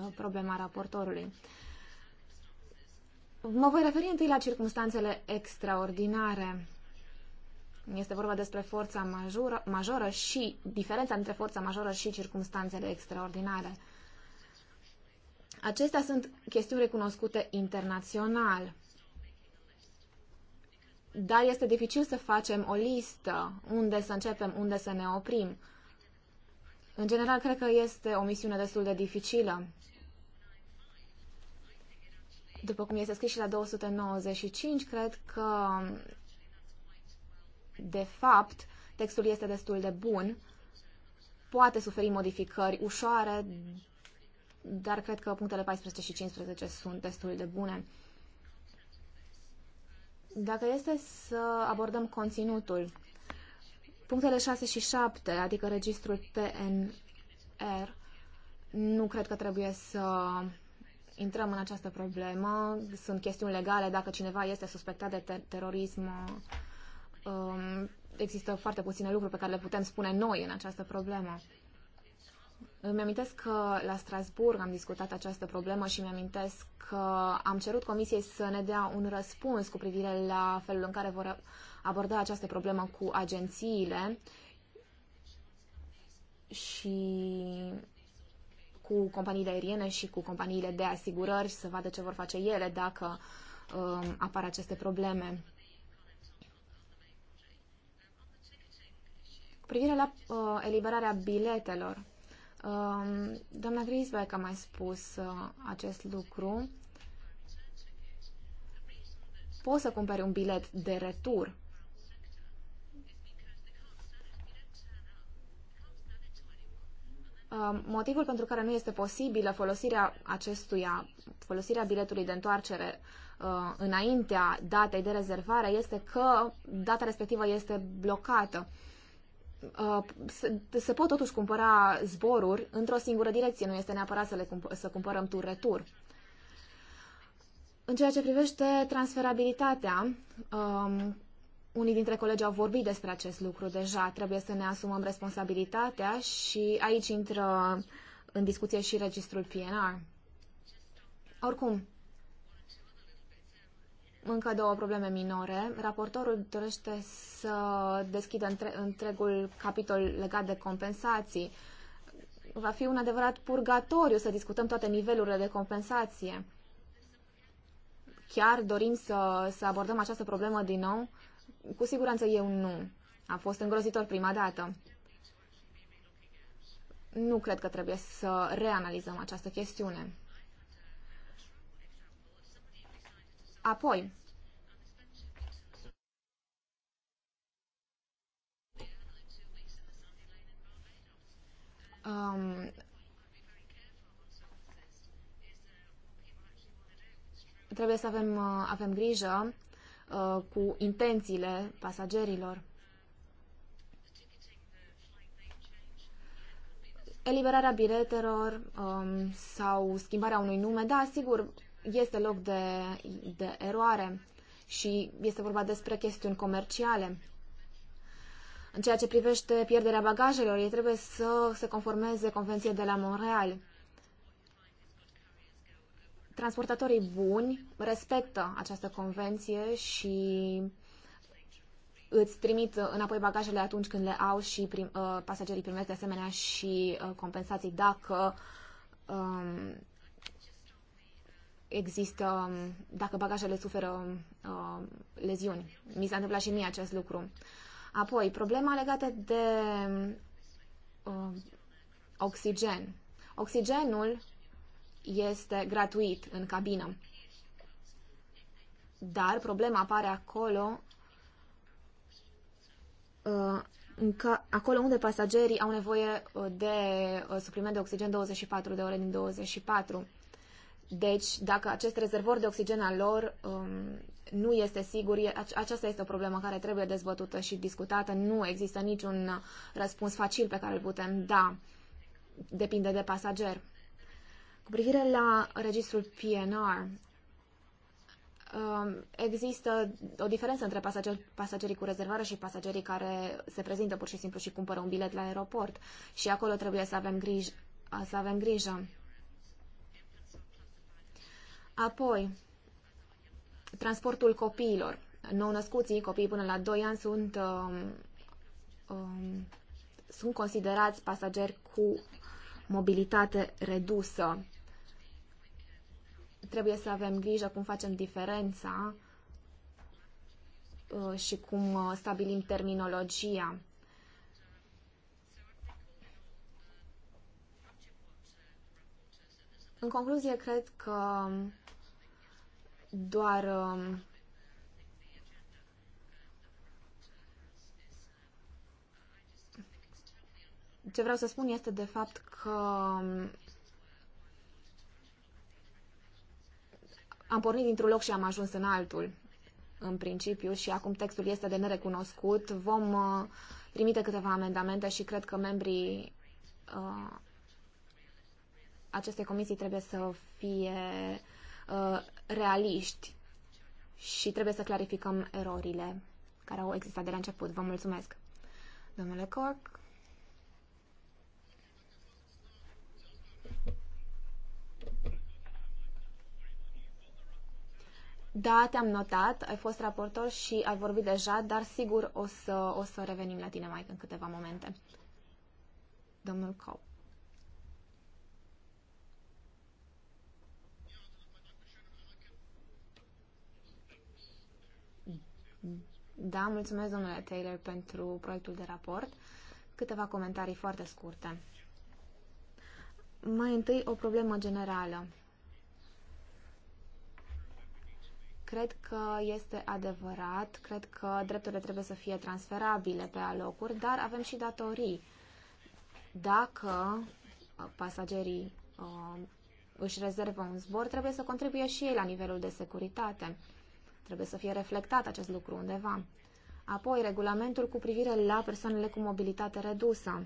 Speaker 4: uh, problema raportorului. Mă voi referi întâi la circunstanțele extraordinare. Este vorba despre forța majoră, majoră și diferența între forța majoră și circunstanțele extraordinare. Acestea sunt chestiuni recunoscute internațional. Dar este dificil să facem o listă unde să începem, unde să ne oprim. În general, cred că este o misiune destul de dificilă după cum este scris și la 295, cred că, de fapt, textul este destul de bun, poate suferi modificări ușoare, dar cred că punctele 14 și 15 sunt destul de bune. Dacă este să abordăm conținutul, punctele 6 și 7, adică registrul PNR, nu cred că trebuie să intrăm în această problemă. Sunt chestiuni legale. Dacă cineva este suspectat de ter- terorism, um, există foarte puține lucruri pe care le putem spune noi în această problemă. Îmi amintesc că la Strasburg am discutat această problemă și mi-amintesc că am cerut comisiei să ne dea un răspuns cu privire la felul în care vor aborda această problemă cu agențiile și cu companiile aeriene și cu companiile de asigurări să vadă ce vor face ele dacă uh, apar aceste probleme. Cu privire la uh, eliberarea biletelor, uh, doamna Grisbeck a mai spus uh, acest lucru. Poți să cumperi un bilet de retur Um, motivul pentru care nu este posibilă folosirea acestuia, folosirea biletului de întoarcere uh, înaintea datei de rezervare este că data respectivă este blocată. Uh, se, se pot totuși cumpăra zboruri într-o singură direcție, nu este neapărat să, le cump- să cumpărăm tur-retur. În ceea ce privește transferabilitatea, um, unii dintre colegi au vorbit despre acest lucru deja. Trebuie să ne asumăm responsabilitatea și aici intră în discuție și registrul PNR. Oricum, încă două probleme minore. Raportorul dorește să deschidă între, întregul capitol legat de compensații. Va fi un adevărat purgatoriu să discutăm toate nivelurile de compensație. Chiar dorim să, să abordăm această problemă din nou cu siguranță eu nu. A fost îngrozitor prima dată. Nu cred că trebuie să reanalizăm această chestiune. Apoi, um, trebuie să avem, uh, avem grijă Uh, cu intențiile pasagerilor. Eliberarea biletelor um, sau schimbarea unui nume, da, sigur, este loc de, de eroare și este vorba despre chestiuni comerciale. În ceea ce privește pierderea bagajelor, ei trebuie să se conformeze Convenției de la Montreal transportatorii buni respectă această convenție și îți trimit înapoi bagajele atunci când le au și prim, uh, pasagerii primesc de asemenea și uh, compensații dacă um, există, dacă bagajele suferă uh, leziuni. Mi s-a întâmplat și mie acest lucru. Apoi, problema legată de uh, oxigen. Oxigenul este gratuit în cabină. Dar problema apare acolo uh, acolo unde pasagerii au nevoie uh, de uh, supliment de oxigen 24 de ore din 24. Deci, dacă acest rezervor de oxigen al lor um, nu este sigur, aceasta este o problemă care trebuie dezbătută și discutată. Nu există niciun răspuns facil pe care îl putem da. Depinde de pasager. Cu privire la registrul PNR, um, există o diferență între pasager, pasagerii cu rezervare și pasagerii care se prezintă pur și simplu și cumpără un bilet la aeroport și acolo trebuie să avem, grijă să avem grijă. Apoi, transportul copiilor. Nou-născuții, copiii până la 2 ani, sunt, um, um, sunt considerați pasageri cu mobilitate redusă trebuie să avem grijă cum facem diferența uh, și cum uh, stabilim terminologia. În concluzie, cred că doar um, ce vreau să spun este de fapt că um, am pornit dintr-un loc și am ajuns în altul, în principiu, și acum textul este de nerecunoscut. Vom uh, trimite câteva amendamente și cred că membrii uh, acestei comisii trebuie să fie uh, realiști și trebuie să clarificăm erorile care au existat de la început. Vă mulțumesc, domnule Corc. Da, te-am notat, ai fost raportor și ai vorbit deja, dar sigur o să, o să revenim la tine mai în câteva momente. Domnul Cau. Da, mulțumesc domnule Taylor pentru proiectul de raport. Câteva comentarii foarte scurte. Mai întâi o problemă generală cred că este adevărat, cred că drepturile trebuie să fie transferabile pe alocuri, dar avem și datorii. Dacă pasagerii uh, își rezervă un zbor, trebuie să contribuie și ei la nivelul de securitate. Trebuie să fie reflectat acest lucru undeva. Apoi, regulamentul cu privire la persoanele cu mobilitate redusă.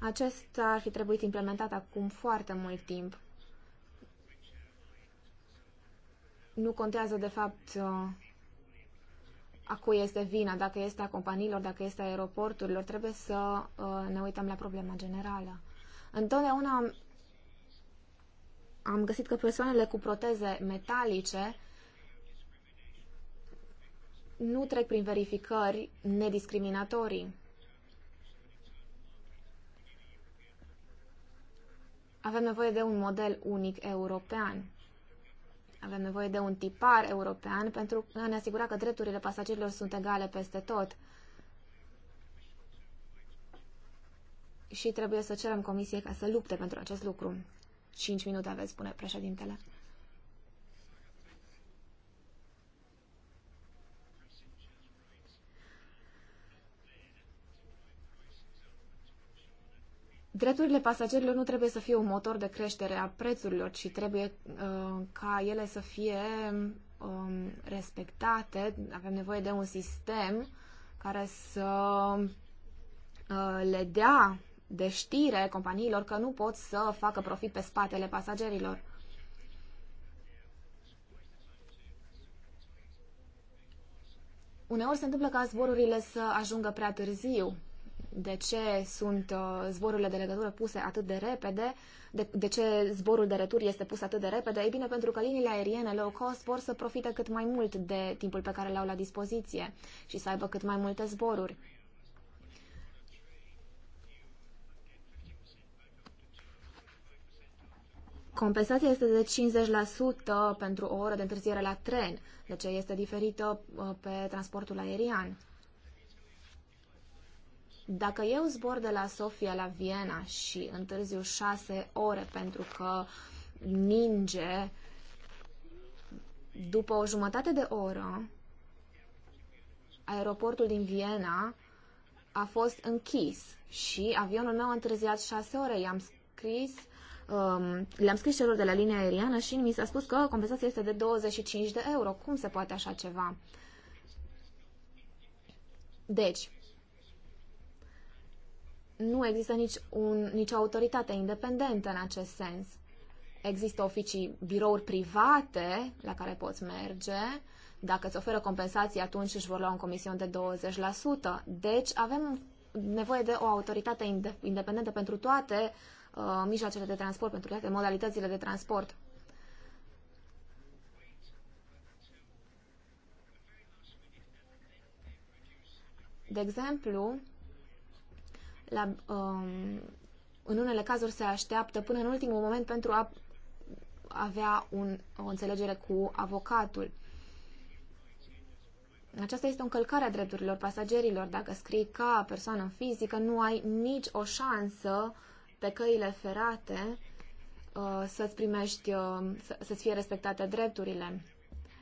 Speaker 4: Acesta ar fi trebuit implementat acum foarte mult timp. nu contează de fapt uh, a cui este vina, dacă este a companiilor, dacă este a aeroporturilor, trebuie să uh, ne uităm la problema generală. Întotdeauna am, am găsit că persoanele cu proteze metalice nu trec prin verificări nediscriminatorii. Avem nevoie de un model unic european. Avem nevoie de un tipar european pentru a ne asigura că drepturile pasagerilor sunt egale peste tot. Și trebuie să cerem comisiei ca să lupte pentru acest lucru. 5 minute aveți, spune președintele. Drepturile pasagerilor nu trebuie să fie un motor de creștere a prețurilor, ci trebuie uh, ca ele să fie um, respectate. Avem nevoie de un sistem care să uh, le dea de știre companiilor că nu pot să facă profit pe spatele pasagerilor. Uneori se întâmplă ca zborurile să ajungă prea târziu de ce sunt uh, zborurile de legătură puse atât de repede, de, de ce zborul de retur este pus atât de repede. Ei bine, pentru că liniile aeriene low cost vor să profite cât mai mult de timpul pe care le au la dispoziție și să aibă cât mai multe zboruri. Compensația este de 50% pentru o oră de întârziere la tren, deci este diferită uh, pe transportul aerian. Dacă eu zbor de la Sofia la Viena și întârziu șase ore pentru că ninge, după o jumătate de oră, aeroportul din Viena a fost închis și avionul meu a întârziat șase ore. I-am scris, um, le-am scris celor de la linia aeriană și mi s-a spus că compensația este de 25 de euro. Cum se poate așa ceva? Deci, nu există nici, un, nici o autoritate independentă în acest sens. Există oficii, birouri private la care poți merge. Dacă îți oferă compensații, atunci își vor lua un comision de 20%. Deci avem nevoie de o autoritate independentă pentru toate uh, mijloacele de transport, pentru toate modalitățile de transport. De exemplu, la, um, în unele cazuri se așteaptă până în ultimul moment pentru a avea un, o înțelegere cu avocatul. Aceasta este o încălcare a drepturilor pasagerilor. Dacă scrii ca persoană fizică, nu ai nici o șansă pe căile ferate uh, să-ți primești, uh, să-ți fie respectate drepturile.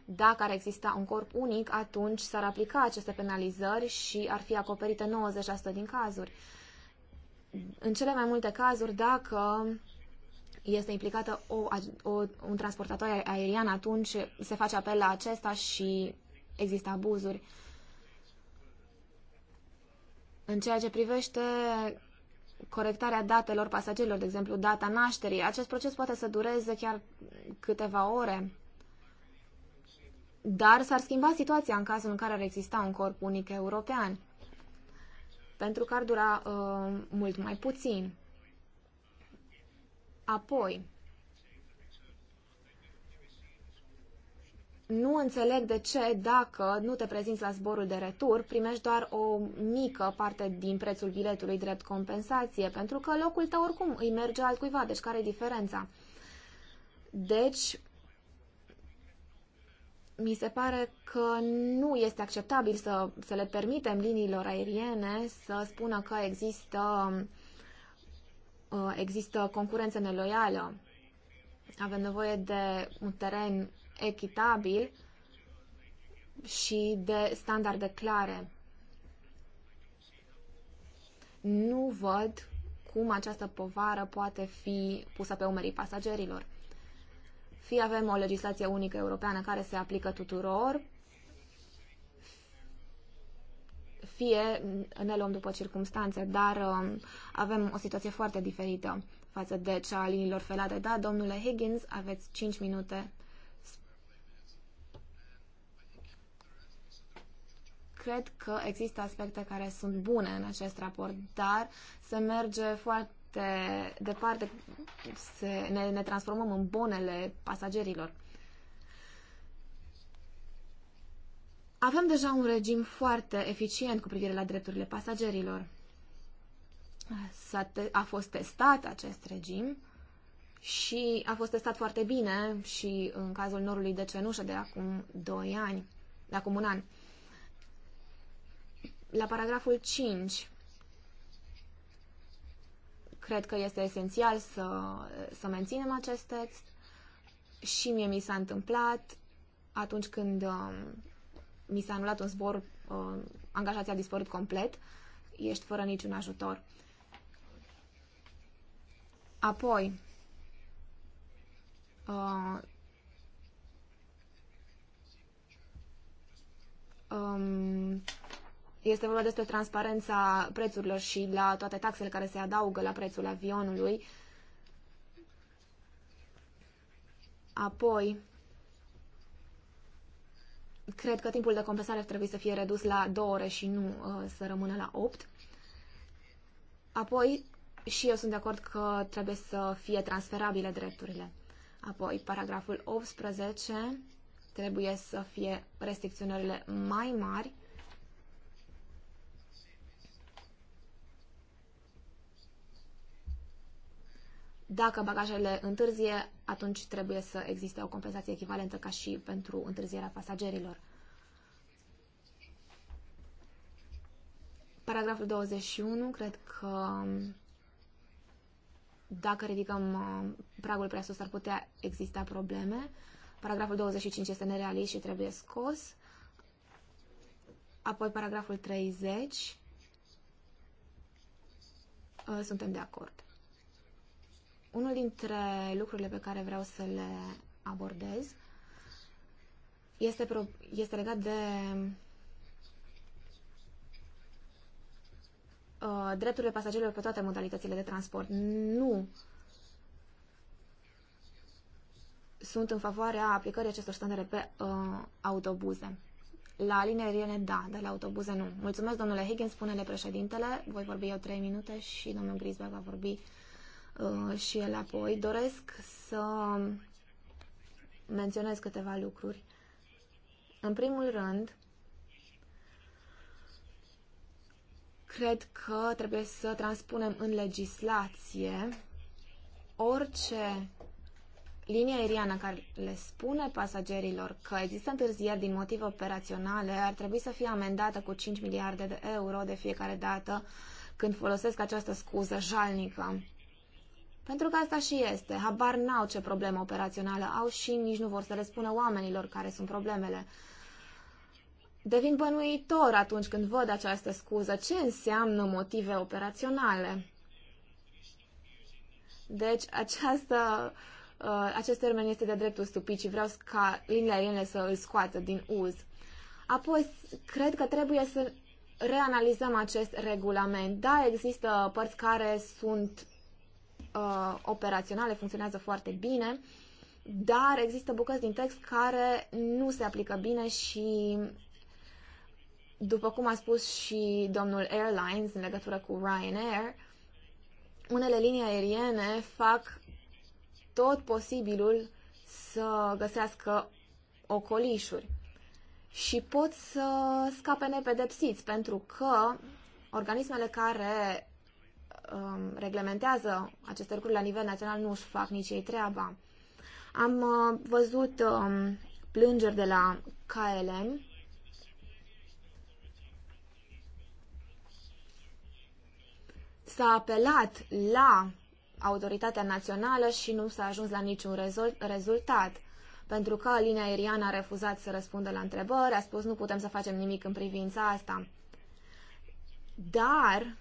Speaker 4: Dacă ar exista un corp unic, atunci s-ar aplica aceste penalizări și ar fi acoperite 90% din cazuri. În cele mai multe cazuri, dacă este implicată o, o, un transportator aerian, atunci se face apel la acesta și există abuzuri. În ceea ce privește corectarea datelor pasagerilor, de exemplu data nașterii, acest proces poate să dureze chiar câteva ore. Dar s-ar schimba situația în cazul în care ar exista un corp unic european pentru că ar dura uh, mult mai puțin. Apoi, nu înțeleg de ce, dacă nu te prezinți la zborul de retur, primești doar o mică parte din prețul biletului drept compensație, pentru că locul tău oricum îi merge altcuiva, deci care e diferența? Deci, mi se pare că nu este acceptabil să, să le permitem liniilor aeriene să spună că există, uh, există concurență neloială. Avem nevoie de un teren echitabil și de standarde clare. Nu văd cum această povară poate fi pusă pe umerii pasagerilor. Fie avem o legislație unică europeană care se aplică tuturor, fie ne luăm după circumstanțe, dar um, avem o situație foarte diferită față de cea a liniilor felate. Da, domnule Higgins, aveți 5 minute. Cred că există aspecte care sunt bune în acest raport, dar se merge foarte foarte departe se, ne, ne transformăm în bonele pasagerilor. Avem deja un regim foarte eficient cu privire la drepturile pasagerilor. S-a a fost testat acest regim și a fost testat foarte bine și în cazul norului de cenușă de acum 2 ani, de acum un an. La paragraful 5 Cred că este esențial să, să menținem acest text și mie mi s-a întâmplat atunci când um, mi s-a anulat un zbor, um, angajația a dispărut complet, ești fără niciun ajutor. Apoi, uh, um, este vorba despre transparența prețurilor și la toate taxele care se adaugă la prețul avionului. Apoi, cred că timpul de compensare trebuie să fie redus la 2 ore și nu uh, să rămână la 8. Apoi, și eu sunt de acord că trebuie să fie transferabile drepturile. Apoi, paragraful 18 trebuie să fie restricționările mai mari dacă bagajele întârzie, atunci trebuie să existe o compensație echivalentă ca și pentru întârzierea pasagerilor. Paragraful 21, cred că um, dacă ridicăm um, pragul prea sus ar putea exista probleme. Paragraful 25 este nerealist și trebuie scos. Apoi paragraful 30. Uh, suntem de acord. Unul dintre lucrurile pe care vreau să le abordez este, pro, este legat de uh, drepturile pasagerilor pe toate modalitățile de transport. Nu sunt în favoarea aplicării acestor standarde pe uh, autobuze. La linie aeriene, da, dar la autobuze nu. Mulțumesc, domnule Higgins, spune președintele. Voi vorbi eu trei minute și domnul Grisberg va vorbi Uh, și el apoi. Doresc să menționez câteva lucruri. În primul rând, cred că trebuie să transpunem în legislație orice linie aeriană care le spune pasagerilor că există întârzieri din motive operaționale ar trebui să fie amendată cu 5 miliarde de euro de fiecare dată când folosesc această scuză jalnică. Pentru că asta și este. Habar n-au ce problemă operațională au și nici nu vor să le spună oamenilor care sunt problemele. Devin bănuitor atunci când văd această scuză. Ce înseamnă motive operaționale? Deci, această, uh, acest termen este de dreptul stupit și vreau ca linile ele să îl scoată din uz. Apoi, cred că trebuie să reanalizăm acest regulament. Da, există părți care sunt uh, operaționale, funcționează foarte bine, dar există bucăți din text care nu se aplică bine și, după cum a spus și domnul Airlines în legătură cu Ryanair, unele linii aeriene fac tot posibilul să găsească ocolișuri și pot să scape nepedepsiți pentru că organismele care um, reglementează aceste lucruri la nivel național nu își fac nici ei treaba. Am uh, văzut um, plângeri de la KLM s-a apelat la autoritatea națională și nu s-a ajuns la niciun rezultat. Pentru că linia aeriană a refuzat să răspundă la întrebări, a spus nu putem să facem nimic în privința asta. Dar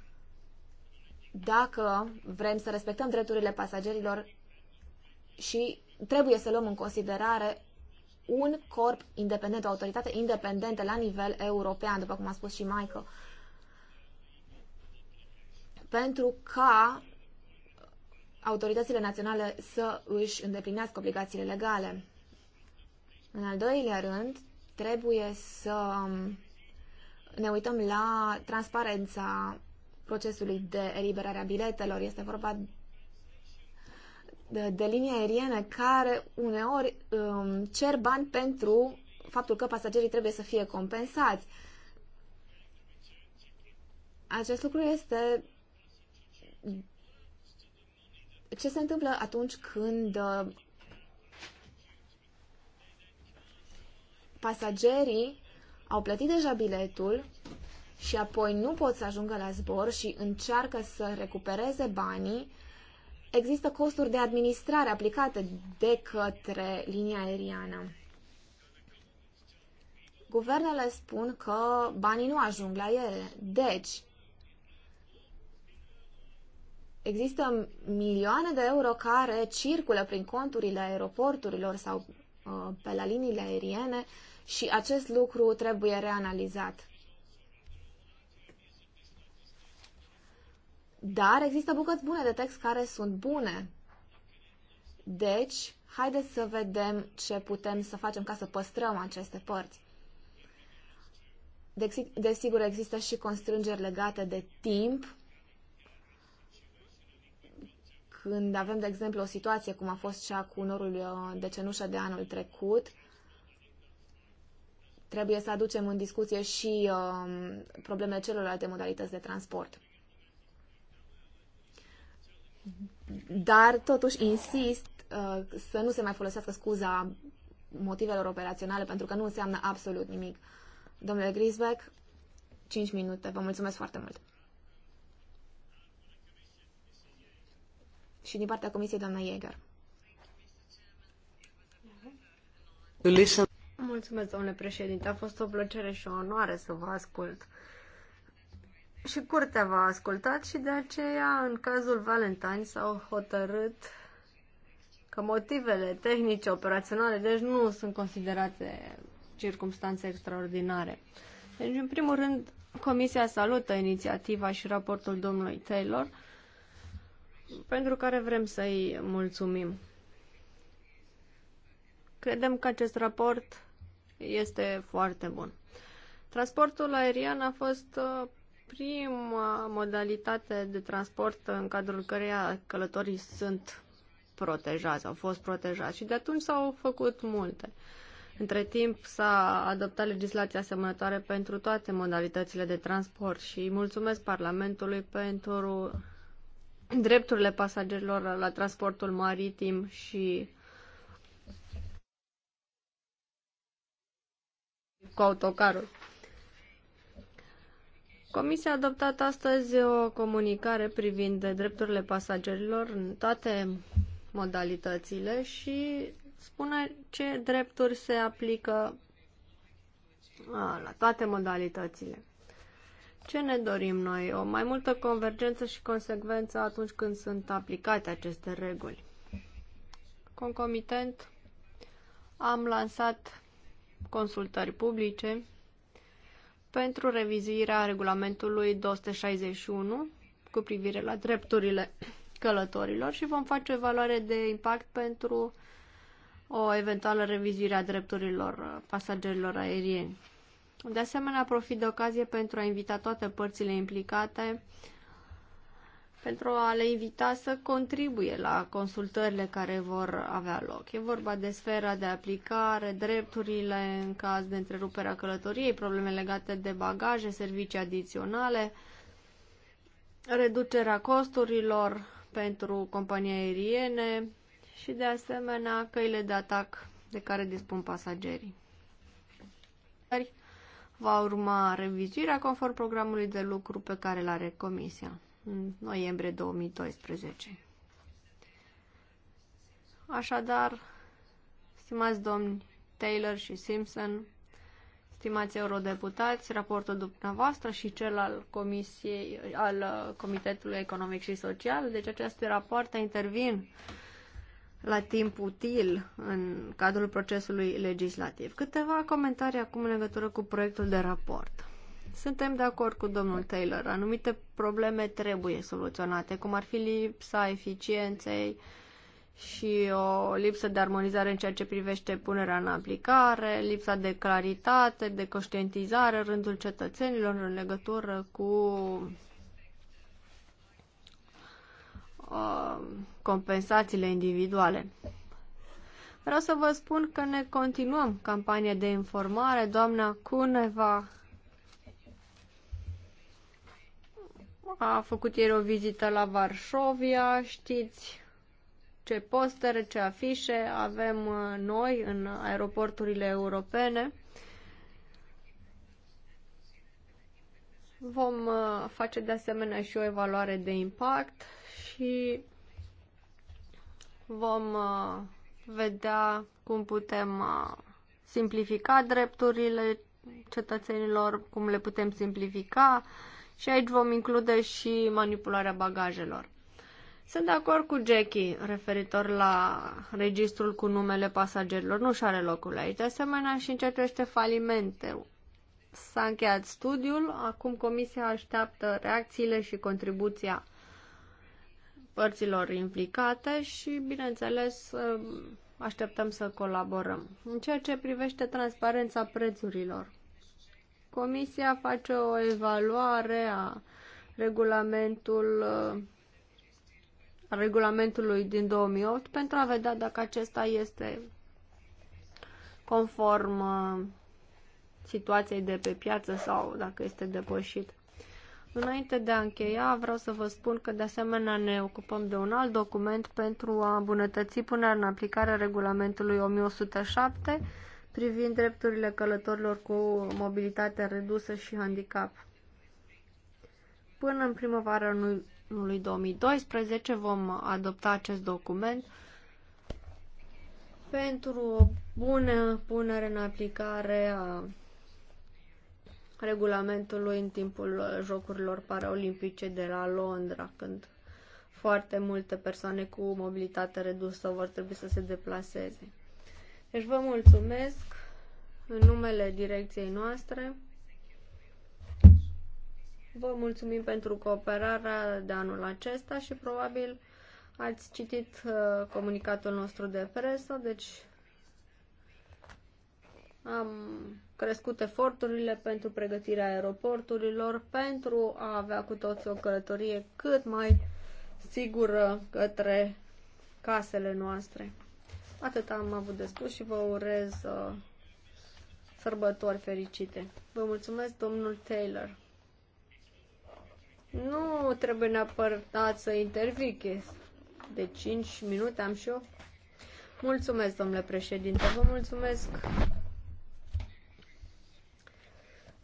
Speaker 4: dacă vrem să respectăm drepturile pasagerilor și trebuie să luăm în considerare un corp independent, o autoritate independentă la nivel european, după cum a spus și Michael. Pentru ca autoritățile naționale să își îndeplinească obligațiile legale. În al doilea rând, trebuie să ne uităm la transparența procesului de eliberare a biletelor. Este vorba de, de linii aeriene care uneori um, cer bani pentru faptul că pasagerii trebuie să fie compensați. Acest lucru este ce se întâmplă atunci când uh, pasagerii au plătit deja biletul și apoi nu pot să ajungă la zbor și încearcă să recupereze banii, există costuri de administrare aplicate de către linia aeriană. Guvernele spun că banii nu ajung la ele. Deci, există milioane de euro care circulă prin conturile aeroporturilor sau uh, pe la liniile aeriene și acest lucru trebuie reanalizat. Dar există bucăți bune de text care sunt bune. Deci, haideți să vedem ce putem să facem ca să păstrăm aceste părți. Desigur, există și constrângeri legate de timp. Când avem, de exemplu, o situație cum a fost cea cu norul uh, de cenușă de anul trecut, trebuie să aducem în discuție și um, problemele celorlalte modalități de transport dar totuși insist uh, să nu se mai folosească scuza motivelor operaționale, pentru că nu înseamnă absolut nimic. Domnule Grisbeck, 5 minute. Vă mulțumesc foarte mult. Și din partea Comisiei, doamna Jäger.
Speaker 1: Mulțumesc, domnule președinte. A fost o plăcere și o onoare să vă ascult și curtea v-a ascultat și de aceea, în cazul Valentine, s-au hotărât că motivele tehnice, operaționale, deci nu sunt considerate circumstanțe extraordinare. Deci, în primul rând, Comisia salută inițiativa și raportul domnului Taylor, pentru care vrem să-i mulțumim. Credem că acest raport este foarte bun. Transportul aerian a fost uh, prima modalitate de transport în cadrul căreia călătorii sunt protejați, au fost protejați și de atunci s-au făcut multe. Între timp s-a adoptat legislația asemănătoare pentru toate modalitățile de transport și mulțumesc Parlamentului pentru drepturile pasagerilor la transportul maritim și cu autocarul. Comisia a adoptat astăzi o comunicare privind drepturile pasagerilor în toate modalitățile și spune ce drepturi se aplică a, la toate modalitățile. Ce ne dorim noi? O mai multă convergență și consecvență atunci când sunt aplicate aceste reguli. Concomitent, am lansat consultări publice pentru revizuirea regulamentului 261 cu privire la drepturile călătorilor și vom face o evaluare de impact pentru o eventuală revizuire a drepturilor pasagerilor aerieni. De asemenea, profit de ocazie pentru a invita toate părțile implicate pentru a le invita să contribuie la consultările care vor avea loc. E vorba de sfera de aplicare, drepturile în caz de întrerupere a călătoriei, probleme legate de bagaje, servicii adiționale, reducerea costurilor pentru companii aeriene și, de asemenea, căile de atac de care dispun pasagerii. Va urma revizuirea conform programului de lucru pe care l are Comisia în noiembrie 2012. Așadar, stimați domni Taylor și Simpson, stimați eurodeputați, raportul dumneavoastră și cel al Comisiei, al Comitetului Economic și Social, deci aceste rapoarte intervin la timp util în cadrul procesului legislativ. Câteva comentarii acum în legătură cu proiectul de raport. Suntem de acord cu domnul Taylor. Anumite probleme trebuie soluționate, cum ar fi lipsa eficienței și o lipsă de armonizare în ceea ce privește punerea în aplicare, lipsa de claritate, de conștientizare rândul cetățenilor în legătură cu uh, compensațiile individuale. Vreau să vă spun că ne continuăm campania de informare. Doamna Cuneva A făcut ieri o vizită la Varșovia, știți ce postere, ce afișe avem uh, noi în aeroporturile europene. Vom uh, face de asemenea și o evaluare de impact și vom uh, vedea cum putem simplifica drepturile cetățenilor, cum le putem simplifica, și aici vom include și manipularea bagajelor. Sunt de acord cu Jackie referitor la registrul cu numele pasagerilor. Nu și-are locul aici. De asemenea, și încercește falimente. S-a încheiat studiul, acum comisia așteaptă reacțiile și contribuția părților implicate și, bineînțeles, așteptăm să colaborăm. În ceea ce privește transparența prețurilor, Comisia face o evaluare a regulamentul a regulamentului din 2008 pentru a vedea dacă acesta este conform uh, situației de pe piață sau dacă este depășit. Înainte de a încheia, vreau să vă spun că de asemenea ne ocupăm de un alt document pentru a îmbunătăți punerea în aplicare regulamentului 1107 privind drepturile călătorilor cu mobilitate redusă și handicap. Până în primăvara anului 2012 vom adopta acest document pentru o bună punere în aplicare a regulamentului în timpul Jocurilor Paraolimpice de la Londra, când foarte multe persoane cu mobilitate redusă vor trebui să se deplaseze. Deci vă mulțumesc în numele direcției noastre. Vă mulțumim pentru cooperarea de anul acesta și probabil ați citit uh, comunicatul nostru de presă, deci am crescut eforturile pentru pregătirea aeroporturilor, pentru a avea cu toți o călătorie cât mai sigură către casele noastre. Atât am avut de spus și vă urez uh, sărbători fericite. Vă mulțumesc, domnul Taylor. Nu trebuie neapărat să intervii, de 5 minute am și eu. Mulțumesc, domnule președinte, vă mulțumesc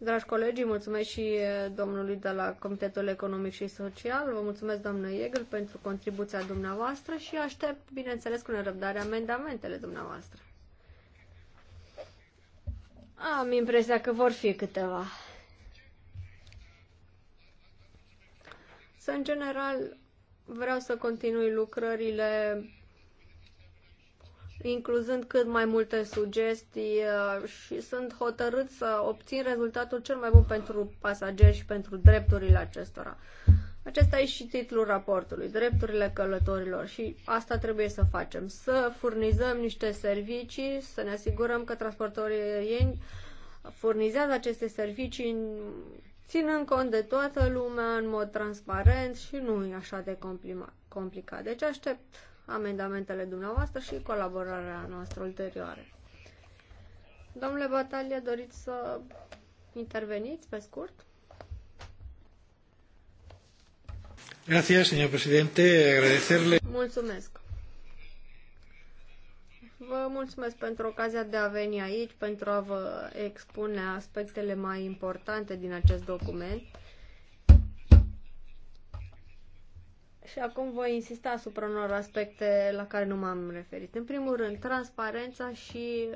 Speaker 1: Dragi colegi, mulțumesc și domnului de la Comitetul Economic și Social, vă mulțumesc doamnă Iegel pentru contribuția dumneavoastră și aștept, bineînțeles, cu nerăbdare amendamentele dumneavoastră. Am impresia că vor fi câteva. Să, în general, vreau să continui lucrările incluzând cât mai multe sugestii uh, și sunt hotărât să obțin rezultatul cel mai bun pentru pasageri și pentru drepturile acestora. Acesta e și titlul raportului, drepturile călătorilor și asta trebuie să facem, să furnizăm niște servicii, să ne asigurăm că transportorii aerieni furnizează aceste servicii ținând cont de toată lumea în mod transparent și nu e așa de complicat. Deci aștept amendamentele dumneavoastră și colaborarea noastră ulterioară. Domnule Batalie, doriți să interveniți pe scurt?
Speaker 2: Gracias, señor presidente. Agradecerle.
Speaker 1: Mulțumesc. Vă mulțumesc pentru ocazia de a veni aici, pentru a vă expune aspectele mai importante din acest document. Și acum voi insista asupra unor aspecte la care nu m-am referit. În primul rând, transparența și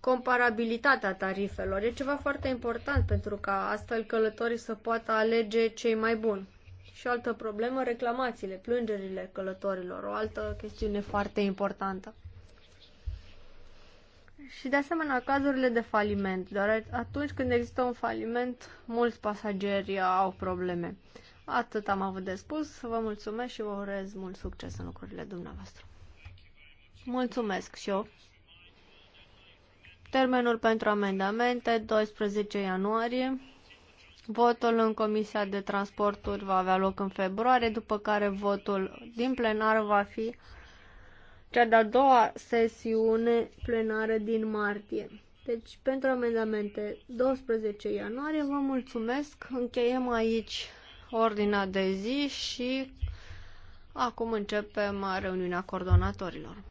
Speaker 1: comparabilitatea tarifelor. E ceva foarte important pentru ca astfel călătorii să poată alege cei mai buni. Și o altă problemă, reclamațiile, plângerile călătorilor, o altă chestiune foarte importantă. Și de asemenea, cazurile de faliment, doar atunci când există un faliment, mulți pasageri au probleme. Atât am avut de spus. Vă mulțumesc și vă urez mult succes în lucrurile dumneavoastră. Mulțumesc și eu. Termenul pentru amendamente 12 ianuarie. Votul în Comisia de Transporturi va avea loc în februarie, după care votul din plenar va fi cea de-a doua sesiune plenară din martie. Deci, pentru amendamente 12 ianuarie, vă mulțumesc. Încheiem aici ordinea de zi și acum începem reuniunea coordonatorilor.